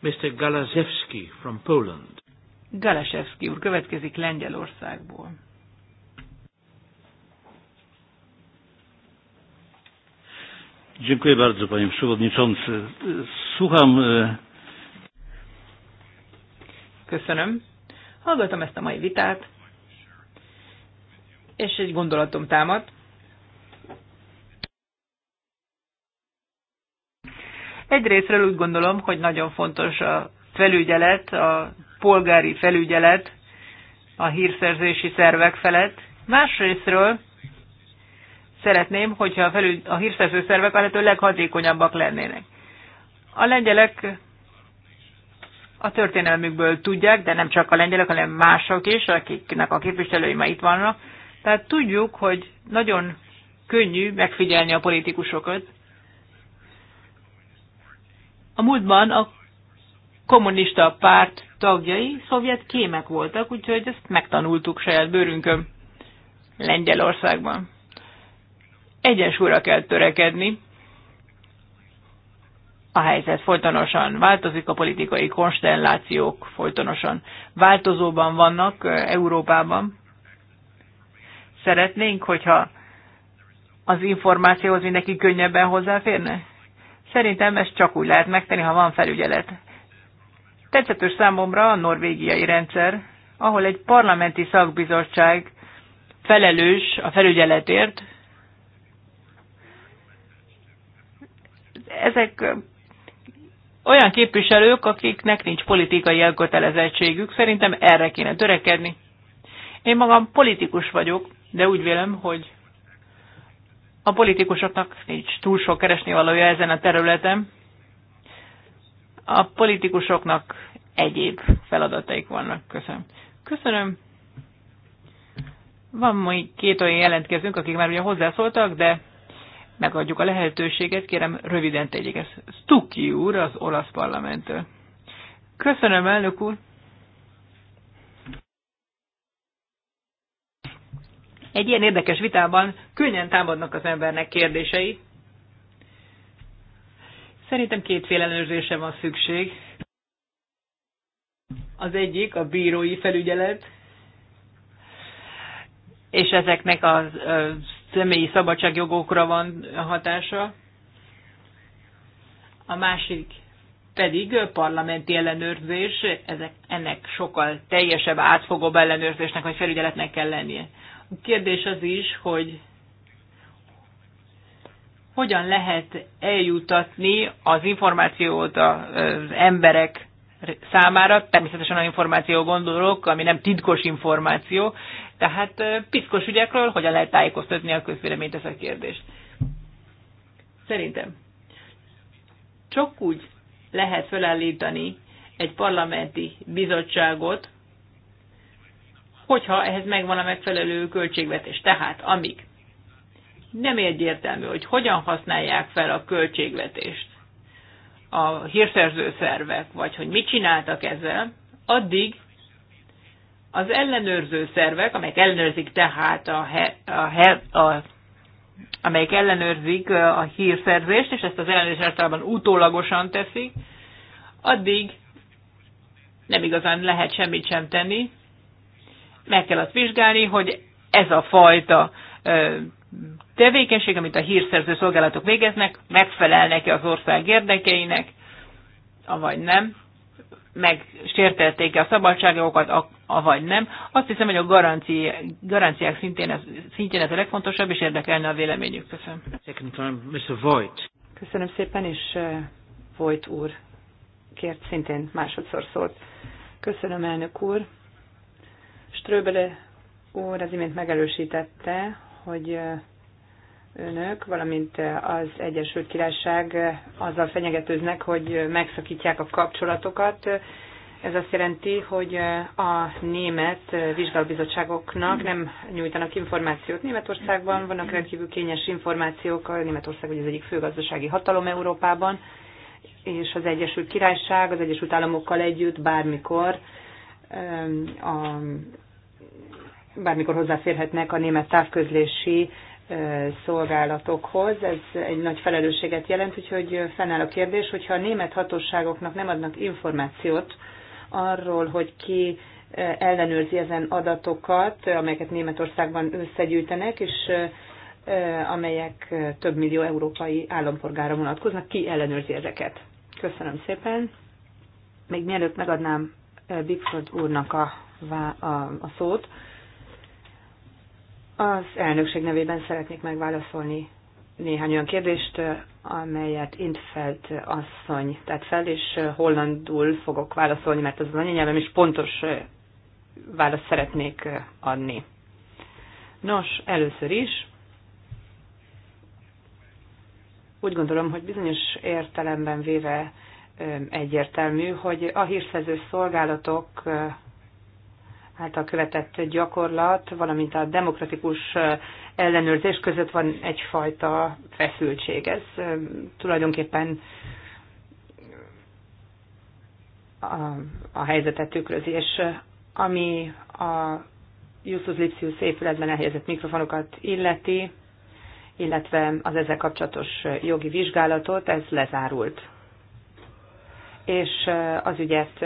Mr. Galaszewski from Poland. Galaszewski úr következik Lengyelországból. Dziękuję bardzo, panie przewodniczący. Słucham. E, Köszönöm. Hallgatom ezt a mai vitát és egy gondolatom támad. Egyrésztről úgy gondolom, hogy nagyon fontos a felügyelet, a polgári felügyelet a hírszerzési szervek felett. Másrésztről szeretném, hogyha a, felügy, a hírszerző szervek a lehető leghatékonyabbak lennének. A lengyelek a történelmükből tudják, de nem csak a lengyelek, hanem mások is, akiknek a képviselői ma itt vannak, tehát tudjuk, hogy nagyon könnyű megfigyelni a politikusokat. A múltban a kommunista párt tagjai szovjet kémek voltak, úgyhogy ezt megtanultuk saját bőrünkön Lengyelországban. Egyensúlyra kell törekedni. A helyzet folytonosan változik, a politikai konstellációk folytonosan változóban vannak Európában. Szeretnénk, hogyha az információhoz mindenki könnyebben hozzáférne? Szerintem ezt csak úgy lehet megtenni, ha van felügyelet. Tetszetős számomra a norvégiai rendszer, ahol egy parlamenti szakbizottság felelős a felügyeletért. Ezek olyan képviselők, akiknek nincs politikai elkötelezettségük, szerintem erre kéne törekedni. Én magam politikus vagyok, de úgy vélem, hogy a politikusoknak nincs túl sok keresni valója ezen a területen. A politikusoknak egyéb feladataik vannak. Köszönöm. Köszönöm. Van majd két olyan jelentkezőnk, akik már ugye hozzászóltak, de megadjuk a lehetőséget, kérem röviden tegyék ezt. Stucki úr az olasz parlamenttől. Köszönöm, elnök úr. egy ilyen érdekes vitában könnyen támadnak az embernek kérdései. Szerintem kétféle ellenőrzése van szükség. Az egyik a bírói felügyelet, és ezeknek a személyi szabadságjogokra van hatása. A másik pedig parlamenti ellenőrzés, ezek, ennek sokkal teljesebb, átfogóbb ellenőrzésnek vagy felügyeletnek kell lennie. Kérdés az is, hogy hogyan lehet eljutatni az információt az emberek számára, természetesen a információ gondolok, ami nem titkos információ, tehát piszkos ügyekről hogyan lehet tájékoztatni a közvéleményt ez a kérdés. Szerintem csak úgy lehet felállítani egy parlamenti bizottságot, hogyha ehhez megvan a megfelelő költségvetés. Tehát amíg nem egyértelmű, hogy hogyan használják fel a költségvetést a hírszerző szervek, vagy hogy mit csináltak ezzel, addig az ellenőrző szervek, amelyek ellenőrzik tehát a, he, a, he, a amelyek ellenőrzik a hírszerzést, és ezt az ellenőrzés általában utólagosan teszik, addig nem igazán lehet semmit sem tenni, meg kell azt vizsgálni, hogy ez a fajta tevékenység, amit a hírszerző szolgálatok végeznek, megfelelnek-e az ország érdekeinek, avagy nem, megsértelték-e a szabadságokat, avagy nem. Azt hiszem, hogy a garanciák szintén ez, szintén ez a legfontosabb, és érdekelne a véleményük. Köszönöm. Köszönöm szépen, és Vojt úr kért szintén másodszor szólt. Köszönöm, elnök úr. Ströbele úr az imént megerősítette, hogy önök, valamint az Egyesült Királyság azzal fenyegetőznek, hogy megszakítják a kapcsolatokat. Ez azt jelenti, hogy a német vizsgálóbizottságoknak nem nyújtanak információt Németországban, vannak rendkívül kényes információk, a Németország vagy az egyik főgazdasági hatalom Európában, és az Egyesült Királyság az Egyesült Államokkal együtt bármikor a, bármikor hozzáférhetnek a német távközlési szolgálatokhoz. Ez egy nagy felelősséget jelent, úgyhogy fennáll a kérdés, hogyha a német hatóságoknak nem adnak információt arról, hogy ki ellenőrzi ezen adatokat, amelyeket Németországban összegyűjtenek, és amelyek több millió európai állampolgára vonatkoznak. Ki ellenőrzi ezeket? Köszönöm szépen. Még mielőtt megadnám Bigford úrnak a, a, a szót. Az elnökség nevében szeretnék megválaszolni néhány olyan kérdést, amelyet Intfeld asszony tett fel, és hollandul fogok válaszolni, mert az az anyanyelvem is pontos választ szeretnék adni. Nos, először is úgy gondolom, hogy bizonyos értelemben véve egyértelmű, hogy a hírszerző szolgálatok által követett gyakorlat, valamint a demokratikus ellenőrzés között van egyfajta feszültség. Ez tulajdonképpen a, a helyzetet tükrözi, és ami a Justus Lipsius épületben elhelyezett mikrofonokat illeti, illetve az ezzel kapcsolatos jogi vizsgálatot, ez lezárult és az ügyet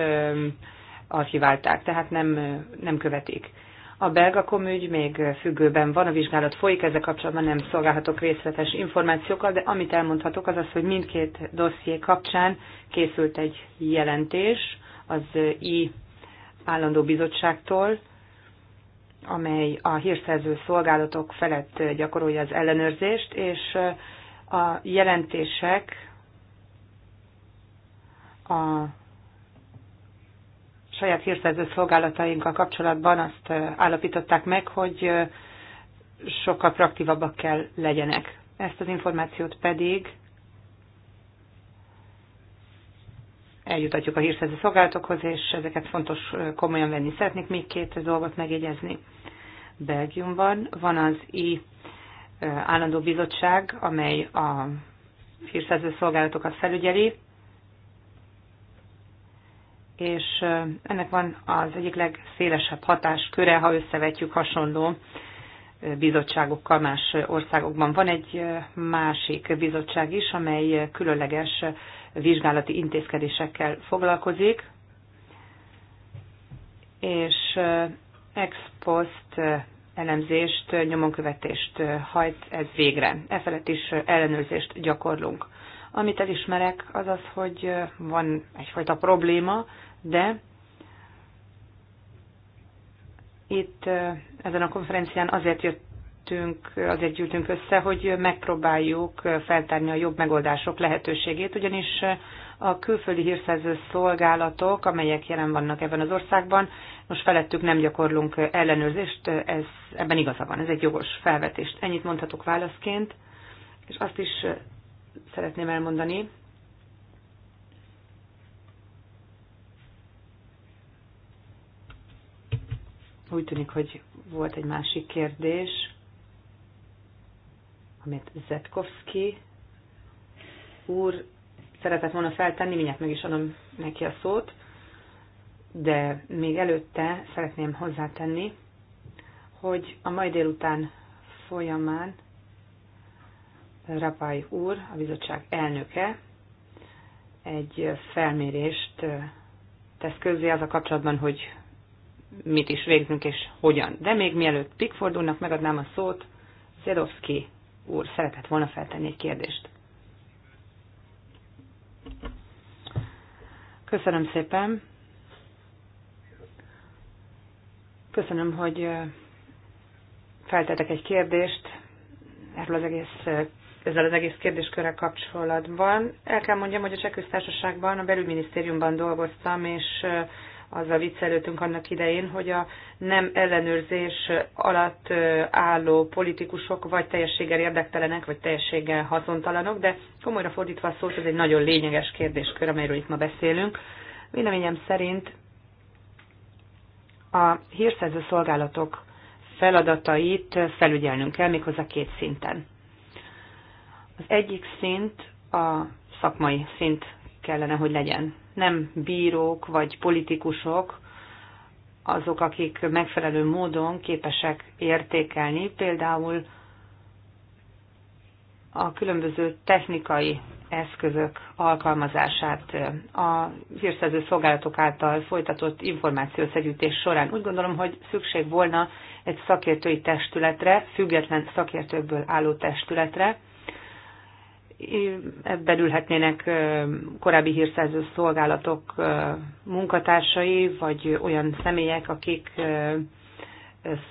archiválták, tehát nem, nem követik. A belga komügy még függőben van, a vizsgálat folyik, ezzel kapcsolatban nem szolgálhatok részletes információkkal, de amit elmondhatok az az, hogy mindkét dosszié kapcsán készült egy jelentés az I állandó bizottságtól, amely a hírszerző szolgálatok felett gyakorolja az ellenőrzést, és a jelentések a saját hírszerző szolgálatainkkal kapcsolatban azt állapították meg, hogy sokkal proaktívabbak kell legyenek. Ezt az információt pedig eljutatjuk a hírszerző szolgálatokhoz, és ezeket fontos komolyan venni. Szeretnék még két dolgot megjegyezni. Belgiumban van az I állandó bizottság, amely a hírszerző szolgálatokat felügyeli, és ennek van az egyik legszélesebb hatásköre, ha összevetjük hasonló bizottságokkal más országokban. Van egy másik bizottság is, amely különleges vizsgálati intézkedésekkel foglalkozik, és ex post elemzést, nyomonkövetést hajt ez végre. E felett is ellenőrzést gyakorlunk. Amit elismerek, az az, hogy van egyfajta probléma, de itt ezen a konferencián azért jöttünk, azért gyűltünk össze, hogy megpróbáljuk feltárni a jobb megoldások lehetőségét, ugyanis a külföldi hírszerző szolgálatok, amelyek jelen vannak ebben az országban, most felettük nem gyakorlunk ellenőrzést, ez, ebben igaza van, ez egy jogos felvetést. Ennyit mondhatok válaszként, és azt is szeretném elmondani. Úgy tűnik, hogy volt egy másik kérdés, amit Zetkovski úr szeretett volna feltenni, mindjárt meg is adom neki a szót, de még előtte szeretném hozzátenni, hogy a mai délután folyamán Rapály úr, a bizottság elnöke egy felmérést tesz közzé az a kapcsolatban, hogy mit is végzünk és hogyan. De még mielőtt Pickford úrnak megadnám a szót, Zedowski úr szeretett volna feltenni egy kérdést. Köszönöm szépen. Köszönöm, hogy feltetek egy kérdést erről az egész ezzel az egész kérdéskörrel kapcsolatban. El kell mondjam, hogy a Cseh a belügyminisztériumban dolgoztam, és eh, azzal viccelődtünk annak idején, hogy a nem ellenőrzés alatt eh, álló politikusok vagy teljességgel érdektelenek, vagy teljességgel haszontalanok, de komolyra fordítva a szót, ez egy nagyon lényeges kérdéskör, amelyről itt ma beszélünk. Véleményem szerint a hírszerző szolgálatok feladatait felügyelnünk kell méghozzá két szinten. Az egyik szint a szakmai szint kellene, hogy legyen. Nem bírók vagy politikusok, azok, akik megfelelő módon képesek értékelni például a különböző technikai eszközök alkalmazását a hírszerző szolgálatok által folytatott információszegyűjtés során. Úgy gondolom, hogy szükség volna egy szakértői testületre, független szakértőkből álló testületre, ebben ülhetnének korábbi hírszerző szolgálatok munkatársai, vagy olyan személyek, akik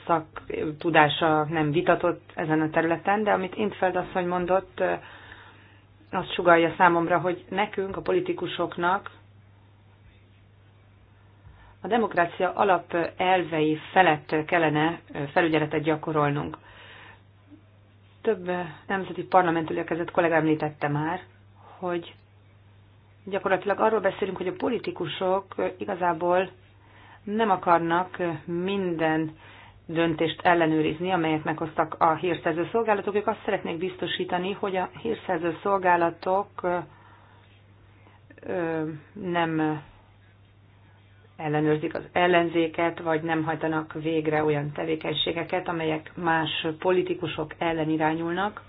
szaktudása nem vitatott ezen a területen, de amit Intfeld asszony mondott, azt sugalja számomra, hogy nekünk, a politikusoknak a demokrácia alap elvei felett kellene felügyeletet gyakorolnunk. Több nemzeti parlamentől érkezett kollega említette már, hogy gyakorlatilag arról beszélünk, hogy a politikusok igazából nem akarnak minden döntést ellenőrizni, amelyet meghoztak a hírszerző szolgálatok. Ők azt szeretnék biztosítani, hogy a hírszerző szolgálatok nem ellenőrzik az ellenzéket, vagy nem hajtanak végre olyan tevékenységeket, amelyek más politikusok ellen irányulnak.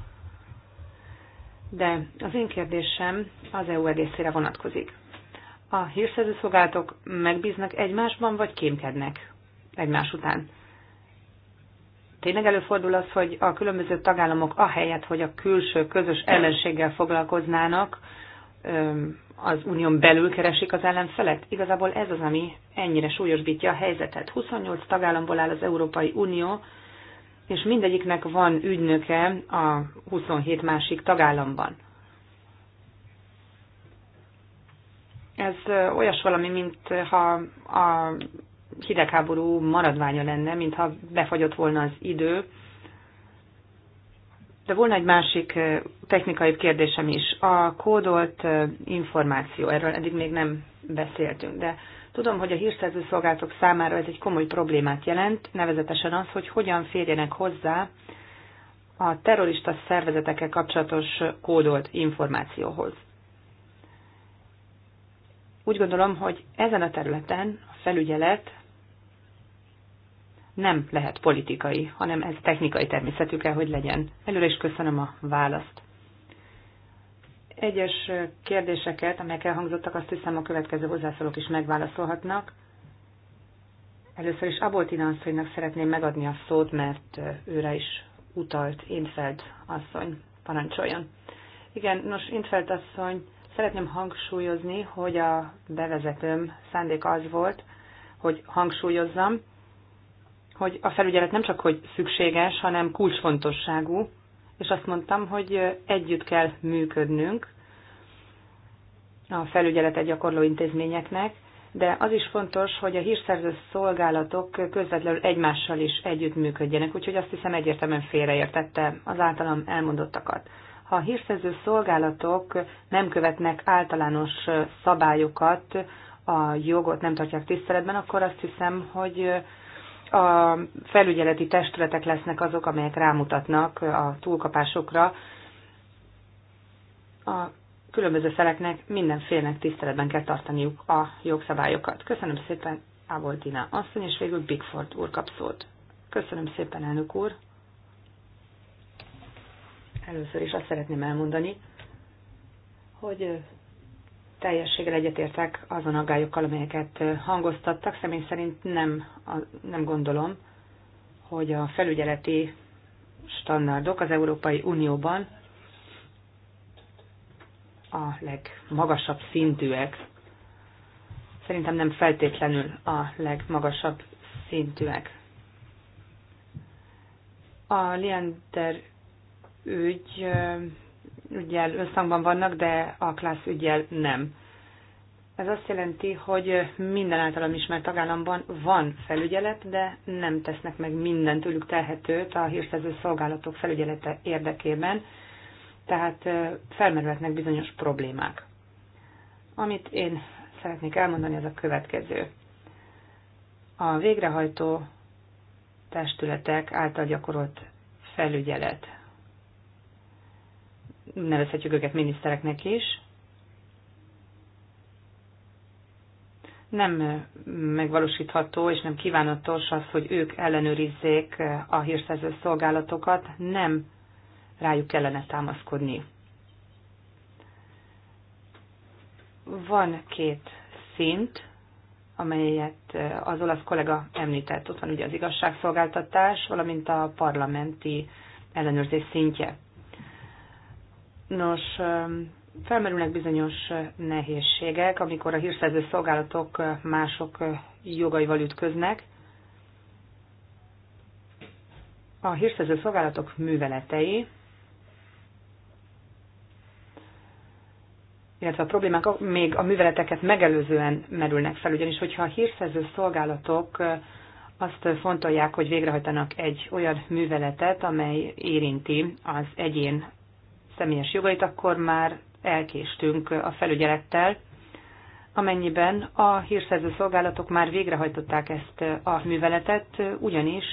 De az én kérdésem az EU egészére vonatkozik. A hírszerzőszolgálatok megbíznak egymásban, vagy kémkednek egymás után? Tényleg előfordul az, hogy a különböző tagállamok ahelyett, hogy a külső közös ellenséggel foglalkoznának, az unión belül keresik az ellenfelet? Igazából ez az, ami ennyire súlyosbítja a helyzetet. 28 tagállamból áll az Európai Unió, és mindegyiknek van ügynöke a 27 másik tagállamban. Ez olyas valami, mintha a hidegháború maradványa lenne, mintha befagyott volna az idő, de volna egy másik technikai kérdésem is. A kódolt információ, erről eddig még nem beszéltünk, de tudom, hogy a hírszerző szolgálatok számára ez egy komoly problémát jelent, nevezetesen az, hogy hogyan férjenek hozzá a terrorista szervezetekkel kapcsolatos kódolt információhoz. Úgy gondolom, hogy ezen a területen a felügyelet nem lehet politikai, hanem ez technikai természetű kell, hogy legyen. Előre is köszönöm a választ. Egyes kérdéseket, amelyek elhangzottak, azt hiszem a következő hozzászólók is megválaszolhatnak. Először is Aboltina asszonynak szeretném megadni a szót, mert őre is utalt Infeld asszony. Parancsoljon. Igen, nos, Infeld asszony, szeretném hangsúlyozni, hogy a bevezetőm szándék az volt, hogy hangsúlyozzam, hogy a felügyelet nem csak hogy szükséges, hanem kulcsfontosságú, és azt mondtam, hogy együtt kell működnünk a felügyelet egy gyakorló intézményeknek, de az is fontos, hogy a hírszerző szolgálatok közvetlenül egymással is együttműködjenek, úgyhogy azt hiszem egyértelműen félreértette az általam elmondottakat. Ha a hírszerző szolgálatok nem követnek általános szabályokat, a jogot nem tartják tiszteletben, akkor azt hiszem, hogy a felügyeleti testületek lesznek azok, amelyek rámutatnak a túlkapásokra. A különböző feleknek mindenfélnek tiszteletben kell tartaniuk a jogszabályokat. Köszönöm szépen Áboldina asszony, és végül Bigford úr kap szót. Köszönöm szépen, elnök úr. Először is azt szeretném elmondani, hogy teljességgel egyetértek azon aggályokkal, amelyeket hangoztattak. Személy szerint nem, nem gondolom, hogy a felügyeleti standardok az Európai Unióban a legmagasabb szintűek. Szerintem nem feltétlenül a legmagasabb szintűek. A Leander ügy ügyjel összhangban vannak, de a klassz ügyjel nem. Ez azt jelenti, hogy minden általam ismert tagállamban van felügyelet, de nem tesznek meg mindent tőlük telhetőt a hírszerző szolgálatok felügyelete érdekében, tehát felmerülhetnek bizonyos problémák. Amit én szeretnék elmondani, ez a következő. A végrehajtó testületek által gyakorolt felügyelet nevezhetjük őket minisztereknek is, nem megvalósítható és nem kívánatos az, hogy ők ellenőrizzék a hírszerző szolgálatokat, nem rájuk kellene támaszkodni. Van két szint, amelyet az olasz kollega említett. Ott van ugye az igazságszolgáltatás, valamint a parlamenti ellenőrzés szintje. Nos, felmerülnek bizonyos nehézségek, amikor a hírszerző szolgálatok mások jogaival ütköznek. A hírszerző szolgálatok műveletei, illetve a problémák még a műveleteket megelőzően merülnek fel, ugyanis hogyha a hírszerző szolgálatok azt fontolják, hogy végrehajtanak egy olyan műveletet, amely érinti az egyén személyes jogait, akkor már elkéstünk a felügyelettel, amennyiben a hírszerző szolgálatok már végrehajtották ezt a műveletet, ugyanis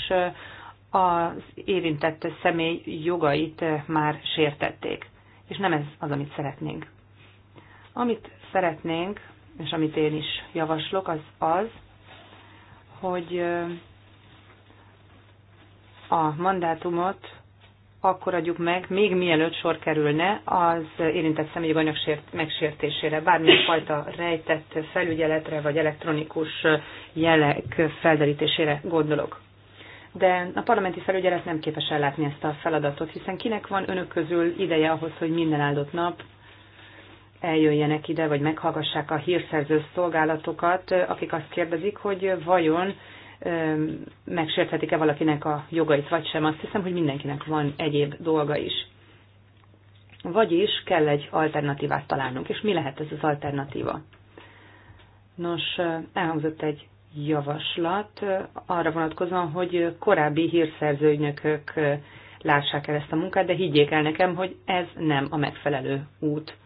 az érintett személy jogait már sértették. És nem ez az, amit szeretnénk. Amit szeretnénk, és amit én is javaslok, az az, hogy a mandátumot akkor adjuk meg, még mielőtt sor kerülne az érintett személyi anyag megsértésére, bármilyen fajta rejtett felügyeletre vagy elektronikus jelek felderítésére gondolok. De a parlamenti felügyelet nem képes ellátni ezt a feladatot, hiszen kinek van önök közül ideje ahhoz, hogy minden áldott nap eljöjjenek ide, vagy meghallgassák a hírszerző szolgálatokat, akik azt kérdezik, hogy vajon megsérthetik-e valakinek a jogait, vagy sem. Azt hiszem, hogy mindenkinek van egyéb dolga is. Vagyis kell egy alternatívát találnunk. És mi lehet ez az alternatíva? Nos, elhangzott egy javaslat arra vonatkozóan, hogy korábbi hírszerzőnyökök lássák el ezt a munkát, de higgyék el nekem, hogy ez nem a megfelelő út.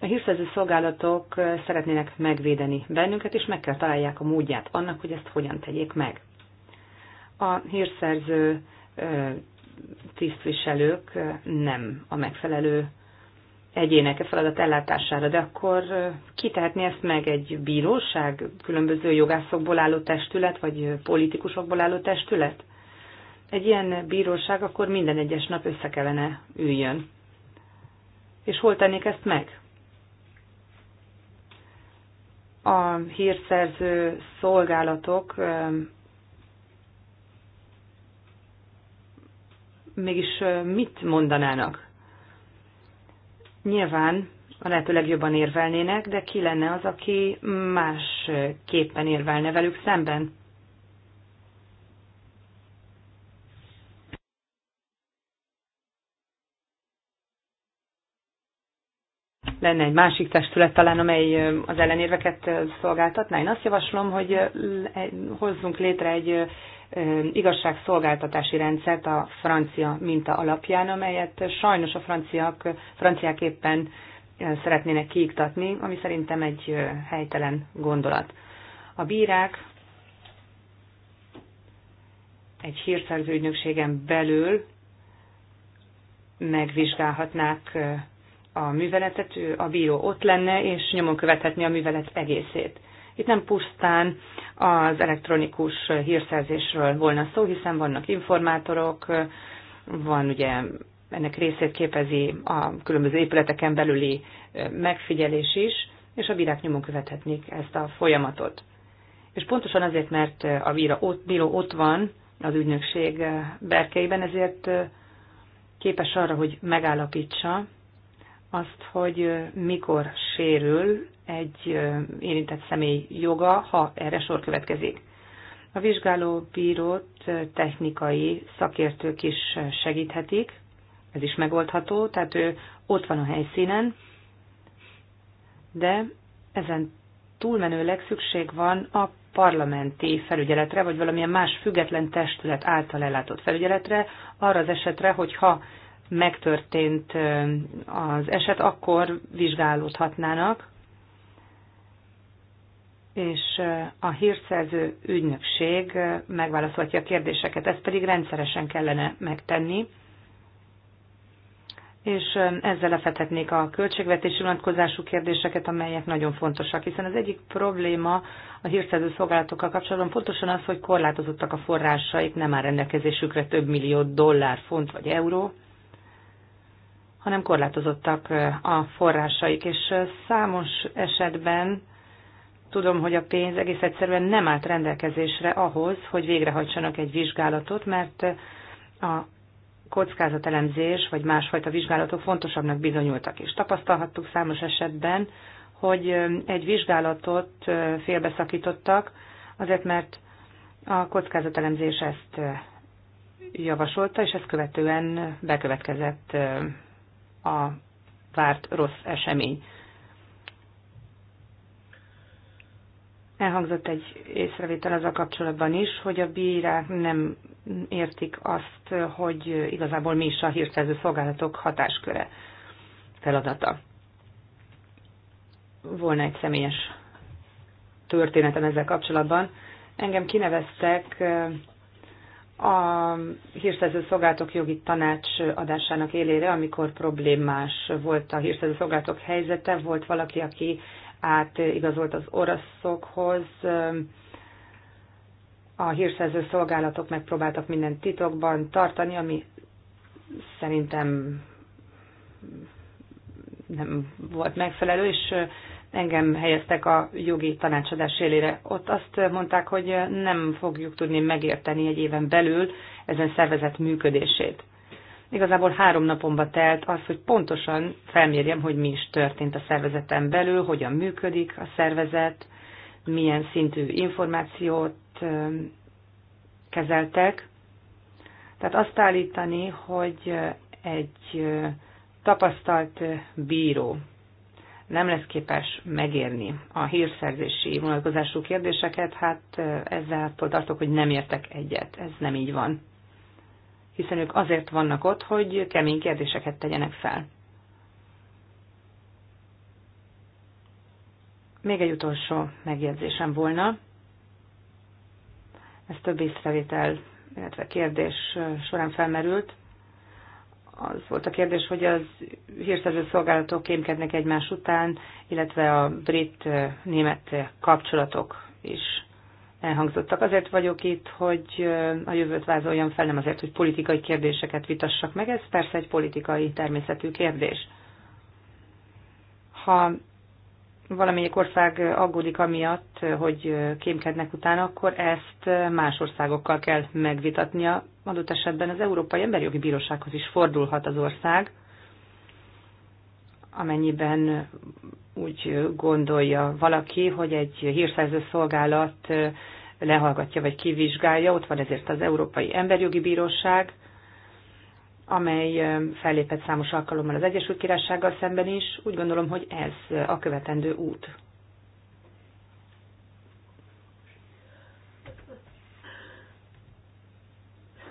A hírszerző szolgálatok szeretnének megvédeni bennünket, és meg kell találják a módját annak, hogy ezt hogyan tegyék meg. A hírszerző tisztviselők nem a megfelelő egyének a feladat ellátására, de akkor ki tehetni ezt meg egy bíróság, különböző jogászokból álló testület, vagy politikusokból álló testület? Egy ilyen bíróság akkor minden egyes nap össze kellene üljön. És hol tennék ezt meg? a hírszerző szolgálatok mégis mit mondanának? Nyilván a lehető legjobban érvelnének, de ki lenne az, aki másképpen érvelne velük szemben? lenne egy másik testület talán, amely az ellenérveket szolgáltatná. Én azt javaslom, hogy hozzunk létre egy igazságszolgáltatási rendszert a francia minta alapján, amelyet sajnos a franciák, franciák éppen szeretnének kiiktatni, ami szerintem egy helytelen gondolat. A bírák egy hírszerző ügynökségen belül megvizsgálhatnák a műveletet, ő a bíró ott lenne, és nyomon követhetni a művelet egészét. Itt nem pusztán az elektronikus hírszerzésről volna szó, hiszen vannak informátorok, van ugye ennek részét képezi a különböző épületeken belüli megfigyelés is, és a bírák nyomon követhetnék ezt a folyamatot. És pontosan azért, mert a bíró ott, van az ügynökség berkeiben, ezért képes arra, hogy megállapítsa, azt, hogy mikor sérül egy érintett személy joga, ha erre sor következik. A vizsgáló bírót technikai szakértők is segíthetik, ez is megoldható, tehát ő ott van a helyszínen, de ezen túlmenőleg szükség van a parlamenti felügyeletre, vagy valamilyen más független testület által ellátott felügyeletre, arra az esetre, hogyha megtörtént az eset, akkor vizsgálódhatnának, és a hírszerző ügynökség megválaszolhatja a kérdéseket, ezt pedig rendszeresen kellene megtenni, és ezzel lefethetnék a költségvetési vonatkozású kérdéseket, amelyek nagyon fontosak, hiszen az egyik probléma a hírszerző szolgálatokkal kapcsolatban pontosan az, hogy korlátozottak a forrásaik, nem áll rendelkezésükre több millió dollár, font vagy euró, hanem korlátozottak a forrásaik, és számos esetben tudom, hogy a pénz egész egyszerűen nem állt rendelkezésre ahhoz, hogy végrehajtsanak egy vizsgálatot, mert a kockázatelemzés vagy másfajta vizsgálatok fontosabbnak bizonyultak, és tapasztalhattuk számos esetben, hogy egy vizsgálatot félbeszakítottak, azért mert a kockázatelemzés ezt javasolta, és ezt követően bekövetkezett a várt rossz esemény. Elhangzott egy észrevétel az a kapcsolatban is, hogy a bírák nem értik azt, hogy igazából mi is a hírszerző szolgálatok hatásköre feladata. Volna egy személyes történetem ezzel kapcsolatban. Engem kineveztek a hírszerző szolgálatok jogi tanács adásának élére, amikor problémás volt a hírszerző szolgálatok helyzete, volt valaki, aki átigazolt az oroszokhoz, a hírszerző szolgálatok megpróbáltak minden titokban tartani, ami szerintem nem volt megfelelő, és engem helyeztek a jogi tanácsadás élére. Ott azt mondták, hogy nem fogjuk tudni megérteni egy éven belül ezen szervezet működését. Igazából három napomba telt az, hogy pontosan felmérjem, hogy mi is történt a szervezeten belül, hogyan működik a szervezet, milyen szintű információt kezeltek. Tehát azt állítani, hogy egy tapasztalt bíró nem lesz képes megérni a hírszerzési vonatkozású kérdéseket, hát ezzel tartok, hogy nem értek egyet. Ez nem így van. Hiszen ők azért vannak ott, hogy kemény kérdéseket tegyenek fel. Még egy utolsó megjegyzésem volna. Ez több észrevétel, illetve kérdés során felmerült az volt a kérdés, hogy az hírszerző szolgálatok kémkednek egymás után, illetve a brit-német kapcsolatok is elhangzottak. Azért vagyok itt, hogy a jövőt vázoljam fel, nem azért, hogy politikai kérdéseket vitassak meg, ez persze egy politikai természetű kérdés. Ha valamelyik ország aggódik amiatt, hogy kémkednek utána, akkor ezt más országokkal kell megvitatnia. Adott esetben az Európai Emberjogi Bírósághoz is fordulhat az ország, amennyiben úgy gondolja valaki, hogy egy hírszerző szolgálat lehallgatja vagy kivizsgálja, ott van ezért az Európai Emberjogi Bíróság, amely fellépett számos alkalommal az Egyesült Királysággal szemben is. Úgy gondolom, hogy ez a követendő út.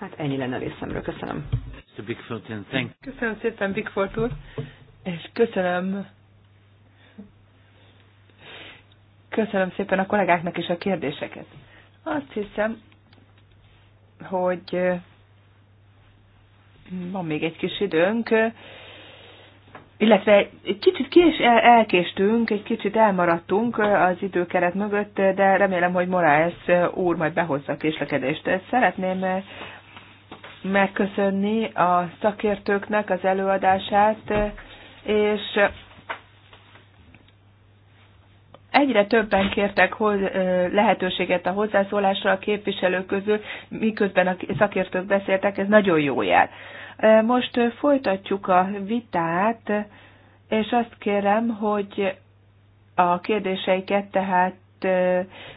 Hát ennyi lenne a részemről. Köszönöm. Köszönöm szépen, Bigford úr, és köszönöm köszönöm szépen a kollégáknak is a kérdéseket. Azt hiszem, hogy van még egy kis időnk, illetve egy kicsit kés, elkéstünk, egy kicsit elmaradtunk az időkeret mögött, de remélem, hogy Morales úr majd behozza a késlekedést. Szeretném megköszönni a szakértőknek az előadását, és egyre többen kértek lehetőséget a hozzászólásra a képviselők közül, miközben a szakértők beszéltek, ez nagyon jó jel. Most folytatjuk a vitát, és azt kérem, hogy a kérdéseiket tehát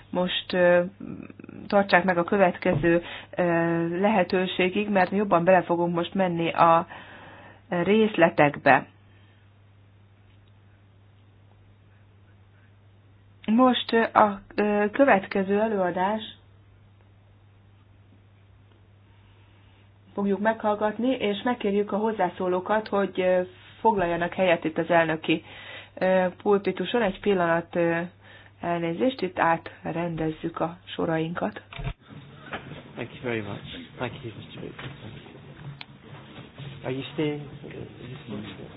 most tartsák meg a következő lehetőségig, mert jobban bele fogunk most menni a részletekbe. Most a következő előadás fogjuk meghallgatni, és megkérjük a hozzászólókat, hogy foglaljanak helyet itt az elnöki pulpituson. Egy pillanat elnézést, itt átrendezzük a sorainkat. Thank you very much. Thank you, Mr. Are you staying? Are you staying?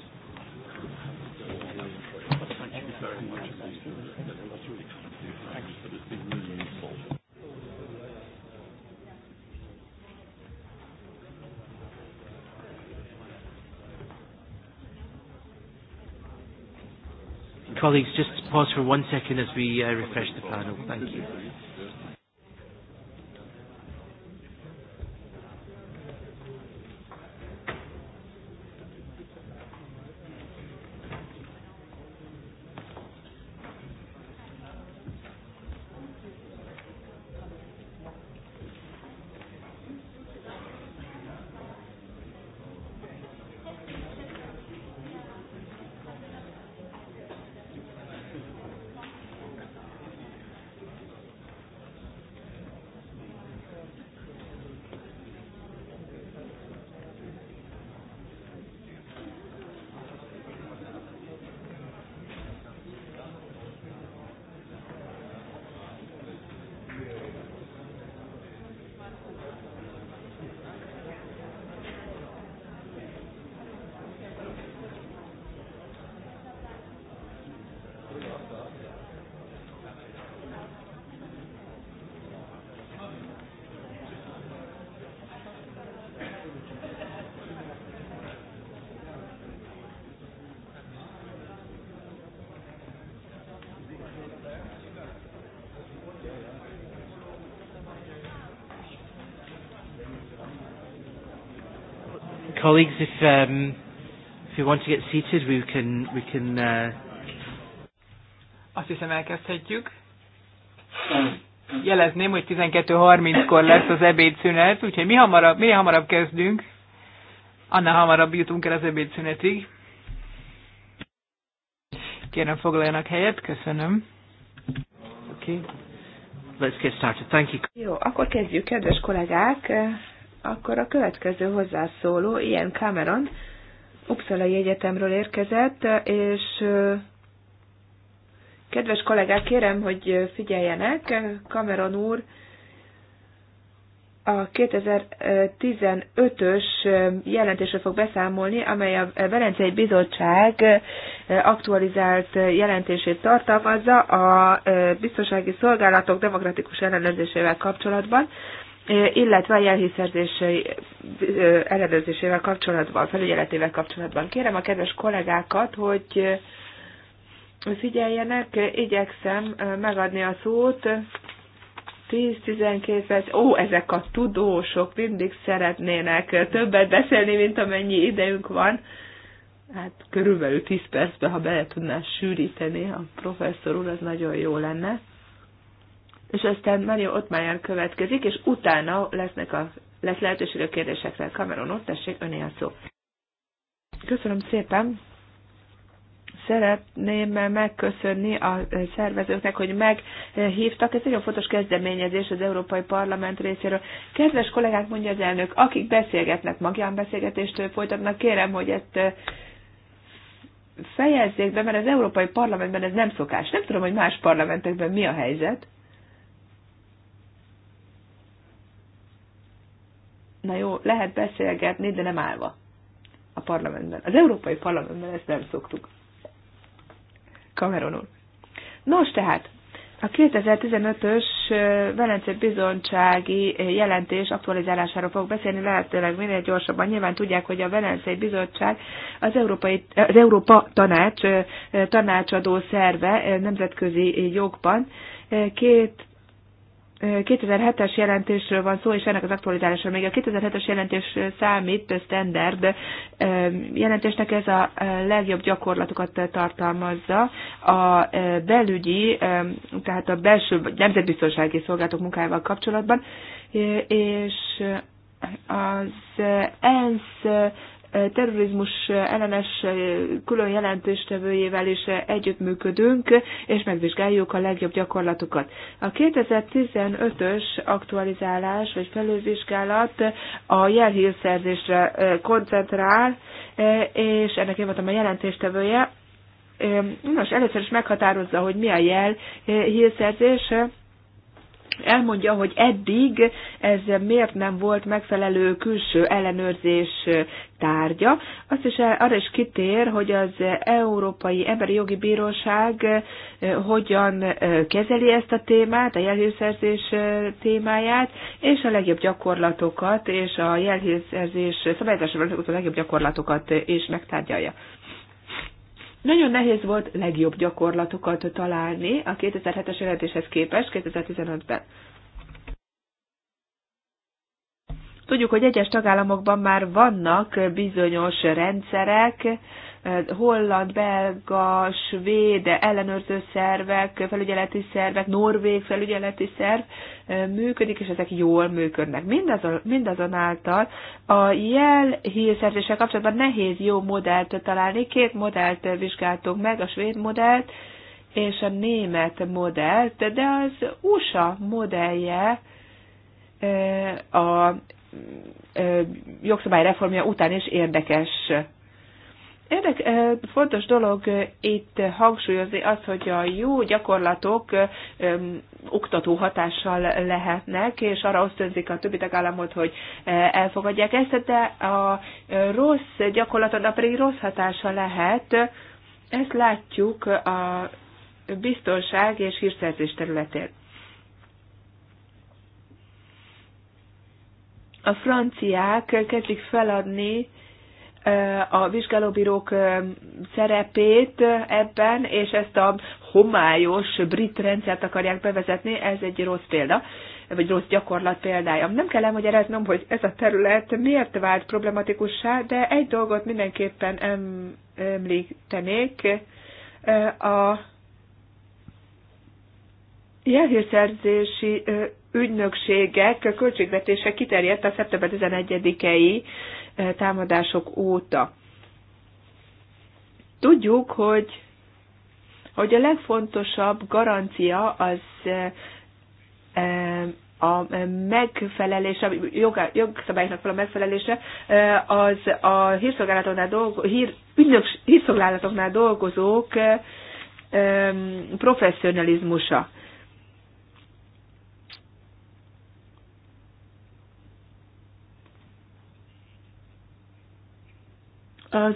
Colleagues, just pause for one second as we uh, refresh the panel. Thank you. Colleagues, if um, if you want to get seated, we can we can. Uh... Azt hiszem elkezdhetjük. Jelezném, hogy 12.30-kor lesz az ebédszünet, úgyhogy mi hamarabb, mi hamarabb kezdünk, annál hamarabb jutunk el az ebédszünetig. Kérem foglaljanak helyet, köszönöm. Oké. Okay. Let's get started. Thank you. Jó, akkor kezdjük, kedves kollégák. Akkor a következő hozzászóló, ilyen Cameron, Uppsalai Egyetemről érkezett, és kedves kollégák, kérem, hogy figyeljenek, Cameron úr, a 2015-ös jelentésre fog beszámolni, amely a Velencei Bizottság aktualizált jelentését tartalmazza a biztonsági szolgálatok demokratikus ellenőrzésével kapcsolatban illetve a jelhírszerzései ellenőrzésével kapcsolatban, felügyeletével kapcsolatban. Kérem a kedves kollégákat, hogy figyeljenek, igyekszem megadni a szót. 10-12 perc, ó, ezek a tudósok mindig szeretnének többet beszélni, mint amennyi idejünk van. Hát körülbelül 10 percbe, ha bele tudná sűríteni a professzor úr, az nagyon jó lenne és aztán Mario Ottmeyer következik, és utána lesznek a, lesz lehetőség a kérdésekre. Cameron ott, tessék, öné a szó. Köszönöm szépen! szeretném megköszönni a szervezőknek, hogy meghívtak. Ez nagyon fontos kezdeményezés az Európai Parlament részéről. Kedves kollégák, mondja az elnök, akik beszélgetnek, magánbeszélgetést folytatnak, kérem, hogy ezt eh, fejezzék be, mert az Európai Parlamentben ez nem szokás. Nem tudom, hogy más parlamentekben mi a helyzet. Na jó, lehet beszélgetni, de nem állva a parlamentben. Az Európai Parlamentben ezt nem szoktuk. Cameron Nos, tehát a 2015-ös Velence Bizottsági jelentés aktualizálásáról fog beszélni, lehetőleg minél gyorsabban. Nyilván tudják, hogy a Velence Bizottság az, Európai, az Európa Tanács tanácsadó szerve nemzetközi jogban. Két 2007-es jelentésről van szó, és ennek az aktualizálása még a 2007-es jelentés számít standard jelentésnek ez a legjobb gyakorlatokat tartalmazza. A belügyi, tehát a belső nemzetbiztonsági szolgálatok munkájával kapcsolatban, és az ENSZ terrorizmus ellenes külön jelentéstevőjével is együttműködünk, és megvizsgáljuk a legjobb gyakorlatokat. A 2015-ös aktualizálás vagy felülvizsgálat a jelhírszerzésre koncentrál, és ennek én voltam a jelentéstevője. Nos, először is meghatározza, hogy mi a jel hírszerzés, elmondja, hogy eddig ez miért nem volt megfelelő külső ellenőrzés tárgya. Azt is arra is kitér, hogy az Európai Emberi Jogi Bíróság eh, hogyan eh, kezeli ezt a témát, a jelhőszerzés eh, témáját, és a legjobb gyakorlatokat, és a jelhőszerzés szabályozásra a legjobb gyakorlatokat is megtárgyalja. Nagyon nehéz volt legjobb gyakorlatokat találni a 2007-es jelentéshez képest 2015-ben. Tudjuk, hogy egyes tagállamokban már vannak bizonyos rendszerek, Eh, holland, belga, svéd ellenőrző szervek, felügyeleti szervek, norvég felügyeleti szerv eh, működik, és ezek jól működnek. Mindazon, mindazonáltal a jel hírszerzéssel kapcsolatban nehéz jó modellt találni. Két modellt vizsgáltunk meg, a svéd modellt és a német modellt, de az USA modellje eh, a jogszabály reformja után is érdekes Érdek, fontos dolog itt hangsúlyozni az, hogy a jó gyakorlatok oktató hatással lehetnek, és arra ösztönzik a többi tagállamot, hogy elfogadják ezt, de a rossz gyakorlatod, pedig rossz hatása lehet. Ezt látjuk a biztonság és hírszerzés területén. A franciák kezdik feladni a vizsgálóbírók szerepét ebben, és ezt a homályos brit rendszert akarják bevezetni, ez egy rossz példa, vagy rossz gyakorlat példája. Nem kell elmagyaráznom, hogy ez a terület miért vált problematikussá, de egy dolgot mindenképpen említenék. A jelhőszerzési ügynökségek költségvetése kiterjedt a szeptember 11 ei támadások óta. Tudjuk, hogy, hogy a legfontosabb garancia az a megfelelése, jog, jogszabályoknak a megfelelése, az a hírszolgálatoknál, dolgo, hír, ügynöks, hírszolgálatoknál dolgozók professzionalizmusa. az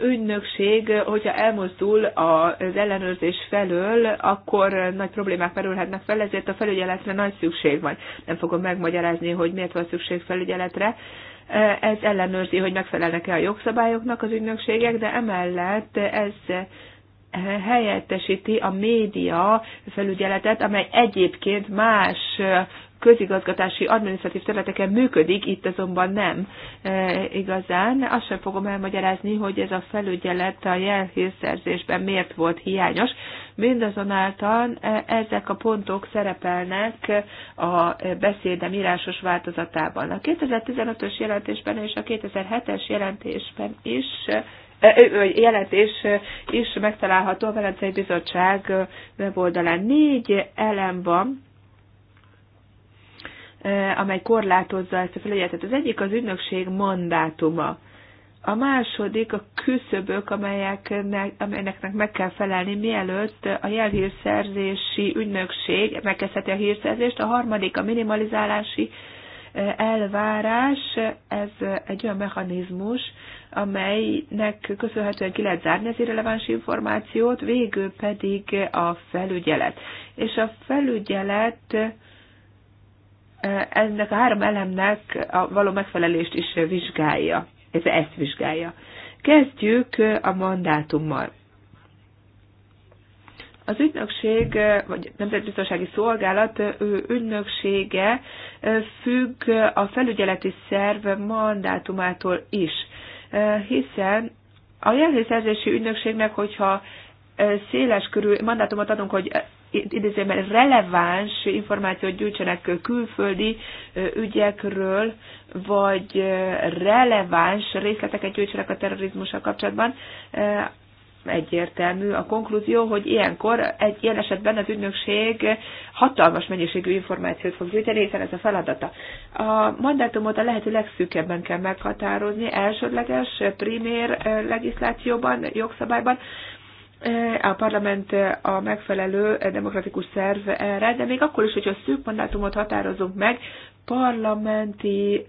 ügynökség, hogyha elmozdul az ellenőrzés felől, akkor nagy problémák merülhetnek fel, ezért a felügyeletre nagy szükség van. Nem fogom megmagyarázni, hogy miért van szükség felügyeletre. Ez ellenőrzi, hogy megfelelnek-e a jogszabályoknak az ügynökségek, de emellett ez helyettesíti a média felügyeletet, amely egyébként más közigazgatási adminisztratív területeken működik, itt azonban nem e, igazán. Azt sem fogom elmagyarázni, hogy ez a felügyelet a jelhírszerzésben miért volt hiányos. Mindazonáltal e, ezek a pontok szerepelnek a beszédem írásos változatában. A 2015-ös jelentésben és a 2007-es jelentésben is jelentés is megtalálható a Velencei Bizottság weboldalán. Négy elem van, amely korlátozza ezt a felügyeletet. Az egyik az ügynökség mandátuma. A második a küszöbök, amelyeknek, amelyeknek meg kell felelni, mielőtt a jelhírszerzési ügynökség megkezdheti a hírszerzést. A harmadik a minimalizálási elvárás, ez egy olyan mechanizmus, amelynek köszönhetően ki lehet zárni az irreleváns információt, végül pedig a felügyelet. És a felügyelet eh, ennek a három elemnek a való megfelelést is vizsgálja, ez ezt vizsgálja. Kezdjük a mandátummal. Az ügynökség, eh, vagy Nemzetbiztonsági Szolgálat eh, ügynöksége függ a felügyeleti szerv mandátumától is hiszen a jelzőszerzési ügynökségnek, hogyha széles körül mandátumot adunk, hogy idézőben releváns információt gyűjtsenek külföldi ügyekről, vagy releváns részleteket gyűjtsenek a terrorizmusa kapcsolatban, egyértelmű a konklúzió, hogy ilyenkor, egy ilyen esetben az ügynökség hatalmas mennyiségű információt fog gyűjteni, hiszen ez a feladata. A mandátumot a lehető legszűkebben kell meghatározni, elsődleges, primér eh, legislációban, jogszabályban, eh, a parlament eh, a megfelelő demokratikus szerv erre, de még akkor is, hogyha szűk mandátumot határozunk meg, parlamenti,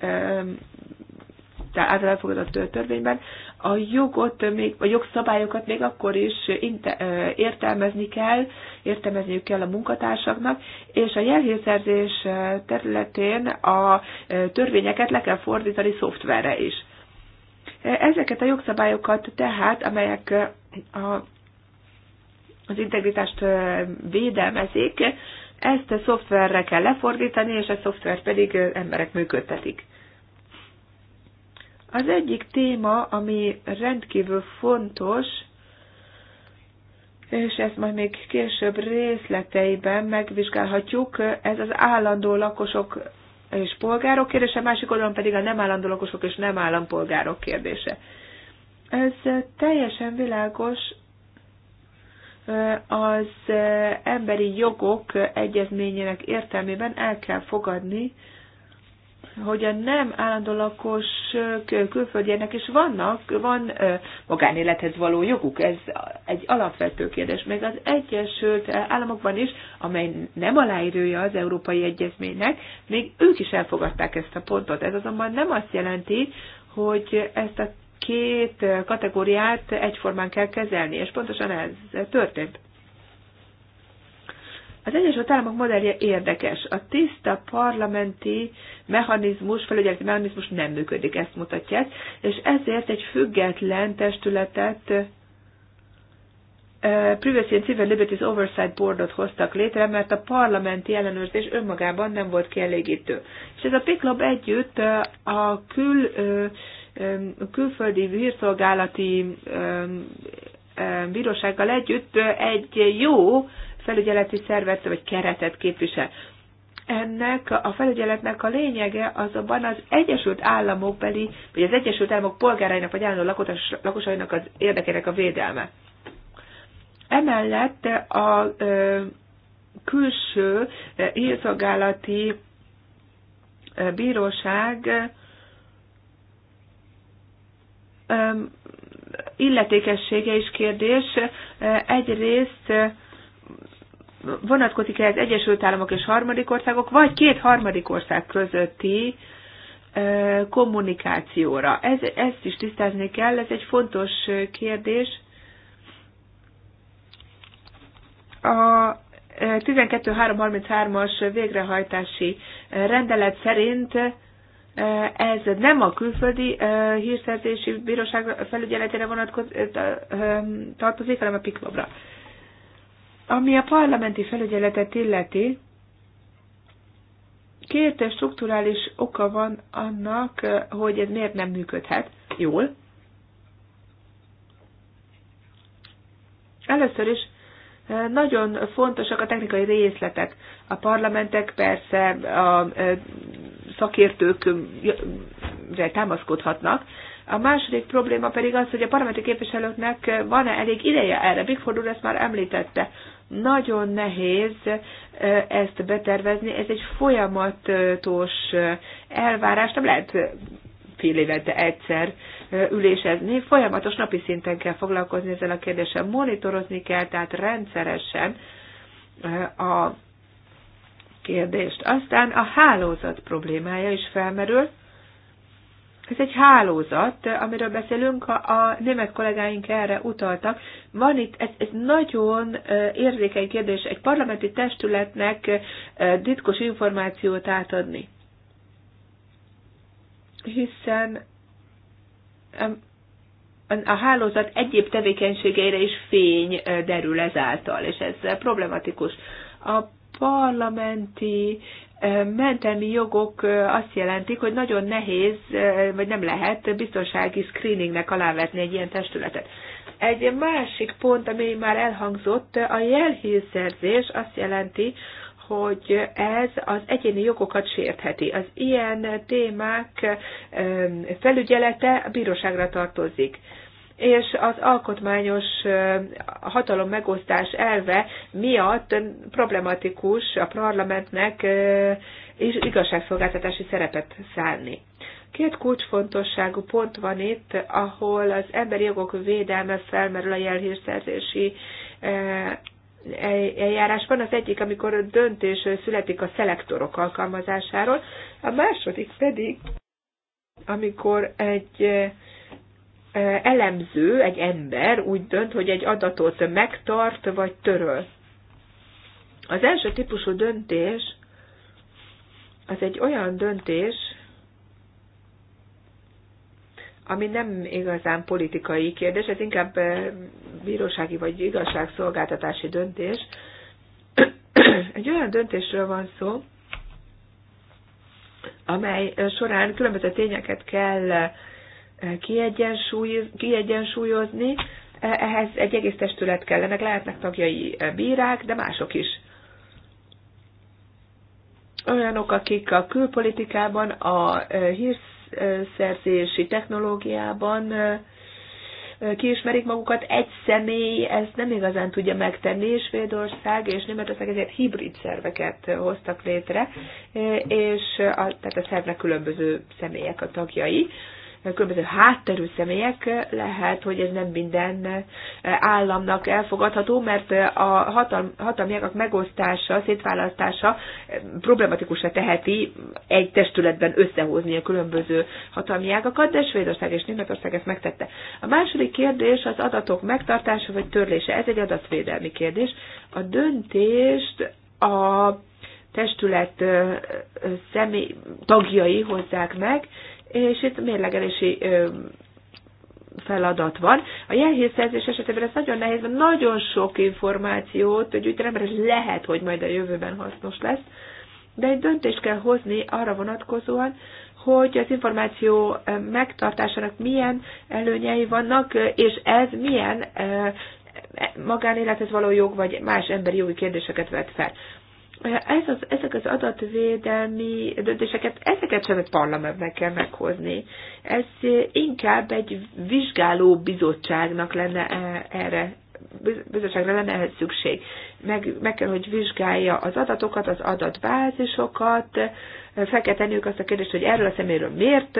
által elfogadott törvényben, a jogot, még, a jogszabályokat még akkor is értelmezni kell, értelmezniük kell a munkatársaknak, és a jelhészerzés területén a törvényeket le kell fordítani szoftverre is. Ezeket a jogszabályokat tehát, amelyek a, az integritást védelmezik, ezt a szoftverre kell lefordítani, és a szoftver pedig emberek működtetik. Az egyik téma, ami rendkívül fontos, és ezt majd még később részleteiben megvizsgálhatjuk, ez az állandó lakosok és polgárok kérdése, másik oldalon pedig a nem állandó lakosok és nem állampolgárok kérdése. Ez teljesen világos az emberi jogok egyezményének értelmében el kell fogadni, hogy a nem állandó lakos külföldjének is vannak, van magánélethez való joguk. Ez egy alapvető kérdés. Még az Egyesült Államokban is, amely nem aláírója az Európai Egyezménynek, még ők is elfogadták ezt a pontot. Ez azonban nem azt jelenti, hogy ezt a két kategóriát egyformán kell kezelni, és pontosan ez történt. Az Egyesült Államok modellje érdekes. A tiszta parlamenti mechanizmus, felügyeleti mechanizmus nem működik, ezt mutatja és ezért egy független testületet Privacy and Civil Liberties Oversight Boardot hoztak létre, mert a parlamenti ellenőrzés önmagában nem volt kielégítő. És ez a PIKLOB együtt a kül, külföldi hírszolgálati bírósággal együtt egy jó felügyeleti szervet vagy keretet képvisel. Ennek a felügyeletnek a lényege azonban az Egyesült Államok beli, vagy az Egyesült Államok polgárainak vagy állandó lakosainak az érdekének a védelme. Emellett a ö, külső hírszolgálati bíróság illetékessége is kérdés. Egyrészt vonatkozik -e ez Egyesült Államok és harmadik országok, vagy két harmadik ország közötti kommunikációra. Ez, ezt is tisztázni kell, ez egy fontos kérdés. A 12.333-as végrehajtási rendelet szerint ez nem a külföldi hírszerzési bíróság felügyeletére vonatkozik, tartozik, hanem a piklobra. Ami a parlamenti felügyeletet illeti, két strukturális oka van annak, hogy ez miért nem működhet jól. Először is eh, nagyon fontosak a technikai részletek. A parlamentek persze a eh, szakértők támaszkodhatnak, a második probléma pedig az, hogy a parlamenti képviselőknek van-e elég ideje erre. Bigford úr ezt már említette. Nagyon nehéz ezt betervezni, ez egy folyamatos elvárás, nem lehet fél évente egyszer ülésezni. Folyamatos napi szinten kell foglalkozni ezzel a kérdéssel, monitorozni kell, tehát rendszeresen a kérdést. Aztán a hálózat problémája is felmerül. Ez egy hálózat, amiről beszélünk, a, a német kollégáink erre utaltak. Van itt, ez, ez nagyon érzékeny kérdés, egy parlamenti testületnek titkos információt átadni. Hiszen a hálózat egyéb tevékenységeire is fény derül ezáltal, és ez problematikus. A parlamenti mentelmi jogok azt jelentik, hogy nagyon nehéz, vagy nem lehet biztonsági screeningnek alávetni egy ilyen testületet. Egy másik pont, ami már elhangzott, a jelhírszerzés azt jelenti, hogy ez az egyéni jogokat sértheti. Az ilyen témák felügyelete a bíróságra tartozik és az alkotmányos hatalom megosztás elve miatt problematikus a parlamentnek és igazságszolgáltatási szerepet szállni. Két kulcsfontosságú pont van itt, ahol az emberi jogok védelme felmerül a jelhírszerzési eljárásban. Az egyik, amikor döntés születik a szelektorok alkalmazásáról, a második pedig, amikor egy elemző, egy ember úgy dönt, hogy egy adatot megtart vagy töröl. Az első típusú döntés az egy olyan döntés, ami nem igazán politikai kérdés, ez inkább bírósági vagy igazságszolgáltatási döntés. Egy olyan döntésről van szó, amely során különböző tényeket kell kiegyensúlyoz, kiegyensúlyozni, ehhez egy egész testület kellene, lehetnek tagjai bírák, de mások is. Olyanok, akik a külpolitikában, a hírszerzési technológiában kiismerik magukat, egy személy ezt nem igazán tudja megtenni, és Svédország és Németország ezért hibrid szerveket hoztak létre, és a, tehát a szervnek különböző személyek a tagjai különböző hátterű személyek, lehet, hogy ez nem minden államnak elfogadható, mert a hatalm, hatalmiak megosztása, szétválasztása problematikusra teheti egy testületben összehozni a különböző hatalmi ágakat, de Svédország és Németország ezt megtette. A második kérdés az adatok megtartása vagy törlése. Ez egy adatvédelmi kérdés. A döntést a testület személy, tagjai hozzák meg, és itt mérlegelési feladat van. A jelhéz esetében ez nagyon nehéz, mert nagyon sok információt gyűjtenem, mert ez lehet, hogy majd a jövőben hasznos lesz, de egy döntést kell hozni arra vonatkozóan, hogy az információ megtartásának milyen előnyei vannak, és ez milyen magánélethez való jog, vagy más emberi jogi kérdéseket vet fel ez az, ezek az adatvédelmi döntéseket, ezeket sem a parlamentnek kell meghozni. Ez inkább egy vizsgáló bizottságnak lenne e, erre bizottságra lenne ehhez szükség. Meg, meg kell, hogy vizsgálja az adatokat, az adatbázisokat, fekete nők azt a kérdést, hogy erről a szeméről miért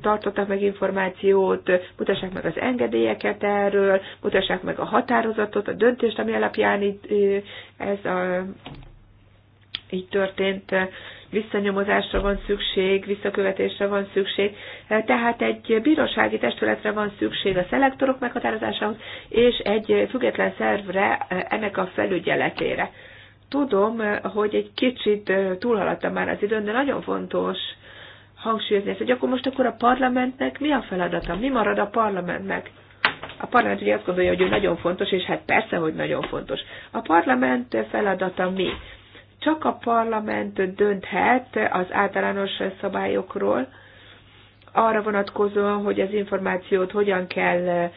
tartottak meg információt, mutassák meg az engedélyeket erről, mutassák meg a határozatot, a döntést, ami alapján itt ez a, így történt, visszanyomozásra van szükség, visszakövetésre van szükség. Tehát egy bírósági testületre van szükség a szelektorok meghatározásához, és egy független szervre ennek a felügyeletére. Tudom, hogy egy kicsit eh, túlhaladtam már az időn, de nagyon fontos hangsúlyozni ezt, hogy akkor most akkor a parlamentnek mi a feladata, mi marad a parlamentnek? A parlament ugye azt gondolja, hogy ő nagyon fontos, és hát persze, hogy nagyon fontos. A parlament feladata mi? Csak a parlament dönthet az általános szabályokról, arra vonatkozóan, hogy az információt hogyan kell eh,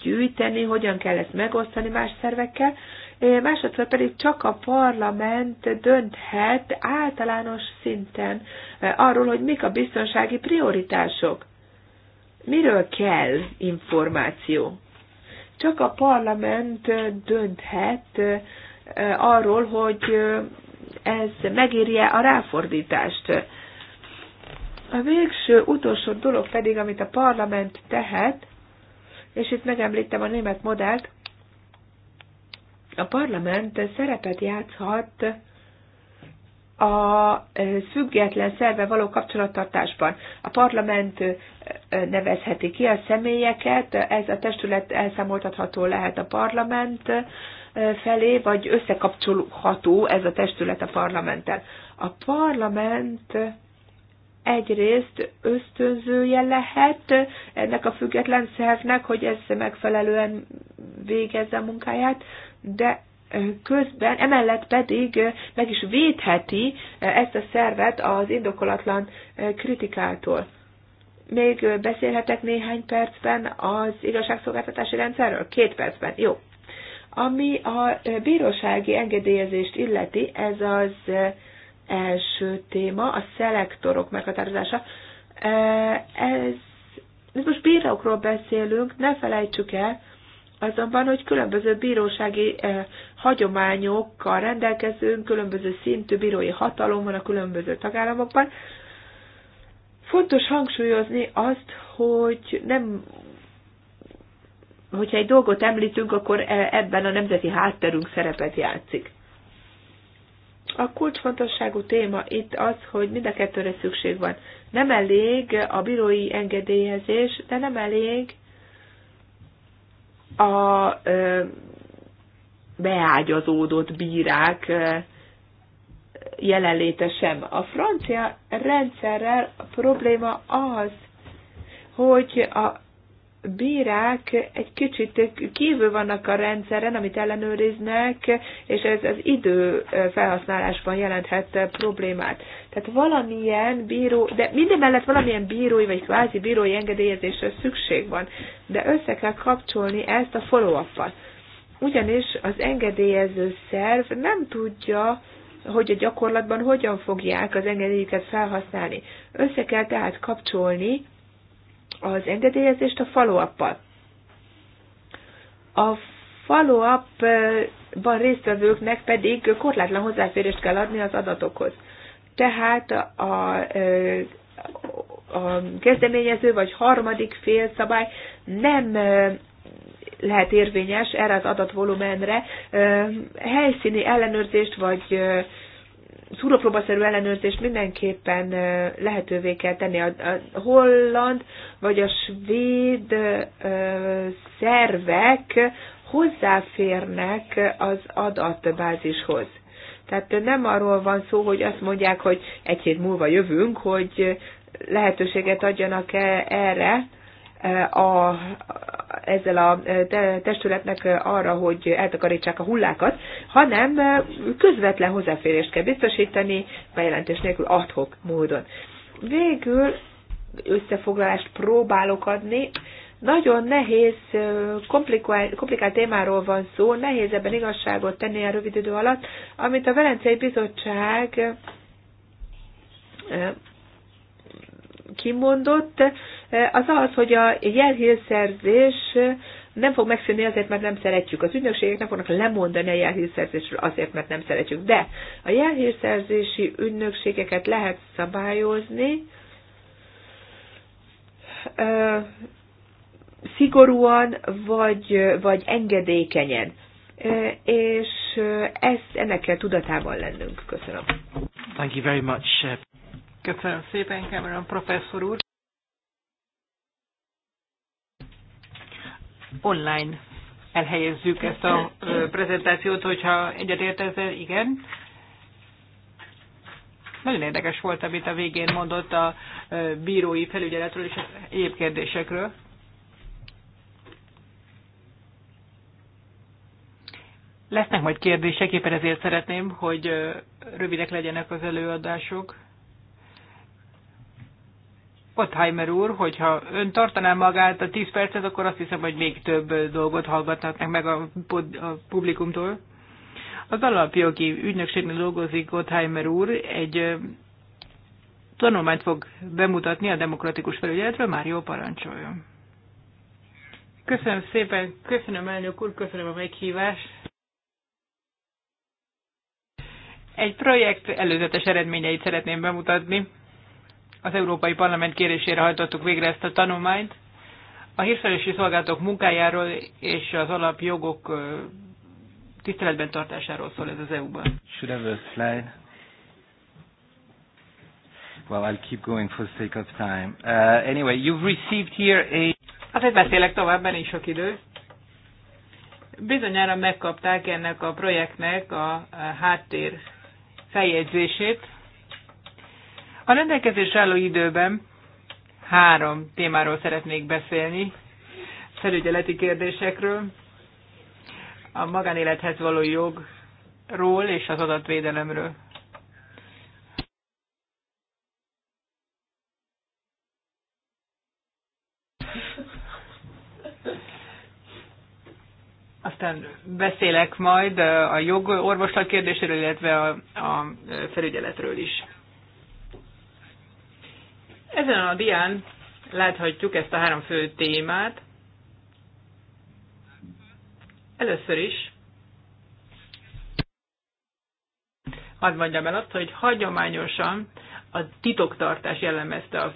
gyűjteni, hogyan kell ezt megosztani más szervekkel, másodszor pedig csak a parlament dönthet általános szinten arról, hogy mik a biztonsági prioritások. Miről kell információ? Csak a parlament dönthet arról, hogy ez megírje a ráfordítást. A végső utolsó dolog pedig, amit a parlament tehet, és itt megemlítem a német modellt, a parlament szerepet játszhat a e, független szerve való kapcsolattartásban. A parlament e, e, nevezheti ki a személyeket, ez a testület elszámoltatható lehet a parlament felé, vagy összekapcsolható ez a testület a parlamenttel. A parlament egyrészt ösztönzője lehet ennek a független szervnek, hogy ez megfelelően végezze a munkáját, de közben, emellett pedig meg is védheti ezt a szervet az indokolatlan kritikától. Még beszélhetek néhány percben az igazságszolgáltatási rendszerről? Két percben, jó. Ami a bírósági engedélyezést illeti, ez az első téma, a szelektorok meghatározása. Ez, ez most bírókról beszélünk, ne felejtsük el, azonban, hogy különböző bírósági eh, hagyományokkal rendelkezünk, különböző szintű bírói hatalom van a különböző tagállamokban. Fontos hangsúlyozni azt, hogy nem hogyha egy dolgot említünk, akkor eh, ebben a nemzeti hátterünk szerepet játszik. A kulcsfontosságú téma itt az, hogy mind a kettőre szükség van. Nem elég a bírói engedélyezés, de nem elég a beágyazódott bírák jelenléte sem. A francia rendszerrel a probléma az, hogy a bírák egy kicsit kívül vannak a rendszeren, amit ellenőriznek, és ez az idő felhasználásban jelenthet problémát. Tehát valamilyen bíró, de minden mellett valamilyen bírói vagy kvázi bírói engedélyezésre szükség van, de össze kell kapcsolni ezt a follow up Ugyanis az engedélyező szerv nem tudja, hogy a gyakorlatban hogyan fogják az engedélyüket felhasználni. Össze kell tehát kapcsolni az engedélyezést a follow A follow résztvevőknek pedig korlátlan hozzáférést kell adni az adatokhoz. Tehát a, a kezdeményező vagy harmadik fél szabály nem lehet érvényes erre az adatvolumenre helyszíni ellenőrzést vagy szúrópróbaszerű ellenőrzést mindenképpen lehetővé kell tenni. A, holland vagy a svéd szervek hozzáférnek az adatbázishoz. Tehát nem arról van szó, hogy azt mondják, hogy egy hét múlva jövünk, hogy lehetőséget adjanak -e erre a, ezzel a testületnek arra, hogy eltakarítsák a hullákat, hanem közvetlen hozzáférést kell biztosítani, bejelentés nélkül adhok módon. Végül összefoglalást próbálok adni, nagyon nehéz, komplikált, komplikált témáról van szó, nehéz ebben igazságot tenni a rövid idő alatt, amit a Velencei Bizottság kimondott, az az, hogy a jelhírszerzés nem fog megszűnni azért, mert nem szeretjük. Az ügynökségek nem fognak lemondani a jelhírszerzésről azért, mert nem szeretjük. De a jelhírszerzési ügynökségeket lehet szabályozni, szigorúan vagy, vagy engedékenyen. És ezt, ennek kell tudatában lennünk. Köszönöm. Thank you very much. Uh, Köszönöm szépen, Cameron professzor úr. online elhelyezzük ezt a prezentációt, hogyha egyetért ezzel, igen. Nagyon érdekes volt, amit a végén mondott a bírói felügyeletről és egyéb kérdésekről. Lesznek majd kérdések, éppen ezért szeretném, hogy rövidek legyenek az előadások. Gottheimer úr, hogyha ön tartaná magát a 10 percet, akkor azt hiszem, hogy még több dolgot hallgathatnak meg a, a publikumtól. Az alapjogi ügynökségnél dolgozik Gottheimer úr, egy tanulmányt fog bemutatni a demokratikus felügyeletről, már jó parancsoljon. Köszönöm szépen, köszönöm elnök úr, köszönöm a meghívást. Egy projekt előzetes eredményeit szeretném bemutatni az Európai Parlament kérésére hajtottuk végre ezt a tanulmányt. A hírszerési szolgálatok munkájáról és az alapjogok tiszteletben tartásáról szól ez az EU-ban. Should have a slide. Well, I'll keep going for the sake of time. Uh, anyway, you've received here a... Azért beszélek tovább, mert nincs sok idő. Bizonyára megkapták ennek a projektnek a háttér feljegyzését. A rendelkezés álló időben három témáról szeretnék beszélni, felügyeleti kérdésekről, a magánélethez való jogról és az adatvédelemről. Aztán beszélek majd a jogorvoslat kérdéséről, illetve a, a felügyeletről is. Ezen a dián láthatjuk ezt a három fő témát. Először is hadd mondjam el azt, hogy hagyományosan a titoktartás jellemezte a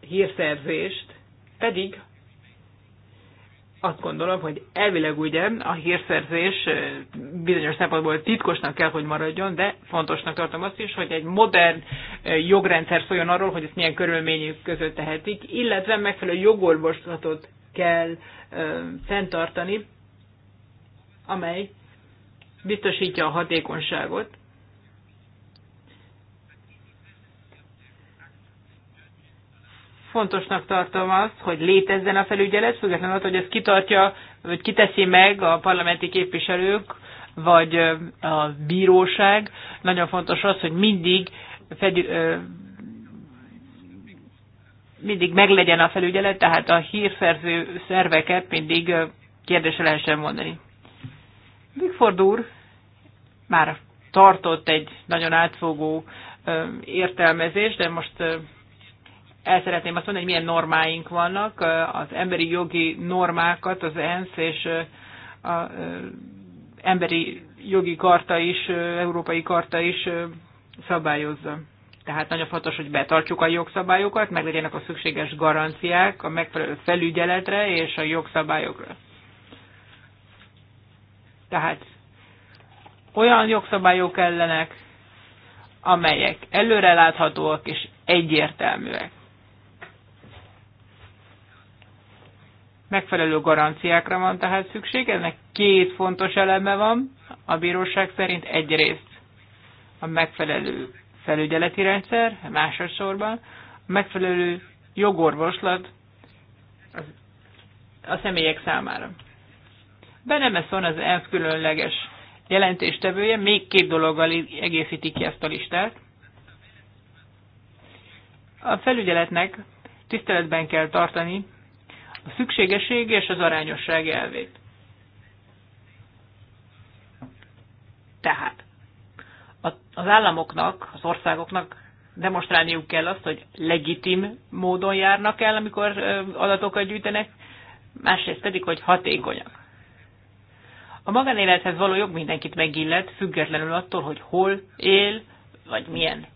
hírszerzést, pedig azt gondolom, hogy elvileg ugye a hírszerzés bizonyos szempontból titkosnak kell, hogy maradjon, de fontosnak tartom azt is, hogy egy modern jogrendszer szóljon arról, hogy ezt milyen körülmények között tehetik, illetve megfelelő jogorvoslatot kell ö, fenntartani, amely biztosítja a hatékonyságot, fontosnak tartom azt, hogy létezzen a felügyelet, függetlenül attól, hogy ezt kitartja, vagy kiteszi meg a parlamenti képviselők, vagy a bíróság. Nagyon fontos az, hogy mindig fedü, mindig meglegyen a felügyelet, tehát a hírszerző szerveket mindig kérdésre lehessen mondani. Bigford úr már tartott egy nagyon átfogó értelmezést, de most el szeretném azt mondani, hogy milyen normáink vannak, az emberi jogi normákat az ENSZ és az emberi jogi karta is, európai karta is szabályozza. Tehát nagyon fontos, hogy betartsuk a jogszabályokat, meg legyenek a szükséges garanciák a megfelelő felügyeletre és a jogszabályokra. Tehát olyan jogszabályok ellenek, amelyek előreláthatóak és egyértelműek. megfelelő garanciákra van tehát szükség. Ennek két fontos eleme van a bíróság szerint. Egyrészt a megfelelő felügyeleti rendszer, másodszorban a megfelelő jogorvoslat a személyek számára. Benemeszon az ENSZ különleges jelentéstevője, még két dologgal egészíti ki ezt a listát. A felügyeletnek tiszteletben kell tartani a szükségesség és az arányosság elvét. Tehát az államoknak, az országoknak demonstrálniuk kell azt, hogy legitim módon járnak el, amikor adatokat gyűjtenek, másrészt pedig, hogy hatékonyak. A magánélethez való jog mindenkit megillet, függetlenül attól, hogy hol él, vagy milyen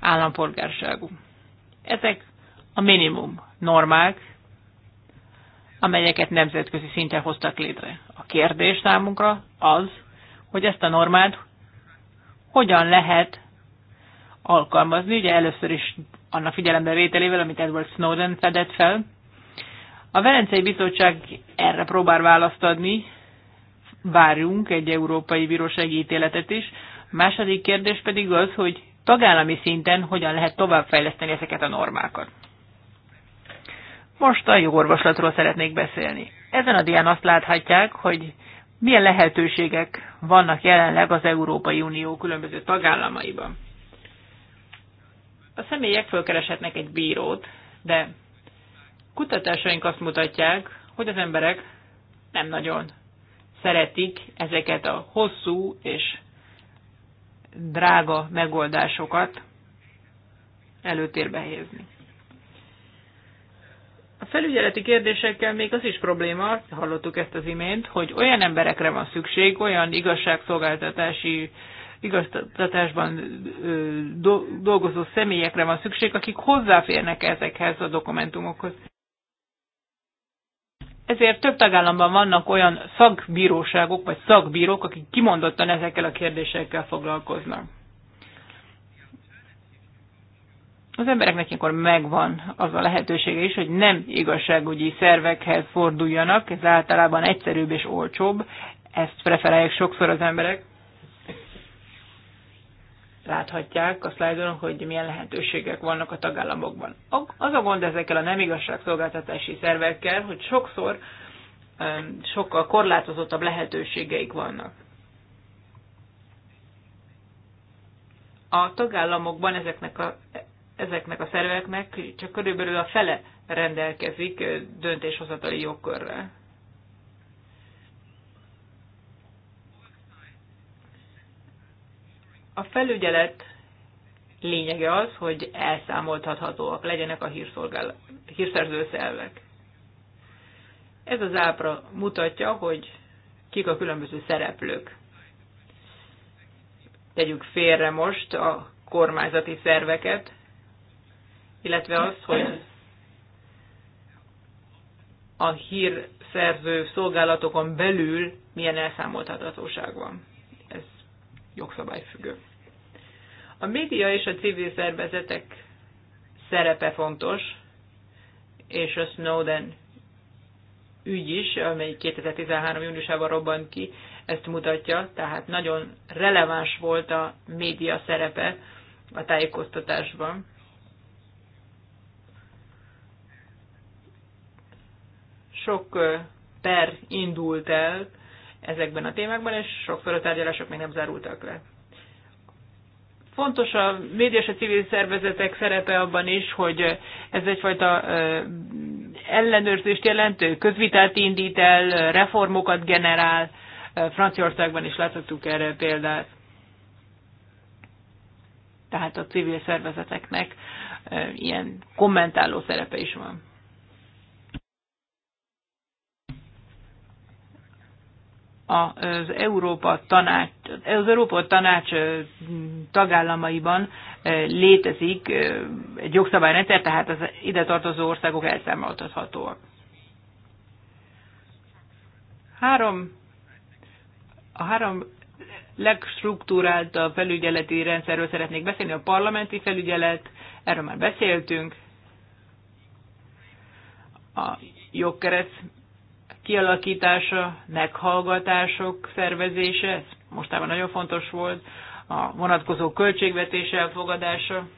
állampolgárságú. Ezek a minimum normák, amelyeket nemzetközi szinten hoztak létre. A kérdés számunkra az, hogy ezt a normát hogyan lehet alkalmazni, ugye először is annak figyelembe vételével, amit Edward Snowden fedett fel. A Velencei Bizottság erre próbál választ adni, várjunk egy európai bírósági ítéletet is. A második kérdés pedig az, hogy tagállami szinten hogyan lehet továbbfejleszteni ezeket a normákat. Most a jogorvoslatról szeretnék beszélni. Ezen a dián azt láthatják, hogy milyen lehetőségek vannak jelenleg az Európai Unió különböző tagállamaiban. A személyek fölkereshetnek egy bírót, de kutatásaink azt mutatják, hogy az emberek nem nagyon szeretik ezeket a hosszú és drága megoldásokat előtérbe helyezni. A felügyeleti kérdésekkel még az is probléma, hallottuk ezt az imént, hogy olyan emberekre van szükség, olyan igazságszolgáltatási igazgatásban dolgozó személyekre van szükség, akik hozzáférnek ezekhez a dokumentumokhoz. Ezért több tagállamban vannak olyan szakbíróságok vagy szakbírók, akik kimondottan ezekkel a kérdésekkel foglalkoznak. az embereknek ilyenkor megvan az a lehetősége is, hogy nem igazságügyi szervekhez forduljanak, ez általában egyszerűbb és olcsóbb, ezt preferálják sokszor az emberek. Láthatják a szlájdon, hogy milyen lehetőségek vannak a tagállamokban. Az a gond ezekkel a nem igazságszolgáltatási szervekkel, hogy sokszor sokkal korlátozottabb lehetőségeik vannak. A tagállamokban ezeknek a ezeknek a szerveknek csak körülbelül a fele rendelkezik döntéshozatali jogkörrel. A felügyelet lényege az, hogy elszámoltathatóak legyenek a hírszerző szervek. Ez az ábra mutatja, hogy kik a különböző szereplők. Tegyük félre most a kormányzati szerveket, illetve az, hogy a hírszerző szolgálatokon belül milyen elszámoltathatóság van. Ez jogszabályfüggő. A média és a civil szervezetek szerepe fontos, és a Snowden ügy is, amely 2013. júniusában robbant ki, ezt mutatja, tehát nagyon releváns volt a média szerepe a tájékoztatásban. sok per indult el ezekben a témákban, és sokszor a tárgyalások még nem zárultak le. Fontos a média és a civil szervezetek szerepe abban is, hogy ez egyfajta ellenőrzést jelentő közvitát indít el, reformokat generál. Franciaországban is láthattuk erre példát. Tehát a civil szervezeteknek ilyen kommentáló szerepe is van. az Európa Tanács, az Európa Tanács tagállamaiban létezik egy jogszabályrendszer, tehát az ide tartozó országok elszámoltathatóak. Három, a három legstruktúráltabb felügyeleti rendszerről szeretnék beszélni, a parlamenti felügyelet, erről már beszéltünk, a jogkereszt kialakítása, meghallgatások szervezése, ez mostában nagyon fontos volt, a vonatkozó költségvetés elfogadása,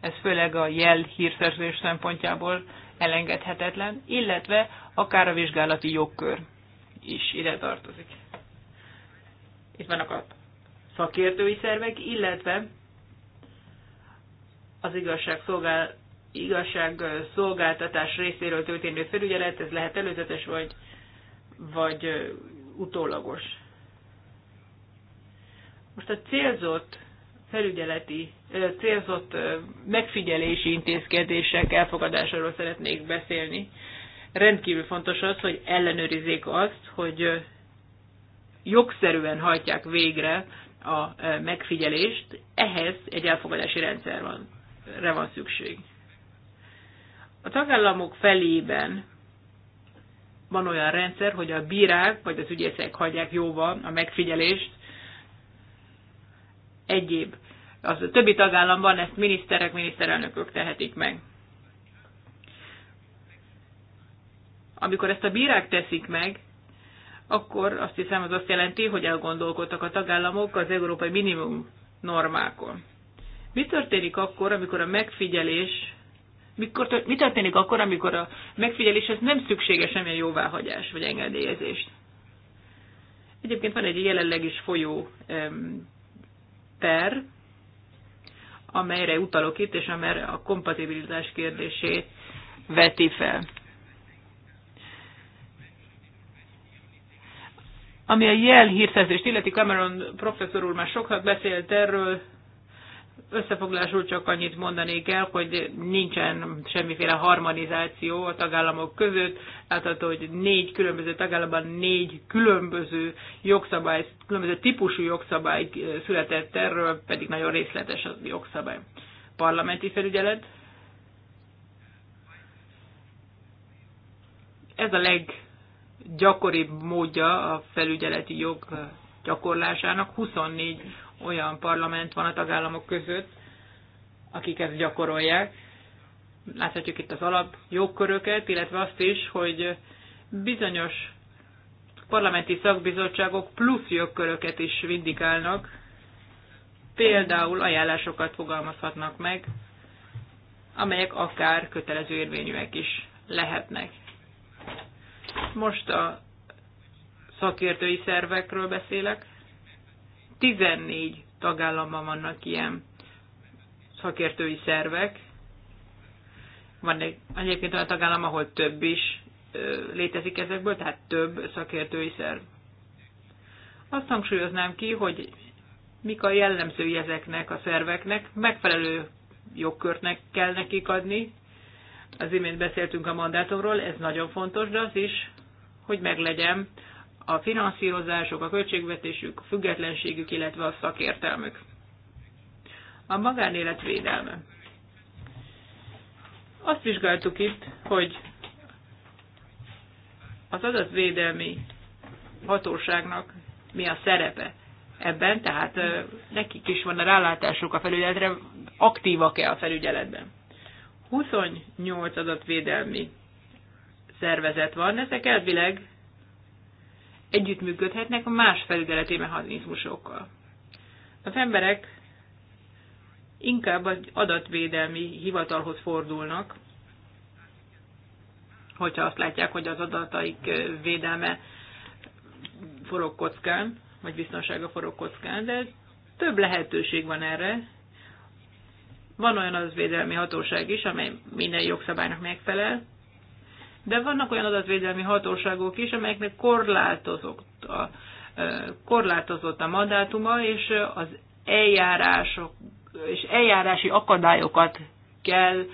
ez főleg a jel hírszerzés szempontjából elengedhetetlen, illetve akár a vizsgálati jogkör is ide tartozik. Itt vannak a szakértői szervek, illetve az igazságszolgálat igazságszolgáltatás részéről történő felügyelet, ez lehet előzetes vagy, vagy utólagos. Most a célzott felügyeleti, célzott megfigyelési intézkedések elfogadásáról szeretnék beszélni. Rendkívül fontos az, hogy ellenőrizzék azt, hogy jogszerűen hajtják végre a megfigyelést, ehhez egy elfogadási rendszerre van szükség. A tagállamok felében van olyan rendszer, hogy a bírák vagy az ügyészek hagyják jóva a megfigyelést, egyéb. Az a többi tagállamban ezt miniszterek, miniszterelnökök tehetik meg. Amikor ezt a bírák teszik meg, akkor azt hiszem az azt jelenti, hogy elgondolkodtak a tagállamok az európai minimum normákon. Mi történik akkor, amikor a megfigyelés mikor, mi történik akkor, amikor a megfigyeléshez nem szükséges semmilyen jóváhagyás vagy engedélyezést? Egyébként van egy jelenleg is folyó em, per, amelyre utalok itt, és amely a kompatibilitás kérdését veti fel. Ami a jel hírszerzést illeti, Cameron professzor úr már sokat beszélt erről, Összefoglásul csak annyit mondanék el, hogy nincsen semmiféle harmonizáció a tagállamok között. Látható, hogy négy különböző tagállamban négy különböző jogszabály, különböző típusú jogszabály született erről, pedig nagyon részletes az jogszabály. Parlamenti felügyelet. Ez a leggyakoribb módja a felügyeleti jog gyakorlásának. 24 olyan parlament van a tagállamok között, akik ezt gyakorolják. Láthatjuk itt az alap jogköröket, illetve azt is, hogy bizonyos parlamenti szakbizottságok plusz jogköröket is vindikálnak, például ajánlásokat fogalmazhatnak meg, amelyek akár kötelező érvényűek is lehetnek. Most a szakértői szervekről beszélek. 14 tagállamban vannak ilyen szakértői szervek. Van egy, egyébként olyan tagállam, ahol több is létezik ezekből, tehát több szakértői szerv. Azt hangsúlyoznám ki, hogy mik a jellemzői ezeknek a szerveknek, megfelelő jogkörnek kell nekik adni. Az imént beszéltünk a mandátumról, ez nagyon fontos, de az is, hogy meglegyen a finanszírozások, a költségvetésük, a függetlenségük, illetve a szakértelmük. A magánélet védelme. Azt vizsgáltuk itt, hogy az adatvédelmi hatóságnak mi a szerepe ebben, tehát nekik is van a rálátásuk a felügyeletre, aktívak-e a felügyeletben. 28 adatvédelmi szervezet van, ezek elvileg együttműködhetnek más felügyeleti mechanizmusokkal. Az emberek inkább az adatvédelmi hivatalhoz fordulnak, hogyha azt látják, hogy az adataik védelme forog kockán, vagy biztonsága forog kockán, de több lehetőség van erre. Van olyan az védelmi hatóság is, amely minden jogszabálynak megfelel, de vannak olyan adatvédelmi hatóságok is, amelyeknek korlátozott a, korlátozott a mandátuma, és az eljárások és eljárási akadályokat kell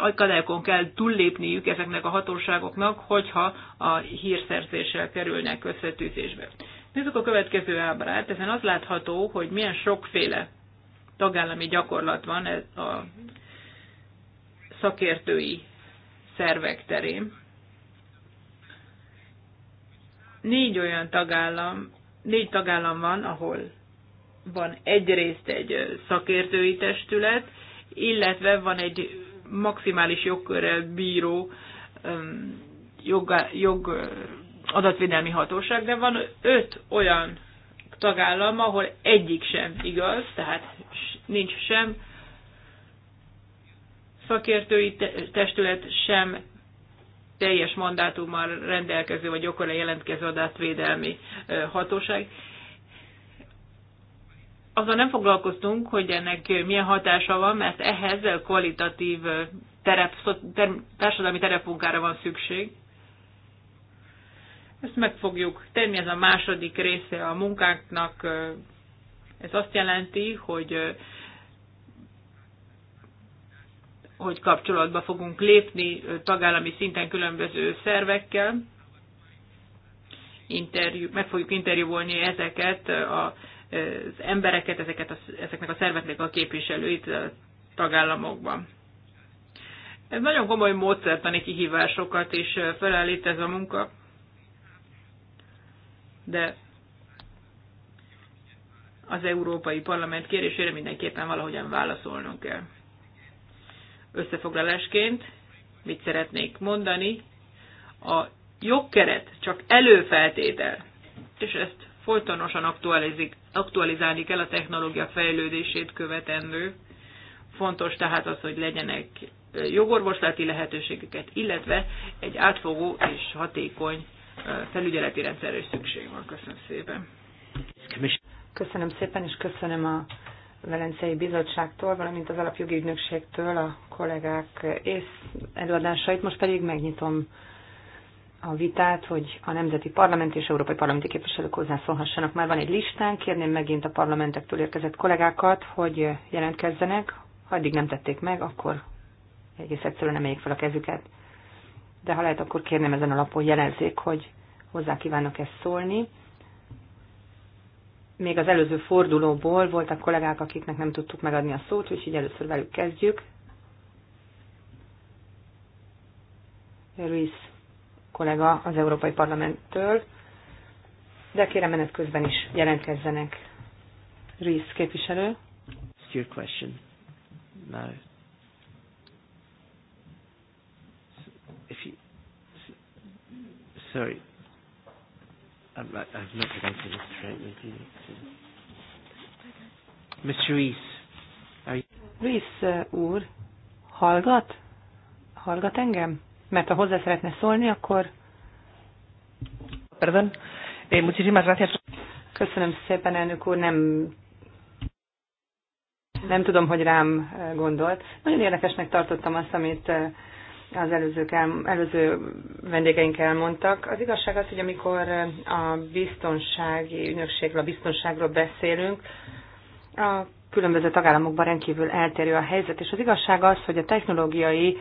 akadályokon kell túllépniük ezeknek a hatóságoknak, hogyha a hírszerzéssel kerülnek összetűzésbe. Nézzük a következő ábrát. Ezen az látható, hogy milyen sokféle tagállami gyakorlat van ez a szakértői szervek terén. Négy olyan tagállam, négy tagállam van, ahol van egyrészt egy szakértői testület, illetve van egy maximális jogkörrel bíró jog, jog adatvédelmi hatóság, de van öt olyan tagállam, ahol egyik sem igaz, tehát nincs sem szakértői testület, sem teljes mandátummal rendelkező vagy jogkora jelentkező adatvédelmi hatóság. Azzal nem foglalkoztunk, hogy ennek milyen hatása van, mert ehhez kvalitatív terep, társadalmi terepmunkára van szükség. Ezt meg fogjuk tenni, ez a második része a munkánknak. Ez azt jelenti, hogy hogy kapcsolatba fogunk lépni tagállami szinten különböző szervekkel. Interjú, meg fogjuk interjúvolni ezeket az embereket, ezeket a, ezeknek a szerveknek a képviselőit a tagállamokban. Ez nagyon komoly módszertani kihívásokat is felállít ez a munka, de az Európai Parlament kérésére mindenképpen valahogyan válaszolnunk kell összefoglalásként mit szeretnék mondani. A jogkeret csak előfeltétel, és ezt folytonosan aktualizálni kell a technológia fejlődését követendő. Fontos tehát az, hogy legyenek jogorvoslati lehetőségeket, illetve egy átfogó és hatékony felügyeleti rendszerre is szükség van. Köszönöm szépen. Köszönöm szépen, és köszönöm a Velencei Bizottságtól, valamint az Alapjogi Ügynökségtől a kollégák ész előadásait. Most pedig megnyitom a vitát, hogy a Nemzeti Parlament és Európai Parlamenti képviselők hozzászólhassanak. Már van egy listán, kérném megint a parlamentektől érkezett kollégákat, hogy jelentkezzenek. Ha eddig nem tették meg, akkor egész egyszerűen emeljék fel a kezüket. De ha lehet, akkor kérném ezen alapon jelezzék, hogy hozzá kívánok ezt szólni, még az előző fordulóból voltak kollégák, akiknek nem tudtuk megadni a szót, így először velük kezdjük. Ruiz kollega az Európai Parlamenttől, de kérem menet közben is jelentkezzenek. Ruiz képviselő. It's your question. No. If you, sorry. I'm, you? Mr. Rees. Are you... Rees uh, úr, hallgat? Hallgat engem? Mert ha hozzá szeretne szólni, akkor... Pardon. Eh, muchísimas gracias. Köszönöm szépen, elnök úr, nem nem tudom, hogy rám eh, gondolt. Nagyon érdekesnek tartottam azt, amit eh, az előzők el, előző vendégeink elmondtak. Az igazság az, hogy amikor a biztonsági ügynökségről, a biztonságról beszélünk, a különböző tagállamokban rendkívül eltérő a helyzet, és az igazság az, hogy a technológiai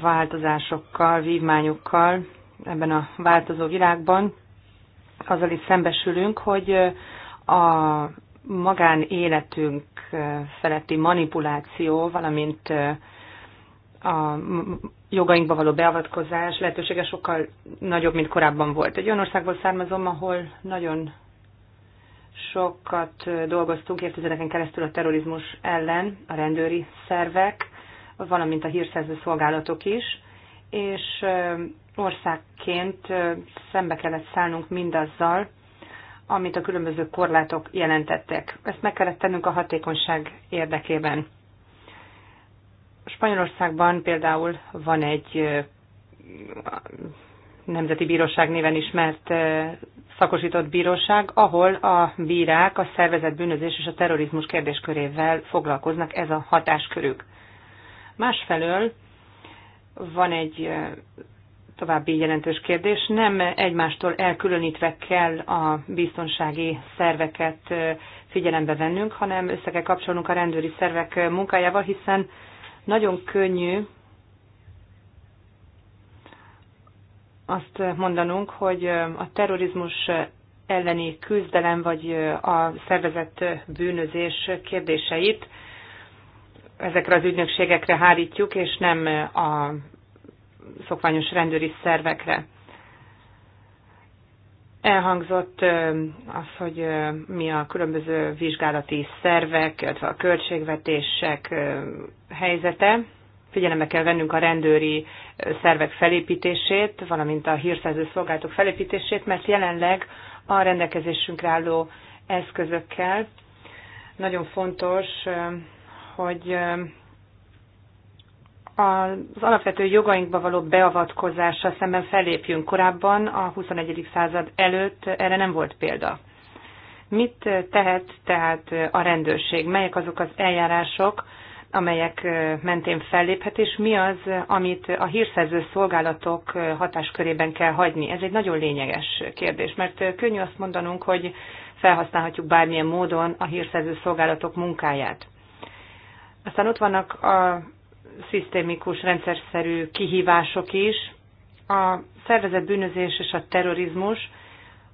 változásokkal, vívmányokkal ebben a változó világban azzal is szembesülünk, hogy a magánéletünk feletti manipuláció, valamint a jogainkba való beavatkozás lehetősége sokkal nagyobb, mint korábban volt. Egy olyan országból származom, ahol nagyon sokat dolgoztunk évtizedeken keresztül a terrorizmus ellen, a rendőri szervek, valamint a hírszerző szolgálatok is, és országként szembe kellett szállnunk mindazzal, amit a különböző korlátok jelentettek. Ezt meg kellett tennünk a hatékonyság érdekében. Spanyolországban például van egy Nemzeti Bíróság néven ismert szakosított bíróság, ahol a bírák a szervezett bűnözés és a terrorizmus kérdéskörével foglalkoznak, ez a hatáskörük. Másfelől van egy további jelentős kérdés, nem egymástól elkülönítve kell a biztonsági szerveket figyelembe vennünk, hanem össze kell kapcsolnunk a rendőri szervek munkájával, hiszen nagyon könnyű azt mondanunk, hogy a terrorizmus elleni küzdelem vagy a szervezett bűnözés kérdéseit ezekre az ügynökségekre hárítjuk, és nem a szokványos rendőri szervekre. Elhangzott az, hogy mi a különböző vizsgálati szervek, illetve a költségvetések helyzete. Figyelembe kell vennünk a rendőri szervek felépítését, valamint a hírszerző szolgálatok felépítését, mert jelenleg a rendelkezésünkre álló eszközökkel nagyon fontos, hogy az alapvető jogainkba való beavatkozással szemben fellépjünk. Korábban a 21. század előtt erre nem volt példa. Mit tehet tehát a rendőrség? Melyek azok az eljárások, amelyek mentén felléphet, és mi az, amit a hírszerző szolgálatok hatáskörében kell hagyni? Ez egy nagyon lényeges kérdés, mert könnyű azt mondanunk, hogy felhasználhatjuk bármilyen módon a hírszerző szolgálatok munkáját. Aztán ott vannak a szisztémikus, rendszerszerű kihívások is. A szervezett bűnözés és a terrorizmus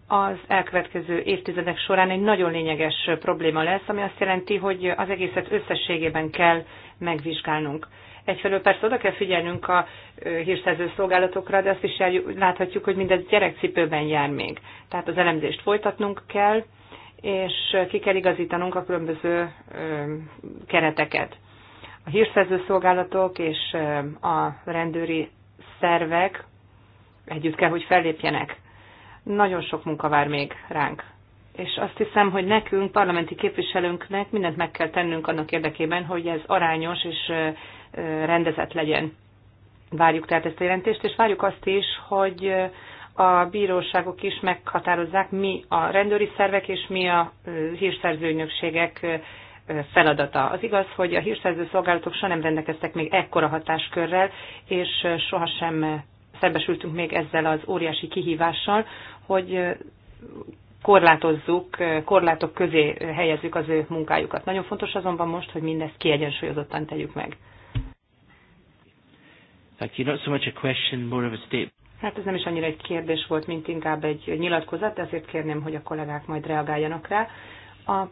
az elkövetkező évtizedek során egy nagyon lényeges probléma lesz, ami azt jelenti, hogy az egészet összességében kell megvizsgálnunk. Egyfelől persze oda kell figyelnünk a hírszerző szolgálatokra, de azt is láthatjuk, hogy mindez gyerekcipőben jár még. Tehát az elemzést folytatnunk kell, és ki kell igazítanunk a különböző kereteket a hírszerző szolgálatok és a rendőri szervek együtt kell, hogy fellépjenek. Nagyon sok munka vár még ránk. És azt hiszem, hogy nekünk, parlamenti képviselőnknek mindent meg kell tennünk annak érdekében, hogy ez arányos és rendezett legyen. Várjuk tehát ezt a jelentést, és várjuk azt is, hogy a bíróságok is meghatározzák, mi a rendőri szervek és mi a hírszerzőnökségek feladata. Az igaz, hogy a hírszerző szolgálatok soha nem rendelkeztek még ekkora hatáskörrel, és sohasem szembesültünk még ezzel az óriási kihívással, hogy korlátozzuk, korlátok közé helyezzük az ő munkájukat. Nagyon fontos azonban most, hogy mindezt kiegyensúlyozottan tegyük meg. Hát ez nem is annyira egy kérdés volt, mint inkább egy nyilatkozat, de ezért kérném, hogy a kollégák majd reagáljanak rá. A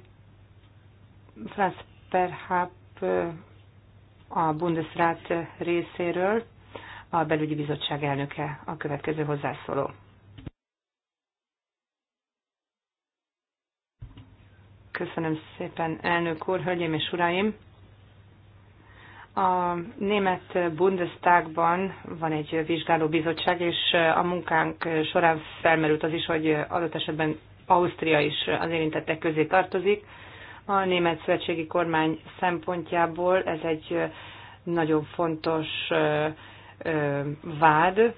Franz Perhap a Bundesrat részéről, a belügyi bizottság elnöke a következő hozzászóló. Köszönöm szépen, elnök úr, hölgyeim és uraim! A német Bundestagban van egy bizottság és a munkánk során felmerült az is, hogy adott esetben Ausztria is az érintettek közé tartozik. A német szövetségi kormány szempontjából ez egy nagyon fontos vád,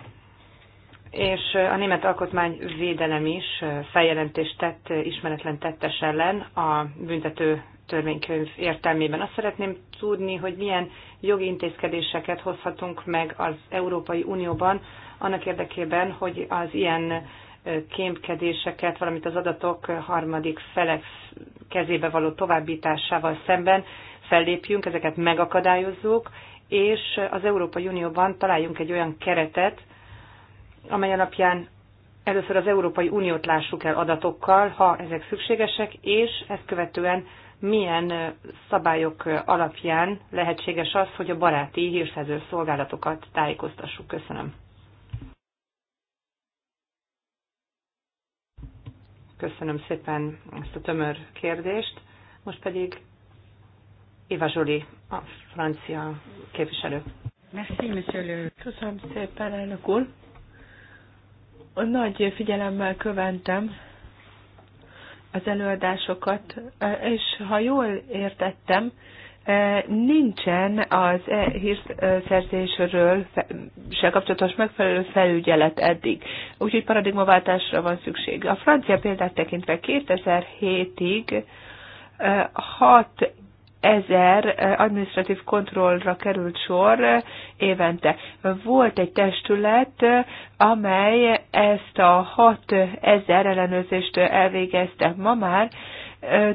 és a német alkotmányvédelem is feljelentést tett ismeretlen tettes ellen a büntető törvénykönyv értelmében. Azt szeretném tudni, hogy milyen jogi intézkedéseket hozhatunk meg az Európai Unióban annak érdekében, hogy az ilyen kémkedéseket, valamint az adatok harmadik felek kezébe való továbbításával szemben fellépjünk, ezeket megakadályozzuk, és az Európai Unióban találjunk egy olyan keretet, amely alapján először az Európai Uniót lássuk el adatokkal, ha ezek szükségesek, és ezt követően milyen szabályok alapján lehetséges az, hogy a baráti hírszerző szolgálatokat tájékoztassuk. Köszönöm. Köszönöm szépen ezt a tömör kérdést. Most pedig Iva Zsoli, a francia képviselő. Merci, monsieur le... Köszönöm szépen, elnök úr. Nagy figyelemmel követtem az előadásokat, és ha jól értettem, nincsen az e hírszerzésről se kapcsolatos megfelelő felügyelet eddig. Úgyhogy paradigmaváltásra van szükség. A francia példát tekintve 2007-ig 6 ezer administratív kontrollra került sor évente. Volt egy testület, amely ezt a 6 ezer ellenőrzést elvégezte. Ma már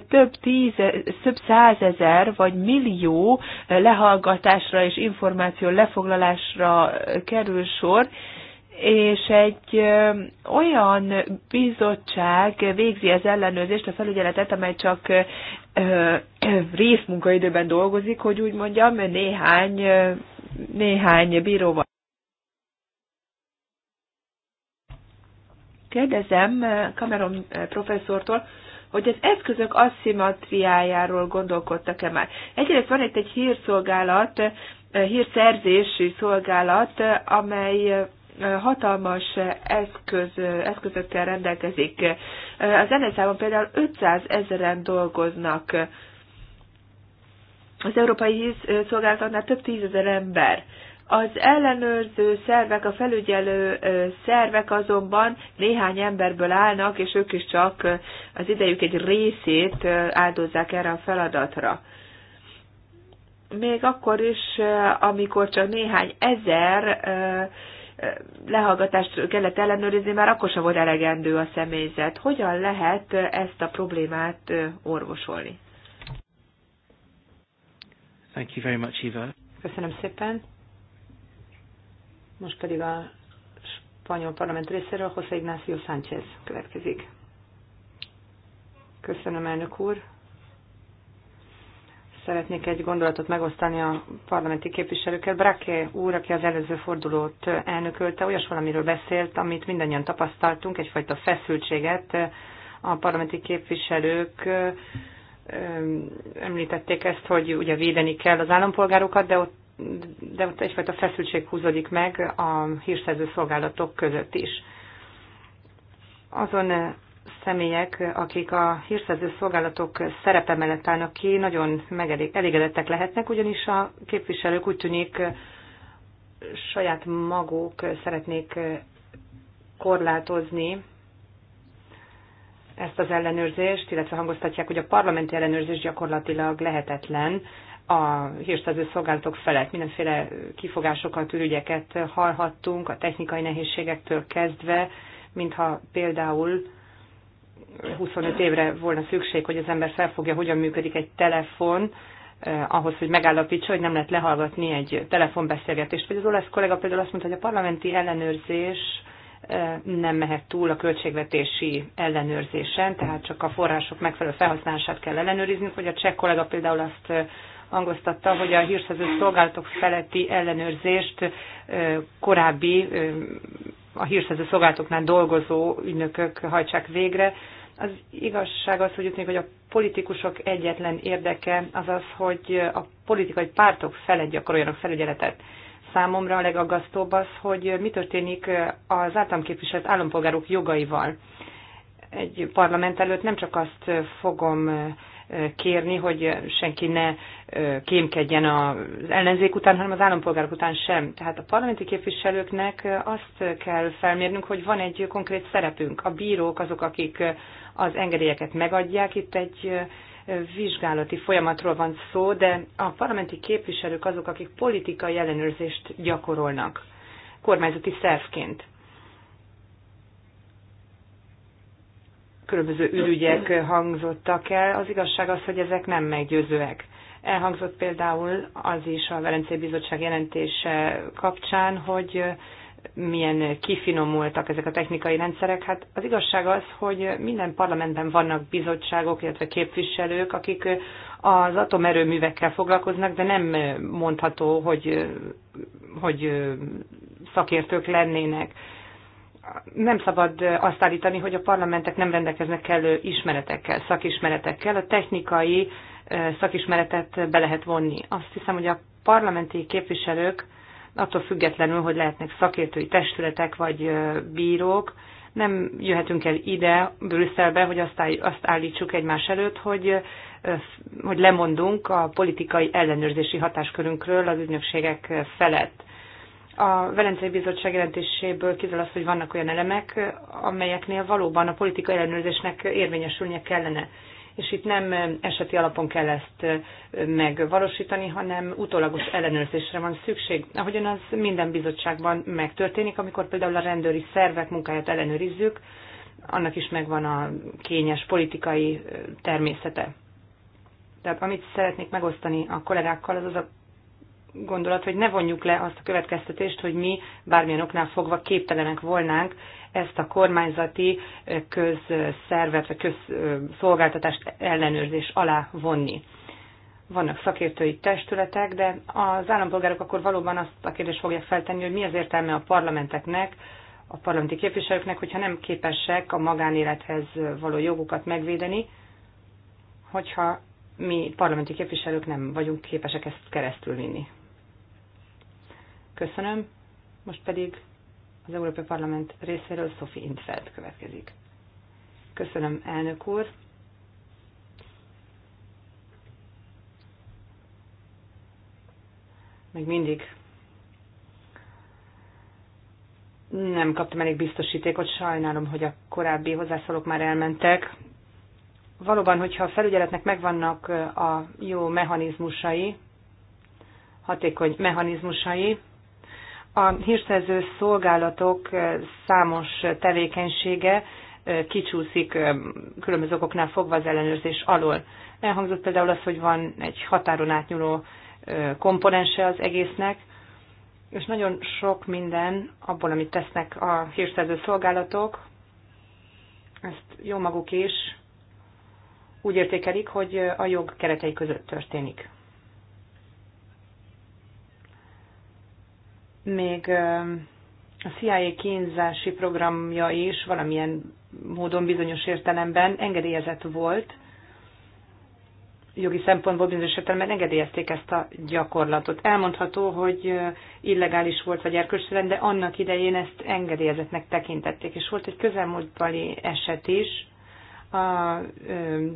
több tíze, több százezer vagy millió lehallgatásra és információ lefoglalásra kerül sor, és egy olyan bizottság végzi az ellenőrzést, a felügyeletet, amely csak részmunkaidőben dolgozik, hogy úgy mondjam, néhány, néhány bíróval. Kérdezem Cameron professzortól, hogy az eszközök asszimetriájáról gondolkodtak-e már. Egyrészt van itt egy hírszolgálat, eh, hírszerzési szolgálat, amely eh, hatalmas eszköz, eh, eszközökkel rendelkezik. Az NSZ-ban például 500 ezeren dolgoznak, az Európai Hírszolgálatnál több tízezer ember az ellenőrző szervek, a felügyelő szervek azonban néhány emberből állnak, és ők is csak az idejük egy részét áldozzák erre a feladatra. Még akkor is, amikor csak néhány ezer lehallgatást kellett ellenőrizni, már akkor sem volt elegendő a személyzet. Hogyan lehet ezt a problémát orvosolni? Thank you very much, Eva. Köszönöm szépen. Most pedig a spanyol parlament részéről José Ignacio Sánchez következik. Köszönöm, elnök úr. Szeretnék egy gondolatot megosztani a parlamenti képviselőkkel. Braque úr, aki az előző fordulót elnökölte, olyas valamiről beszélt, amit mindannyian tapasztaltunk, egyfajta feszültséget a parlamenti képviselők említették ezt, hogy ugye védeni kell az állampolgárokat, de ott de ott egyfajta feszültség húzódik meg a hírszerző szolgálatok között is. Azon személyek, akik a hírszerző szolgálatok szerepe mellett állnak ki, nagyon elégedettek lehetnek, ugyanis a képviselők úgy tűnik saját maguk szeretnék korlátozni ezt az ellenőrzést, illetve hangoztatják, hogy a parlamenti ellenőrzés gyakorlatilag lehetetlen, a hírszerző szolgálatok felett. Mindenféle kifogásokat, ürügyeket hallhattunk, a technikai nehézségektől kezdve, mintha például 25 évre volna szükség, hogy az ember felfogja, hogyan működik egy telefon, eh, ahhoz, hogy megállapítsa, hogy nem lehet lehallgatni egy telefonbeszélgetést. Vagy az olasz kollega például azt mondta, hogy a parlamenti ellenőrzés eh, nem mehet túl a költségvetési ellenőrzésen, tehát csak a források megfelelő felhasználását kell ellenőriznünk, hogy a cseh kollega például azt eh, hangoztatta, hogy a hírszerző szolgálatok feletti ellenőrzést korábbi a hírszerző szolgálatoknál dolgozó ügynökök hajtsák végre. Az igazság az, hogy tűnik, hogy a politikusok egyetlen érdeke az az, hogy a politikai pártok felett gyakoroljanak felügyeletet. Számomra a legaggasztóbb az, hogy mi történik az általam képviselt állampolgárok jogaival. Egy parlament előtt nem csak azt fogom kérni, hogy senki ne kémkedjen az ellenzék után, hanem az állampolgárok után sem. Tehát a parlamenti képviselőknek azt kell felmérnünk, hogy van egy konkrét szerepünk. A bírók azok, akik az engedélyeket megadják, itt egy vizsgálati folyamatról van szó, de a parlamenti képviselők azok, akik politikai ellenőrzést gyakorolnak kormányzati szervként. különböző ürügyek hangzottak el. Az igazság az, hogy ezek nem meggyőzőek. Elhangzott például az is a Velencei Bizottság jelentése kapcsán, hogy milyen kifinomultak ezek a technikai rendszerek. Hát az igazság az, hogy minden parlamentben vannak bizottságok, illetve képviselők, akik az atomerőművekkel foglalkoznak, de nem mondható, hogy, hogy szakértők lennének nem szabad azt állítani, hogy a parlamentek nem rendelkeznek kellő ismeretekkel, szakismeretekkel. A technikai szakismeretet be lehet vonni. Azt hiszem, hogy a parlamenti képviselők attól függetlenül, hogy lehetnek szakértői testületek vagy bírók, nem jöhetünk el ide, Brüsszelbe, hogy azt állítsuk egymás előtt, hogy, hogy lemondunk a politikai ellenőrzési hatáskörünkről az ügynökségek felett. A Velencei Bizottság jelentéséből kizel az, hogy vannak olyan elemek, amelyeknél valóban a politika ellenőrzésnek érvényesülnie kellene. És itt nem eseti alapon kell ezt megvalósítani, hanem utólagos ellenőrzésre van szükség. Ahogyan az minden bizottságban megtörténik, amikor például a rendőri szervek munkáját ellenőrizzük, annak is megvan a kényes politikai természete. Tehát amit szeretnék megosztani a kollégákkal, az az a gondolat, hogy ne vonjuk le azt a következtetést, hogy mi bármilyen oknál fogva képtelenek volnánk ezt a kormányzati közszervet vagy közszolgáltatást ellenőrzés alá vonni. Vannak szakértői testületek, de az állampolgárok akkor valóban azt a kérdést fogják feltenni, hogy mi az értelme a parlamenteknek, a parlamenti képviselőknek, hogyha nem képesek a magánélethez való jogukat megvédeni, hogyha mi parlamenti képviselők nem vagyunk képesek ezt keresztül vinni. Köszönöm. Most pedig az Európai Parlament részéről Sophie Intfeld következik. Köszönöm, elnök úr. Még mindig nem kaptam elég biztosítékot, sajnálom, hogy a korábbi hozzászólók már elmentek. Valóban, hogyha a felügyeletnek megvannak a jó mechanizmusai, hatékony mechanizmusai, a hírszerző szolgálatok számos tevékenysége kicsúszik különböző okoknál fogva az ellenőrzés alól. Elhangzott például az, hogy van egy határon átnyúló komponense az egésznek, és nagyon sok minden abból, amit tesznek a hírszerző szolgálatok, ezt jó maguk is úgy értékelik, hogy a jog keretei között történik. még a CIA kínzási programja is valamilyen módon bizonyos értelemben engedélyezett volt, jogi szempontból bizonyos értelemben engedélyezték ezt a gyakorlatot. Elmondható, hogy illegális volt vagy erkölcsön, de annak idején ezt engedélyezetnek tekintették. És volt egy közelmúltbali eset is, a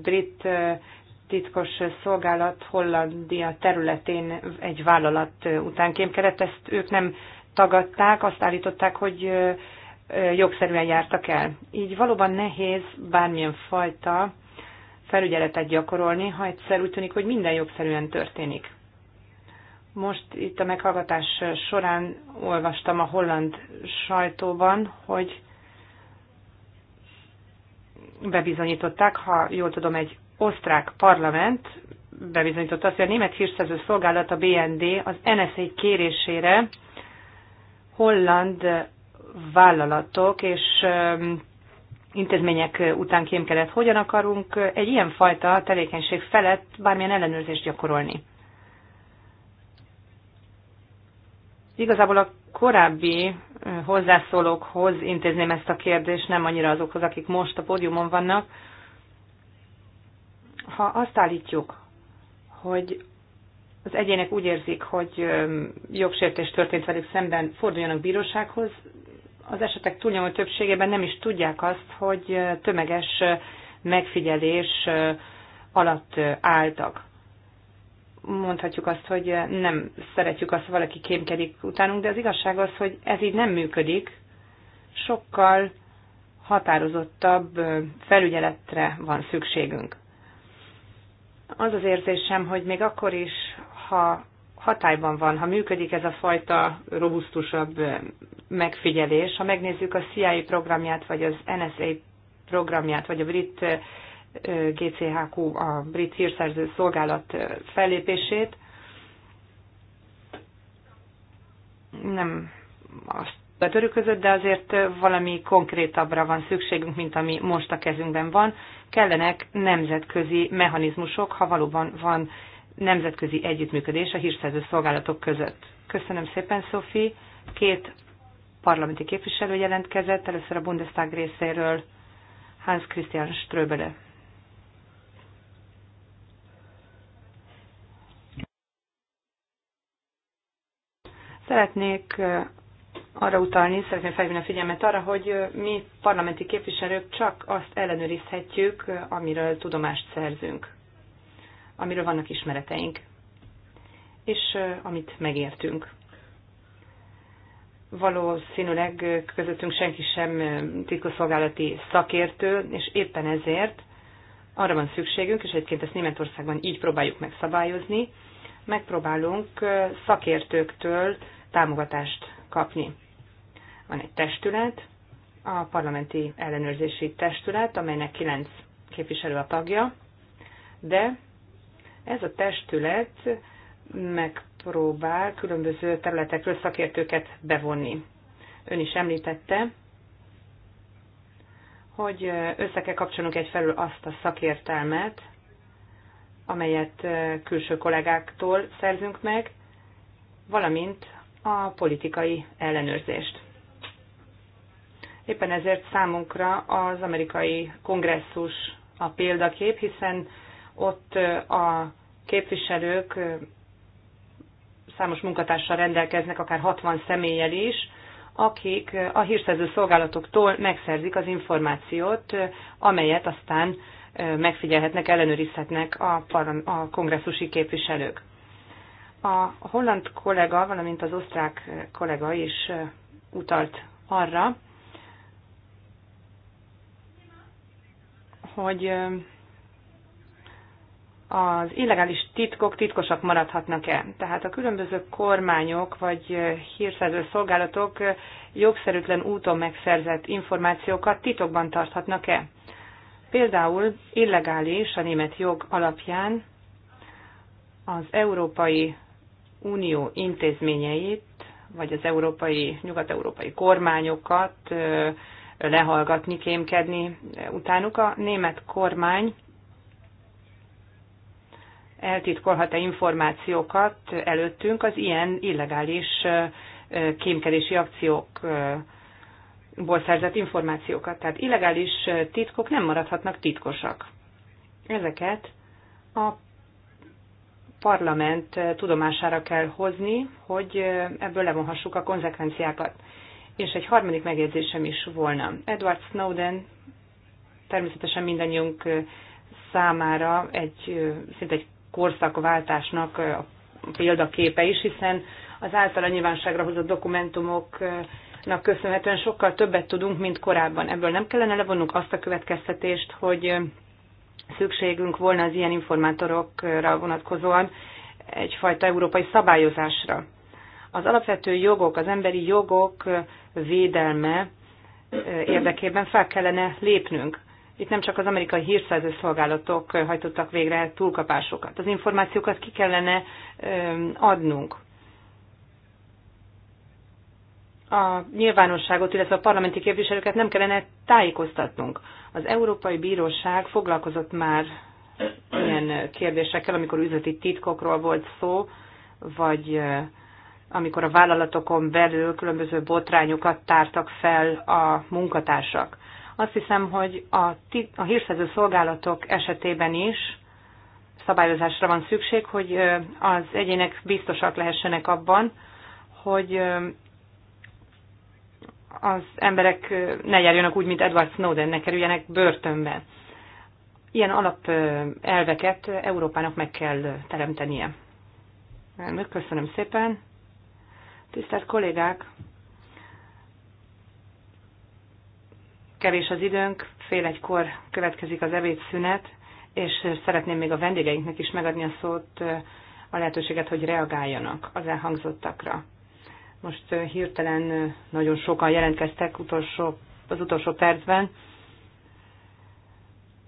brit titkos szolgálat Hollandia területén egy vállalat után kémkedett. Ezt ők nem tagadták, azt állították, hogy jogszerűen jártak el. Így valóban nehéz bármilyen fajta felügyeletet gyakorolni, ha egyszer úgy tűnik, hogy minden jogszerűen történik. Most itt a meghallgatás során olvastam a holland sajtóban, hogy bebizonyították, ha jól tudom, egy osztrák parlament bebizonyította azt, hogy a német hírszerző szolgálat, a BND az NSA kérésére holland vállalatok és intézmények után kémkedett, hogyan akarunk egy ilyen fajta tevékenység felett bármilyen ellenőrzést gyakorolni. Igazából a korábbi hozzászólókhoz intézném ezt a kérdést, nem annyira azokhoz, akik most a pódiumon vannak, ha azt állítjuk, hogy az egyének úgy érzik, hogy jogsértés történt velük szemben, forduljanak bírósághoz, az esetek túlnyomó többségében nem is tudják azt, hogy tömeges megfigyelés alatt álltak. Mondhatjuk azt, hogy nem szeretjük azt, hogy valaki kémkedik utánunk, de az igazság az, hogy ez így nem működik. Sokkal határozottabb felügyeletre van szükségünk. Az az érzésem, hogy még akkor is, ha hatályban van, ha működik ez a fajta robusztusabb megfigyelés, ha megnézzük a CIA programját, vagy az NSA programját, vagy a brit GCHQ, a brit hírszerző szolgálat fellépését, nem azt betörő között, de azért valami konkrétabbra van szükségünk, mint ami most a kezünkben van kellenek nemzetközi mechanizmusok, ha valóban van nemzetközi együttműködés a hírszerző szolgálatok között. Köszönöm szépen, Szofi. Két parlamenti képviselő jelentkezett, először a Bundestag részéről Hans Christian Ströbele. Szeretnék arra utalni, szeretném felhívni a figyelmet arra, hogy mi parlamenti képviselők csak azt ellenőrizhetjük, amiről tudomást szerzünk, amiről vannak ismereteink, és amit megértünk. Valószínűleg közöttünk senki sem titkosszolgálati szakértő, és éppen ezért arra van szükségünk, és egyébként ezt Németországban így próbáljuk megszabályozni, megpróbálunk szakértőktől támogatást kapni van egy testület, a parlamenti ellenőrzési testület, amelynek kilenc képviselő a tagja, de ez a testület megpróbál különböző területekről szakértőket bevonni. Ön is említette, hogy össze kell kapcsolnunk egyfelől azt a szakértelmet, amelyet külső kollégáktól szerzünk meg, valamint a politikai ellenőrzést. Éppen ezért számunkra az amerikai kongresszus a példakép, hiszen ott a képviselők számos munkatársal rendelkeznek, akár 60 személlyel is, akik a hírszerző szolgálatoktól megszerzik az információt, amelyet aztán megfigyelhetnek, ellenőrizhetnek a, a kongresszusi képviselők. A holland kollega, valamint az osztrák kollega is utalt arra, hogy az illegális titkok titkosak maradhatnak-e? Tehát a különböző kormányok vagy hírszerző szolgálatok jogszerűtlen úton megszerzett információkat titokban tarthatnak-e? Például illegális a német jog alapján az Európai Unió intézményeit, vagy az európai, nyugat-európai kormányokat lehallgatni, kémkedni utánuk. A német kormány eltitkolhat-e információkat előttünk az ilyen illegális kémkedési akciók szerzett információkat. Tehát illegális titkok nem maradhatnak titkosak. Ezeket a parlament tudomására kell hozni, hogy ebből levonhassuk a konzekvenciákat. És egy harmadik megjegyzésem is volna. Edward Snowden természetesen mindannyiunk számára egy, szinte egy korszakváltásnak a példaképe is, hiszen az általa nyilvánosságra hozott dokumentumoknak köszönhetően sokkal többet tudunk, mint korábban. Ebből nem kellene levonnunk azt a következtetést, hogy szükségünk volna az ilyen informátorokra vonatkozóan egyfajta európai szabályozásra. Az alapvető jogok, az emberi jogok védelme eh, érdekében fel kellene lépnünk. Itt nem csak az amerikai hírszerző szolgálatok eh, hajtottak végre túlkapásokat. Az információkat ki kellene eh, adnunk. A nyilvánosságot, illetve a parlamenti képviselőket nem kellene tájékoztatnunk. Az Európai Bíróság foglalkozott már ilyen kérdésekkel, amikor üzleti titkokról volt szó, vagy amikor a vállalatokon belül különböző botrányokat tártak fel a munkatársak. Azt hiszem, hogy a, a hírszerző szolgálatok esetében is szabályozásra van szükség, hogy az egyének biztosak lehessenek abban, hogy az emberek ne járjanak úgy, mint Edward Snowden, ne kerüljenek börtönbe. Ilyen alapelveket Európának meg kell teremtenie. köszönöm szépen. Tisztelt kollégák! Kevés az időnk, fél egykor következik az ebédszünet, és szeretném még a vendégeinknek is megadni a szót, a lehetőséget, hogy reagáljanak az elhangzottakra. Most hirtelen nagyon sokan jelentkeztek utolsó, az utolsó percben,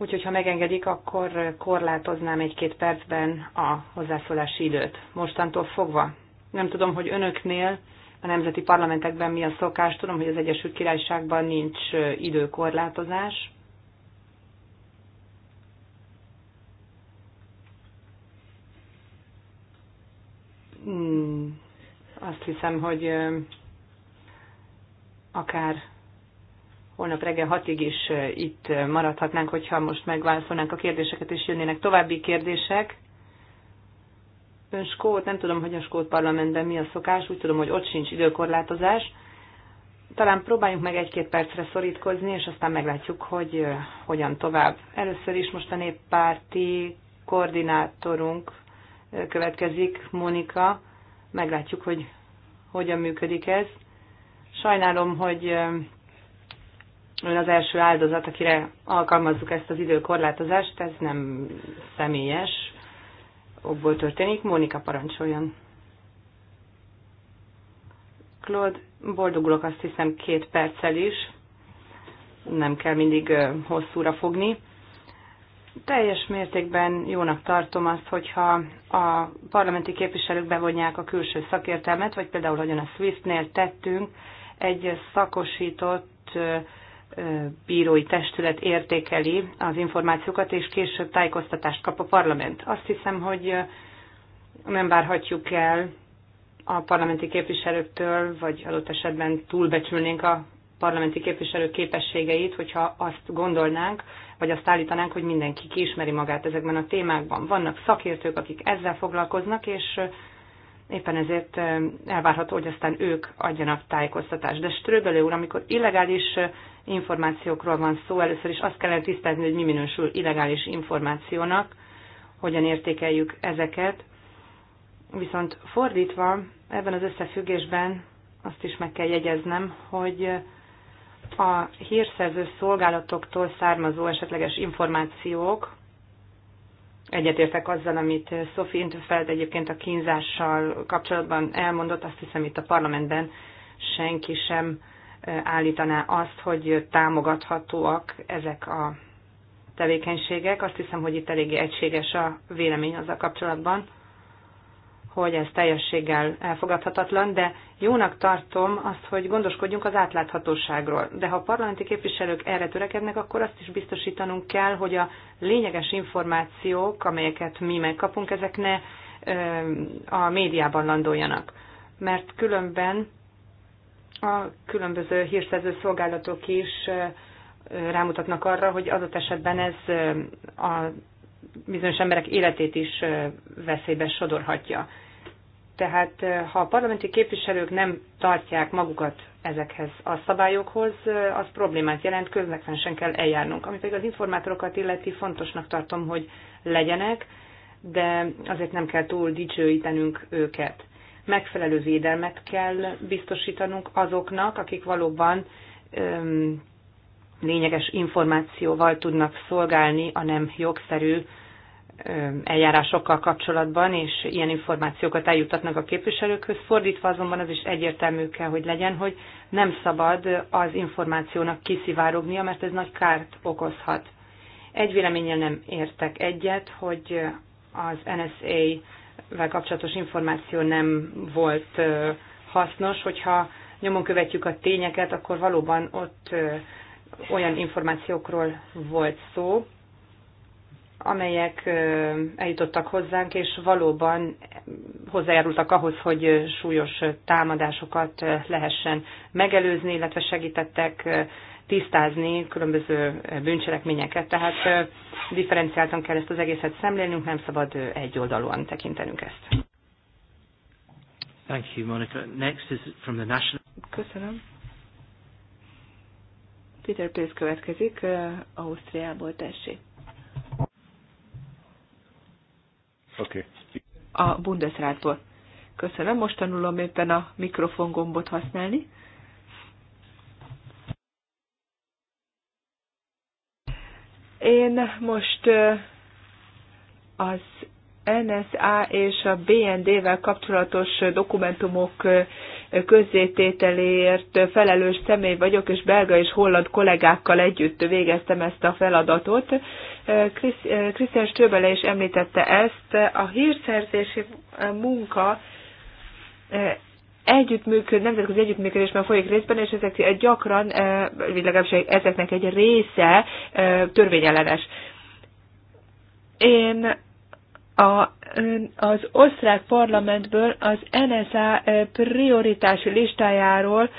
Úgyhogy, ha megengedik, akkor korlátoznám egy-két percben a hozzászólási időt. Mostantól fogva nem tudom, hogy önöknél a nemzeti parlamentekben mi a szokás. Tudom, hogy az Egyesült Királyságban nincs időkorlátozás. Hmm. Azt hiszem, hogy akár holnap reggel hatig is itt maradhatnánk, hogyha most megválaszolnánk a kérdéseket, és jönnének további kérdések. Ön skót, nem tudom, hogy a skót parlamentben mi a szokás, úgy tudom, hogy ott sincs időkorlátozás. Talán próbáljunk meg egy-két percre szorítkozni, és aztán meglátjuk, hogy hogyan tovább. Először is most a néppárti koordinátorunk következik, Monika. Meglátjuk, hogy hogyan működik ez. Sajnálom, hogy ön az első áldozat, akire alkalmazzuk ezt az időkorlátozást, ez nem személyes, okból történik. Mónika parancsoljon. Claude, boldogulok azt hiszem két perccel is. Nem kell mindig hosszúra fogni. Teljes mértékben jónak tartom azt, hogyha a parlamenti képviselők bevonják a külső szakértelmet, vagy például, hogyan a Swiftnél tettünk, egy szakosított bírói testület értékeli az információkat, és később tájékoztatást kap a parlament. Azt hiszem, hogy nem várhatjuk el a parlamenti képviselőktől, vagy adott esetben túlbecsülnénk a parlamenti képviselő képességeit, hogyha azt gondolnánk, vagy azt állítanánk, hogy mindenki kiismeri magát ezekben a témákban. Vannak szakértők, akik ezzel foglalkoznak, és éppen ezért elvárható, hogy aztán ők adjanak tájékoztatást. De Ströbelő úr, amikor illegális információkról van szó. Először is azt kellene tisztázni, hogy mi minősül illegális információnak, hogyan értékeljük ezeket. Viszont fordítva, ebben az összefüggésben azt is meg kell jegyeznem, hogy a hírszerző szolgálatoktól származó esetleges információk, egyetértek azzal, amit Sophie Intefeld egyébként a kínzással kapcsolatban elmondott, azt hiszem itt a parlamentben senki sem állítaná azt, hogy támogathatóak ezek a tevékenységek. Azt hiszem, hogy itt eléggé egységes a vélemény a kapcsolatban, hogy ez teljességgel elfogadhatatlan, de jónak tartom azt, hogy gondoskodjunk az átláthatóságról. De ha a parlamenti képviselők erre törekednek, akkor azt is biztosítanunk kell, hogy a lényeges információk, amelyeket mi megkapunk, ezek ne a médiában landoljanak. Mert különben a különböző hírszerző szolgálatok is rámutatnak arra, hogy az esetben ez a bizonyos emberek életét is veszélybe sodorhatja. Tehát ha a parlamenti képviselők nem tartják magukat ezekhez a szabályokhoz, az problémát jelent, közlekvensen kell eljárnunk. Ami pedig az informátorokat illeti, fontosnak tartom, hogy legyenek, de azért nem kell túl dicsőítenünk őket megfelelő védelmet kell biztosítanunk azoknak, akik valóban öm, lényeges információval tudnak szolgálni a nem jogszerű eljárásokkal kapcsolatban, és ilyen információkat eljutatnak a képviselőkhöz. Fordítva azonban az is egyértelmű kell, hogy legyen, hogy nem szabad az információnak kiszivárognia, mert ez nagy kárt okozhat. Egy véleménnyel nem értek egyet, hogy az NSA vel kapcsolatos információ nem volt hasznos, hogyha nyomon követjük a tényeket, akkor valóban ott olyan információkról volt szó, amelyek eljutottak hozzánk, és valóban hozzájárultak ahhoz, hogy súlyos támadásokat lehessen megelőzni, illetve segítettek tisztázni különböző bűncselekményeket, tehát differenciáltan kell ezt az egészet szemlélnünk, nem szabad egy oldalúan tekintenünk ezt. Thank you, Monica. Next is from the national... Köszönöm. Peter Pace következik, Ausztriából tessék. Oké. Okay. A Bundesrátból. Köszönöm, most tanulom éppen a mikrofon gombot használni. Én most az NSA és a BND-vel kapcsolatos dokumentumok közzétételéért felelős személy vagyok, és belga és holland kollégákkal együtt végeztem ezt a feladatot. Krisztián Stöbele is említette ezt. A hírszerzési munka együttműköd, nemzetközi együttműködésben folyik részben, és ezek gyakran, eh, vagy legalábbis ezeknek egy része eh, törvényellenes. Én a, az osztrák parlamentből az NSA eh, prioritási listájáról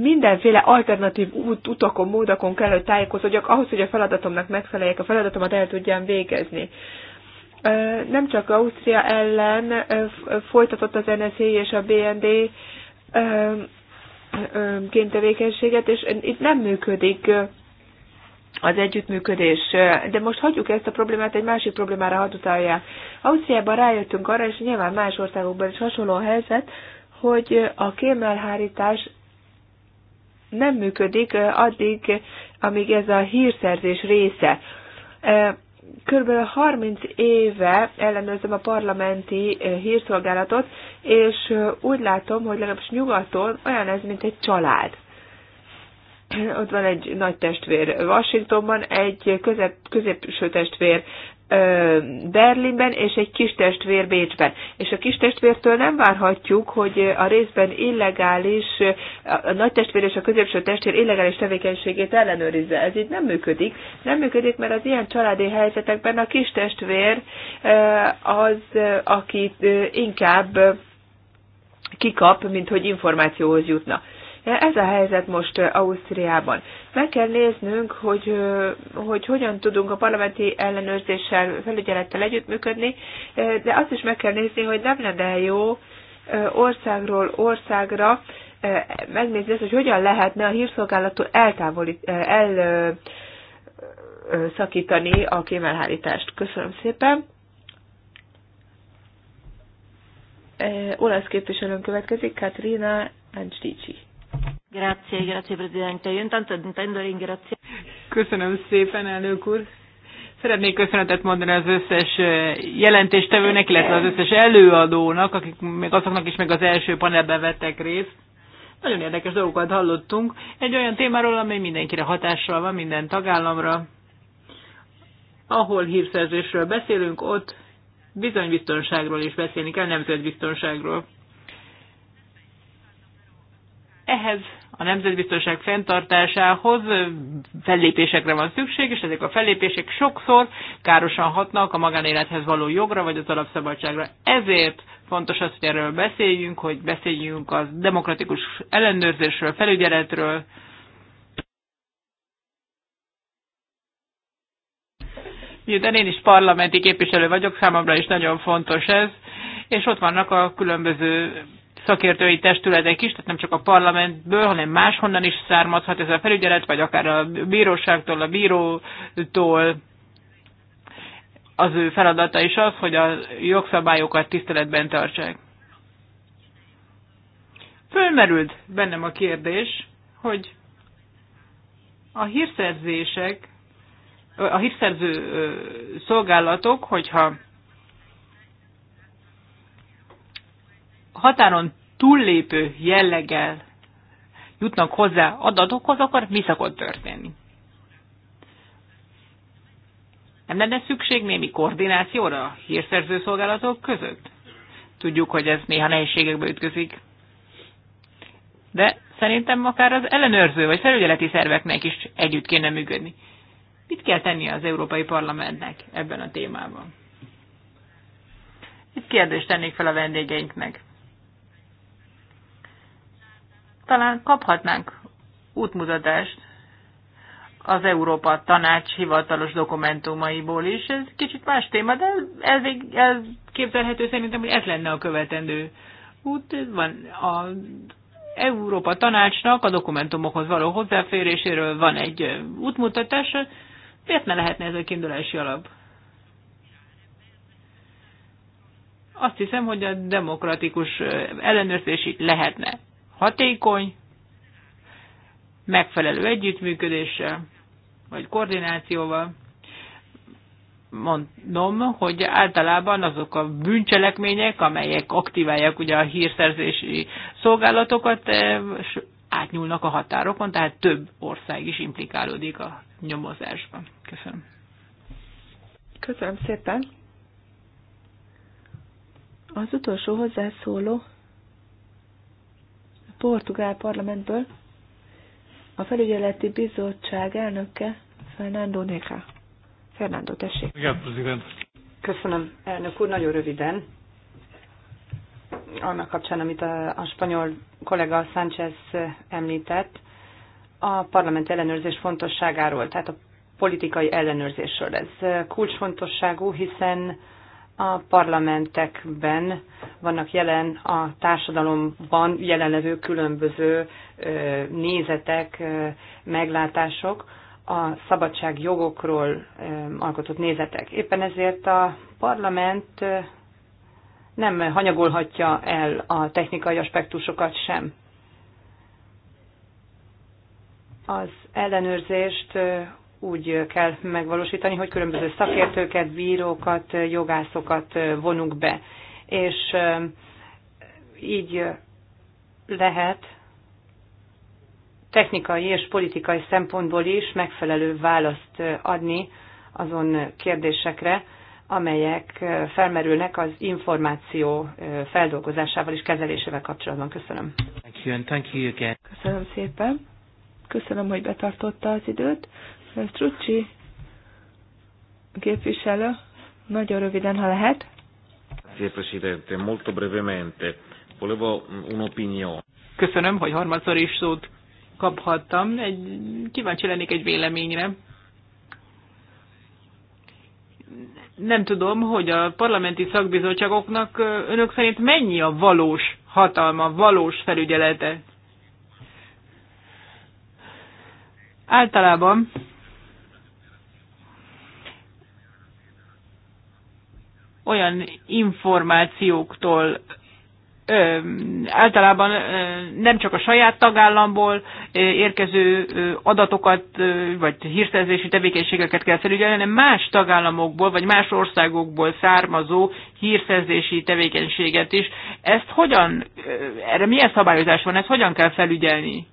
mindenféle alternatív út, utakon, módakon kell, hogy tájékozódjak ahhoz, hogy a feladatomnak megfeleljek, a feladatomat el tudjam végezni nem csak Ausztria ellen folytatott az NSZ és a BND kéntevékenységet, és itt nem működik az együttműködés. De most hagyjuk ezt a problémát, egy másik problémára hadd utalják. Ausztriában rájöttünk arra, és nyilván más országokban is hasonló a helyzet, hogy a kémelhárítás nem működik addig, amíg ez a hírszerzés része kb. 30 éve ellenőrzöm a parlamenti eh, hírszolgálatot, és eh, úgy látom, hogy legalábbis nyugaton olyan ez, mint egy család ott van egy nagy testvér Washingtonban, egy közep, középső testvér Berlinben, és egy kis testvér Bécsben. És a kis testvértől nem várhatjuk, hogy a részben illegális, a nagy testvér és a középső testvér illegális tevékenységét ellenőrizze. Ez így nem működik. Nem működik, mert az ilyen családi helyzetekben a kis testvér az, aki inkább kikap, mint hogy információhoz jutna. Ez a helyzet most Ausztriában. Meg kell néznünk, hogy, hogy hogyan tudunk a parlamenti ellenőrzéssel, felügyelettel együttműködni, de azt is meg kell nézni, hogy nem lenne jó országról országra megnézni hogy hogyan lehetne a hírszolgálattól eltávolít, el, szakítani a kémelhárítást. Köszönöm szépen. olasz képviselőn következik, Katrina Ancsdicsi. Grazie, grazie Presidente. Io intanto intendo ringraziare. Köszönöm szépen, elnök úr. Szeretnék köszönetet mondani az összes eh, jelentéstevőnek, illetve az összes előadónak, akik még azoknak is meg az első panelben vettek részt. Nagyon érdekes dolgokat hallottunk. Egy olyan témáról, amely mindenkire hatással van, minden tagállamra. Ahol hírszerzésről beszélünk, ott bizony biztonságról is beszélni kell, nemzetbiztonságról. Ehhez a nemzetbiztonság fenntartásához fellépésekre van szükség, és ezek a fellépések sokszor károsan hatnak a magánélethez való jogra, vagy az alapszabadságra. Ezért fontos az, hogy erről beszéljünk, hogy beszéljünk a demokratikus ellenőrzésről, felügyeletről, Miután én is parlamenti képviselő vagyok, számomra is nagyon fontos ez, és ott vannak a különböző szakértői testületek kis, tehát nem csak a parlamentből, hanem máshonnan is származhat ez a felügyelet, vagy akár a bíróságtól, a bírótól. Az ő feladata is az, hogy a jogszabályokat tiszteletben tartsák. Fölmerült bennem a kérdés, hogy a hírszerzések, a hírszerző szolgálatok, hogyha határon túllépő jelleggel jutnak hozzá adatokhoz, akkor mi szokott történni? Nem lenne szükség némi koordinációra a hírszerző szolgálatok között? Tudjuk, hogy ez néha nehézségekbe ütközik. De szerintem akár az ellenőrző vagy felügyeleti szerveknek is együtt kéne működni. Mit kell tenni az Európai Parlamentnek ebben a témában? Itt kérdést tennék fel a vendégeinknek talán kaphatnánk útmutatást az Európa Tanács hivatalos dokumentumaiból is. Ez kicsit más téma, de ez, ez képzelhető szerintem, hogy ez lenne a követendő út. Van a Európa Tanácsnak a dokumentumokhoz való hozzáféréséről van egy útmutatás. Miért ne lehetne ez a kiindulási alap? Azt hiszem, hogy a demokratikus ellenőrzési lehetne hatékony, megfelelő együttműködéssel, vagy koordinációval. Mondom, hogy általában azok a bűncselekmények, amelyek aktiválják ugye a hírszerzési szolgálatokat, eh, átnyúlnak a határokon, tehát több ország is implikálódik a nyomozásban. Köszönöm. Köszönöm szépen. Az utolsó hozzászóló portugál parlamentből a felügyeleti bizottság elnöke Fernando Neca, Fernando, tessék. Igen, prezident. Köszönöm, elnök úr, nagyon röviden. Annak kapcsán, amit a, a spanyol kollega Sánchez említett, a parlament ellenőrzés fontosságáról, tehát a politikai ellenőrzésről. Ez kulcsfontosságú, hiszen a parlamentekben vannak jelen a társadalomban jelenlevő különböző nézetek, meglátások, a szabadság jogokról alkotott nézetek. Éppen ezért a parlament nem hanyagolhatja el a technikai aspektusokat sem. Az ellenőrzést úgy kell megvalósítani, hogy különböző szakértőket, bírókat, jogászokat vonunk be. És így lehet technikai és politikai szempontból is megfelelő választ adni azon kérdésekre, amelyek felmerülnek az információ feldolgozásával és kezelésével kapcsolatban. Köszönöm. Thank you and thank you again. Köszönöm szépen. Köszönöm, hogy betartotta az időt. Strucci képviselő, nagyon röviden, ha lehet. Grazie Presidente, molto brevemente. Volevo un'opinione. Köszönöm, hogy harmadszor is szót kaphattam. Egy, kíváncsi lennék egy véleményre. Nem tudom, hogy a parlamenti szakbizottságoknak önök szerint mennyi a valós hatalma, valós felügyelete. Általában olyan információktól ö, általában ö, nem csak a saját tagállamból ö, érkező ö, adatokat ö, vagy hírszerzési tevékenységeket kell felügyelni, hanem más tagállamokból vagy más országokból származó hírszerzési tevékenységet is. Ezt hogyan, ö, erre milyen szabályozás van, ezt hogyan kell felügyelni?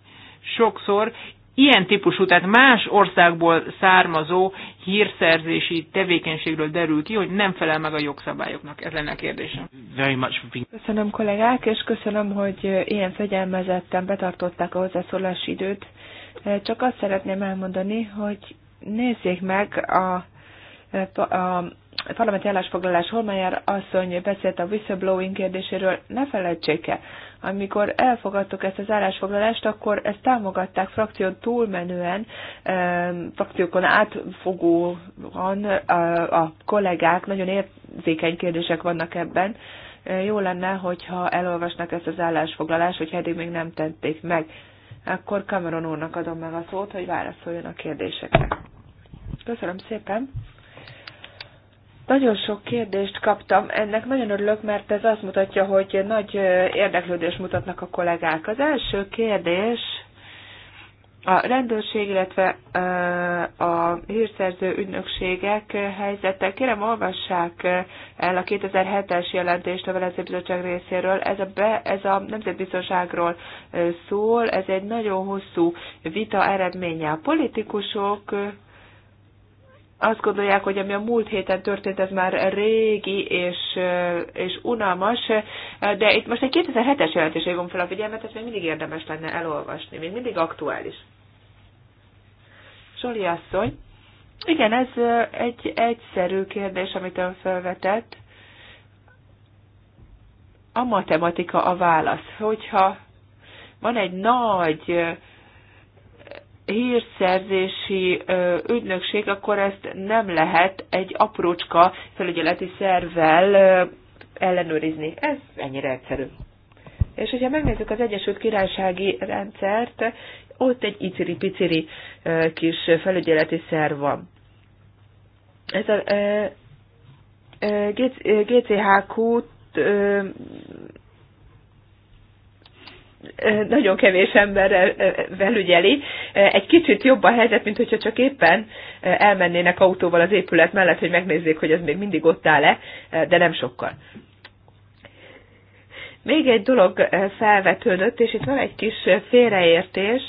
Sokszor ilyen típusú, tehát más országból származó hírszerzési tevékenységről derül ki, hogy nem felel meg a jogszabályoknak. Ez lenne a kérdésem. Köszönöm kollégák, és köszönöm, hogy eh, ilyen fegyelmezetten betartották a hozzászólási időt. Eh, csak azt szeretném elmondani, hogy nézzék meg a, eh, a parlamenti állásfoglalás Holmeyer asszony beszélt a whistleblowing kérdéséről, ne felejtsék el, amikor elfogadtuk ezt az állásfoglalást, akkor ezt támogatták frakción túlmenően, frakciókon átfogóan a kollégák, nagyon érzékeny kérdések vannak ebben, jó lenne, hogyha elolvasnak ezt az állásfoglalást, hogy eddig még nem tették meg. Akkor Cameron úrnak adom meg a szót, hogy válaszoljon a kérdésekre. Köszönöm szépen! Nagyon sok kérdést kaptam, ennek nagyon örülök, mert ez azt mutatja, hogy nagy érdeklődést mutatnak a kollégák. Az első kérdés a rendőrség, illetve a hírszerző ügynökségek helyzete. Kérem, olvassák el a 2007-es jelentést a Velencei Bizottság részéről. Ez a, be, ez a nemzetbiztonságról szól, ez egy nagyon hosszú vita eredménye. A politikusok azt gondolják, hogy ami a múlt héten történt, ez már régi és, és unalmas, de itt most egy 2007-es jelentésre hívom fel a figyelmet, ezt még mindig érdemes lenne elolvasni, még mindig aktuális. Zsoli asszony, igen, ez egy egyszerű kérdés, amit ön felvetett. A matematika a válasz. Hogyha van egy nagy hírszerzési ügynökség, akkor ezt nem lehet egy aprócska felügyeleti szervvel ellenőrizni. Ez ennyire egyszerű. És hogyha megnézzük az Egyesült Királysági rendszert, ott egy iciri-piciri kis felügyeleti szerv van. Ez a GCHQ-t nagyon kevés emberrel felügyeli. Egy kicsit jobb a helyzet, mint hogyha csak éppen elmennének autóval az épület mellett, hogy megnézzék, hogy az még mindig ott áll-e, de nem sokkal. Még egy dolog felvetődött, és itt van egy kis félreértés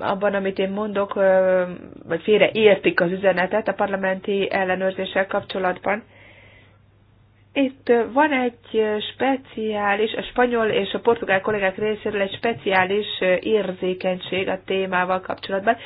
abban, amit én mondok, vagy félreértik az üzenetet a parlamenti ellenőrzéssel kapcsolatban itt van egy speciális, a spanyol és a portugál kollégák részéről egy speciális érzékenység a témával kapcsolatban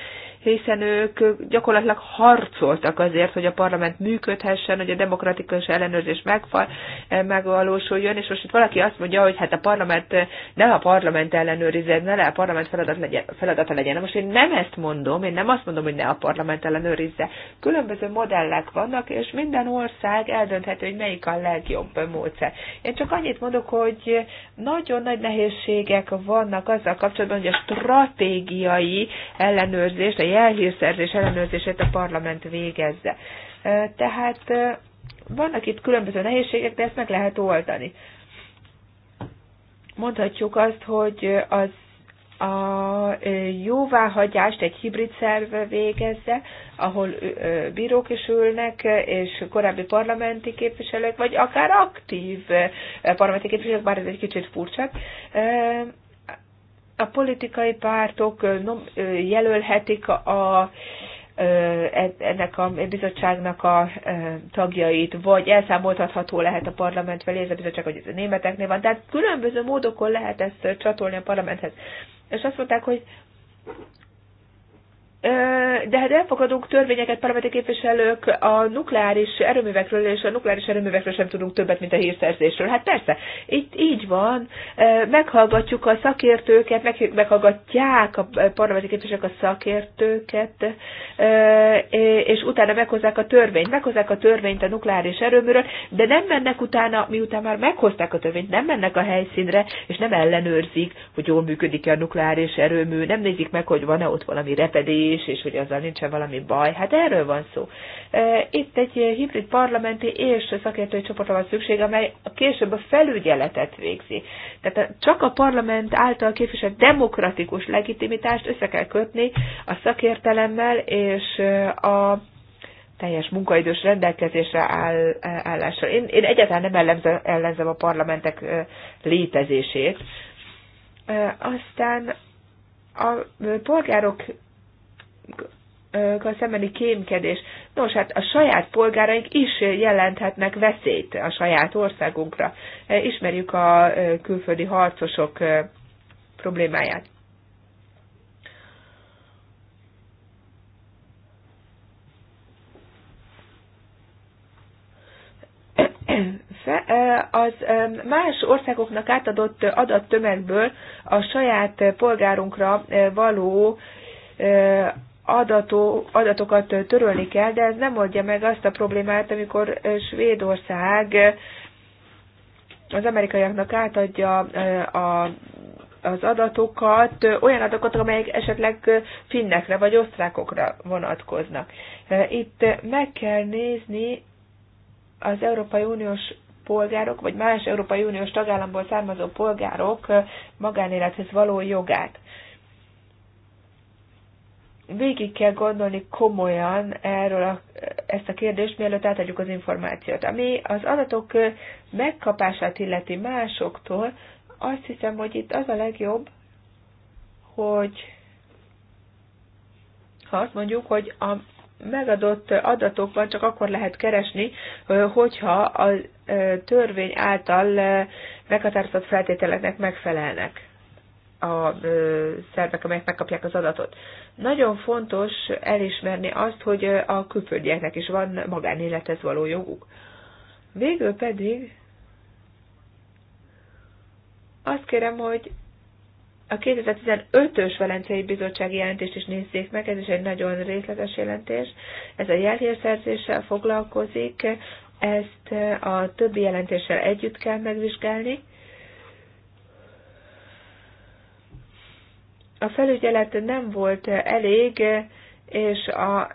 hiszen ők gyakorlatilag harcoltak azért, hogy a parlament működhessen, hogy a demokratikus ellenőrzés megfal, eh, megvalósuljon, és most itt valaki azt mondja, hogy hát a parlament, ne a parlament ellenőrizze, ne a parlament feladat legyen, feladata legyen. Na most én nem ezt mondom, én nem azt mondom, hogy ne a parlament ellenőrizze. Különböző modellek vannak, és minden ország eldönthető, hogy melyik a legjobb módszer. Én csak annyit mondok, hogy nagyon nagy nehézségek vannak azzal kapcsolatban, hogy a stratégiai ellenőrzést, a jelhírszerzés ellenőrzését a parlament végezze. Tehát vannak itt különböző nehézségek, de ezt meg lehet oldani. Mondhatjuk azt, hogy az a jóváhagyást egy hibrid szerv végezze, ahol bírók is ülnek, és korábbi parlamenti képviselők, vagy akár aktív parlamenti képviselők, bár ez egy kicsit furcsa, a politikai pártok jelölhetik a, e, ennek a bizottságnak a tagjait, vagy elszámoltatható lehet a parlament felé, ez a bizottság, hogy ez a németeknél van. Tehát különböző módokon lehet ezt csatolni a parlamenthez. És azt mondták, hogy de hát elfogadunk törvényeket, parlamenti képviselők a nukleáris erőművekről, és a nukleáris erőművekről sem tudunk többet, mint a hírszerzésről. Hát persze, itt így van, meghallgatjuk a szakértőket, meghallgatják a parlamenti képviselők a szakértőket, és utána meghozzák a törvényt. Meghozzák a törvényt a nukleáris erőműről, de nem mennek utána, miután már meghozták a törvényt, nem mennek a helyszínre, és nem ellenőrzik, hogy jól működik-e a nukleáris erőmű, nem nézik meg, hogy van-e ott valami repedés, is, és hogy azzal nincsen valami baj. Hát erről van szó. E, itt egy hibrid parlamenti és szakértői csoportra van szükség, amely később a felügyeletet végzi. Tehát csak a parlament által képviselt demokratikus legitimitást össze kell kötni a szakértelemmel és e, a teljes munkaidős rendelkezésre áll, e, állásra. Én, én egyáltalán nem ellenzem, ellenzem a parlamentek létezését. Aztán a polgárok szembeni kémkedés. Nos, hát a saját polgáraink is jelenthetnek veszélyt a saját országunkra. Ismerjük a külföldi harcosok problémáját. az más országoknak átadott adattömegből a saját polgárunkra való adató, adatokat törölni kell, de ez nem oldja meg azt a problémát, amikor Svédország az amerikaiaknak átadja a az adatokat, olyan adatokat, amelyek esetleg finnekre vagy osztrákokra vonatkoznak. Itt meg kell nézni az Európai Uniós polgárok, vagy más Európai Uniós tagállamból származó polgárok magánélethez való jogát végig kell gondolni komolyan erről a, ezt a kérdést, mielőtt átadjuk az információt. Ami az adatok megkapását illeti másoktól, azt hiszem, hogy itt az a legjobb, hogy ha azt mondjuk, hogy a megadott adatokban csak akkor lehet keresni, hogyha a törvény által meghatározott feltételeknek megfelelnek a szervek, amelyek megkapják az adatot. Nagyon fontos elismerni azt, hogy a külföldieknek is van magánélethez való joguk. Végül pedig azt kérem, hogy a 2015-ös Velencei Bizottsági jelentést is nézzék meg, ez is egy nagyon részletes jelentés. Ez a jelhírszerzéssel foglalkozik, ezt a többi jelentéssel együtt kell megvizsgálni. a felügyelet nem volt elég, és a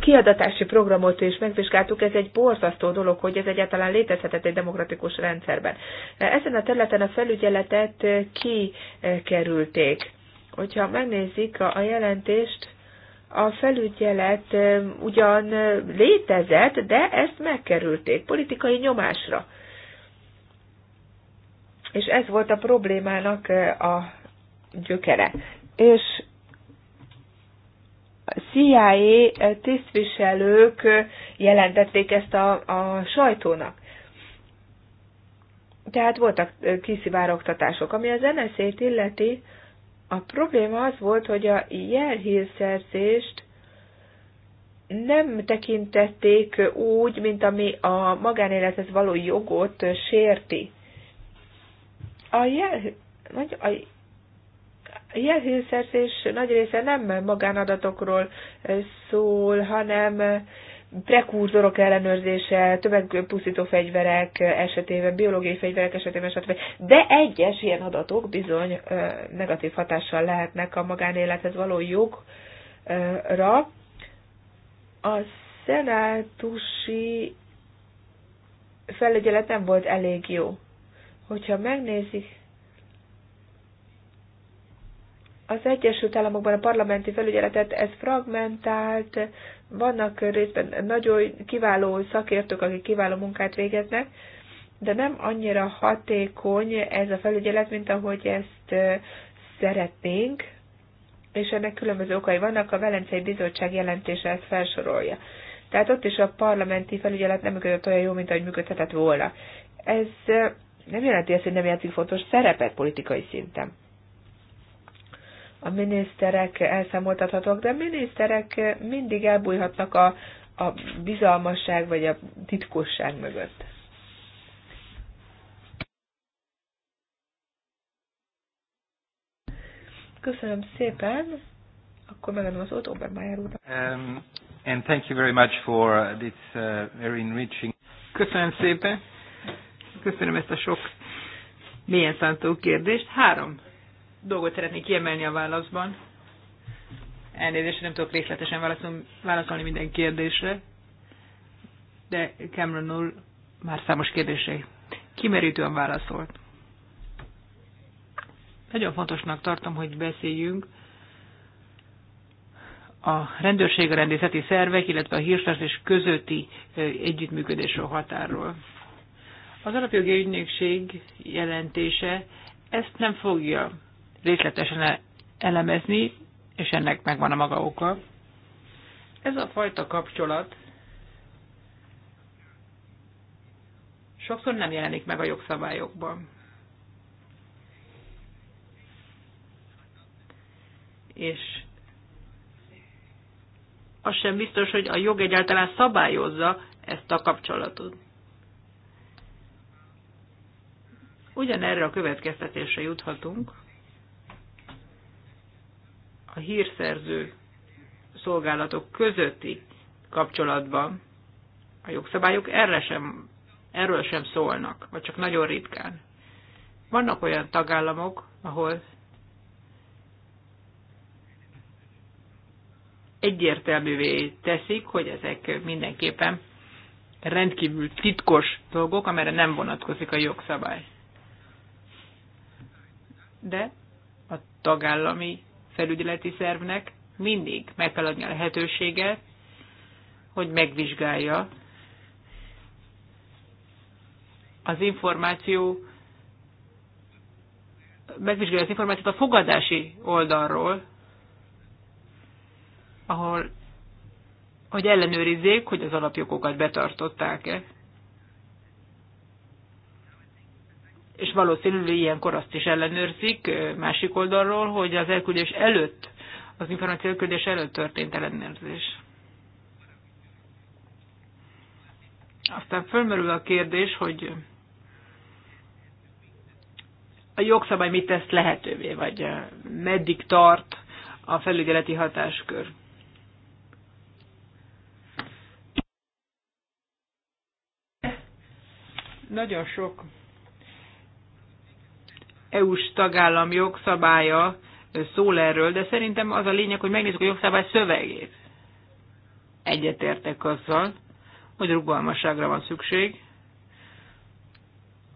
kiadatási programot is megvizsgáltuk, ez egy borzasztó dolog, hogy ez egyáltalán létezhetett egy demokratikus rendszerben. Ezen a területen a felügyeletet kikerülték. Hogyha megnézik a jelentést, a felügyelet ugyan létezett, de ezt megkerülték politikai nyomásra. És ez volt a problémának a gyökere. És CIA tisztviselők jelentették ezt a, a sajtónak. Tehát voltak kiszivárogtatások. Ami az NSZ-t illeti, a probléma az volt, hogy a jelhírszerzést nem tekintették úgy, mint ami a magánélethez való jogot sérti. A jel, nagy a, a jelhőszerzés nagy része nem magánadatokról szól, hanem prekurzorok ellenőrzése, tömegpusztító fegyverek esetében, biológiai fegyverek esetében, stb. De egyes ilyen adatok bizony negatív hatással lehetnek a magánélethez való jogra. A szenátusi felügyelet nem volt elég jó. Hogyha megnézik, az Egyesült Államokban a parlamenti felügyeletet ez fragmentált, vannak részben nagyon kiváló szakértők, akik kiváló munkát végeznek, de nem annyira hatékony ez a felügyelet, mint ahogy ezt szeretnénk, és ennek különböző okai vannak, a Velencei Bizottság jelentése ezt felsorolja. Tehát ott is a parlamenti felügyelet nem működött olyan jó, mint ahogy működhetett volna. Ez nem jelenti ezt, hogy nem játszik fontos szerepet politikai szinten. A miniszterek elszámoltathatók, de a miniszterek mindig elbújhatnak a, a bizalmasság vagy a titkosság mögött. Köszönöm szépen. Akkor megadom az szót Obermeyer úrnak. Um, and thank you very much for this uh, very enriching. Köszönöm szépen Köszönöm ezt a sok mélyen szántó kérdést. Három dolgot szeretnék kiemelni a válaszban. Elnézést, nem tudok részletesen válaszolni, minden kérdésre, de Cameron null már számos kérdésre kimerítően válaszolt. Nagyon fontosnak tartom, hogy beszéljünk a rendőrség, a rendészeti szervek, illetve a hírszerzés közötti együttműködésről határról. Az alapjogi ügynökség jelentése ezt nem fogja részletesen e- elemezni, és ennek megvan a maga oka. Ez a fajta kapcsolat sokszor nem jelenik meg a jogszabályokban. És az sem biztos, hogy a jog egyáltalán szabályozza ezt a kapcsolatot. Ugyanerre a következtetésre juthatunk. A hírszerző szolgálatok közötti kapcsolatban a jogszabályok erre sem, erről sem szólnak, vagy csak nagyon ritkán. Vannak olyan tagállamok, ahol egyértelművé teszik, hogy ezek mindenképpen rendkívül titkos dolgok, amire nem vonatkozik a jogszabály de a tagállami felügyeleti szervnek mindig meg kell adni a lehetőséget, hogy megvizsgálja az információ, megvizsgálja az információt a fogadási oldalról, ahol, hogy ellenőrizzék, hogy az alapjogokat betartották-e. és valószínűleg ilyenkor azt is ellenőrzik másik oldalról, hogy az elküldés előtt, az információ elküldés előtt történt ellenőrzés. Aztán fölmerül a kérdés, hogy a jogszabály mit tesz lehetővé, vagy meddig tart a felügyeleti hatáskör. Nagyon sok EU-s tagállam jogszabálya szól erről, de szerintem az a lényeg, hogy megnézzük a jogszabály szövegét. Egyetértek azzal, hogy rugalmasságra van szükség,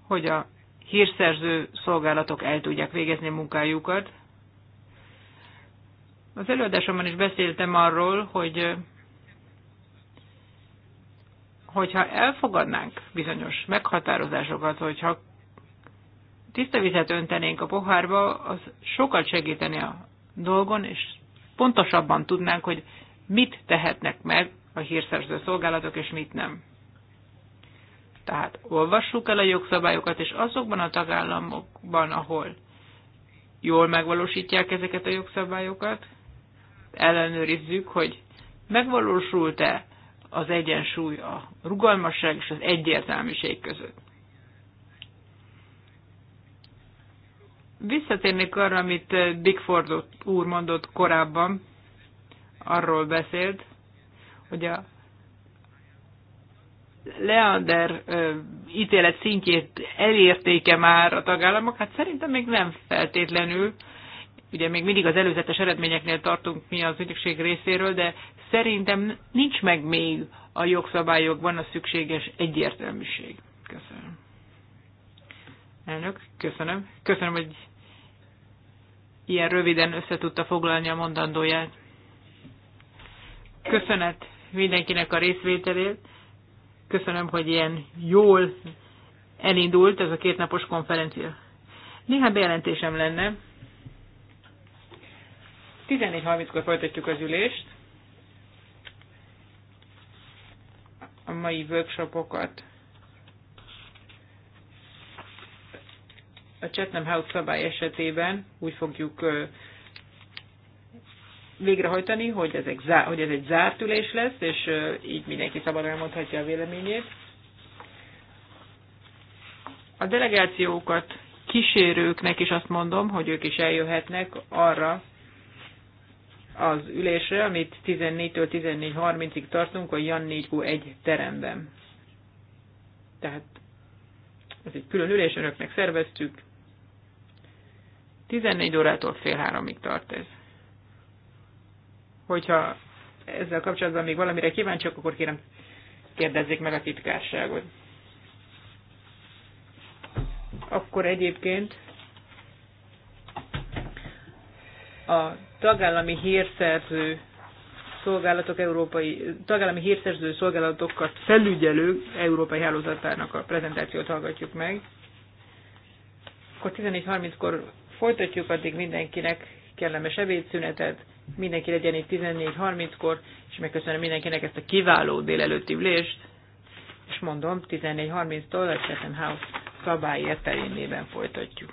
hogy a hírszerző szolgálatok el tudják végezni munkájukat. Az előadásomban is beszéltem arról, hogy hogyha elfogadnánk bizonyos meghatározásokat, hogyha tiszta vizet öntenénk a pohárba, az sokat segíteni a dolgon, és pontosabban tudnánk, hogy mit tehetnek meg a hírszerző szolgálatok, és mit nem. Tehát olvassuk el a jogszabályokat, és azokban a tagállamokban, ahol jól megvalósítják ezeket a jogszabályokat, ellenőrizzük, hogy megvalósult-e az egyensúly a rugalmasság és az egyértelműség között. Visszatérnék arra, amit Bigford eh, úr mondott korábban, arról beszélt, hogy a Leander eh, ítélet szintjét elértéke már a tagállamok? Hát szerintem még nem feltétlenül. Ugye még mindig az előzetes eredményeknél tartunk mi az ügynökség részéről, de szerintem nincs meg még a jogszabályokban a szükséges egyértelműség. Köszönöm. Elnök, köszönöm. Köszönöm, hogy ilyen röviden össze tudta foglalni a mondandóját. Köszönet mindenkinek a részvételét. Köszönöm, hogy ilyen jól elindult ez a kétnapos konferencia. Néhány bejelentésem lenne. 14.30-kor folytatjuk az ülést. A mai workshopokat a Chatham House szabály esetében úgy fogjuk végrehajtani, hogy, ezek zá- hogy ez egy zárt ülés lesz, és így mindenki szabadon elmondhatja a véleményét. A delegációkat kísérőknek is azt mondom, hogy ők is eljöhetnek arra az ülésre, amit 14-től 14.30-ig tartunk a Jan 4 1 teremben. Tehát ez egy külön ülés, önöknek szerveztük, 14 órától fél háromig tart ez. Hogyha ezzel kapcsolatban még valamire kíváncsiak, akkor kérem kérdezzék meg a titkárságot. Akkor egyébként a tagállami hírszerző szolgálatok európai, tagállami hírszerző szolgálatokat felügyelő európai hálózatának a prezentációt hallgatjuk meg. Akkor 14.30-kor Folytatjuk, addig mindenkinek kellemes ebédszünetet, mindenki legyen itt 14.30-kor, és megköszönöm mindenkinek ezt a kiváló délelőtti ülést, és mondom, 14.30-tól a Chatham House szabályi folytatjuk.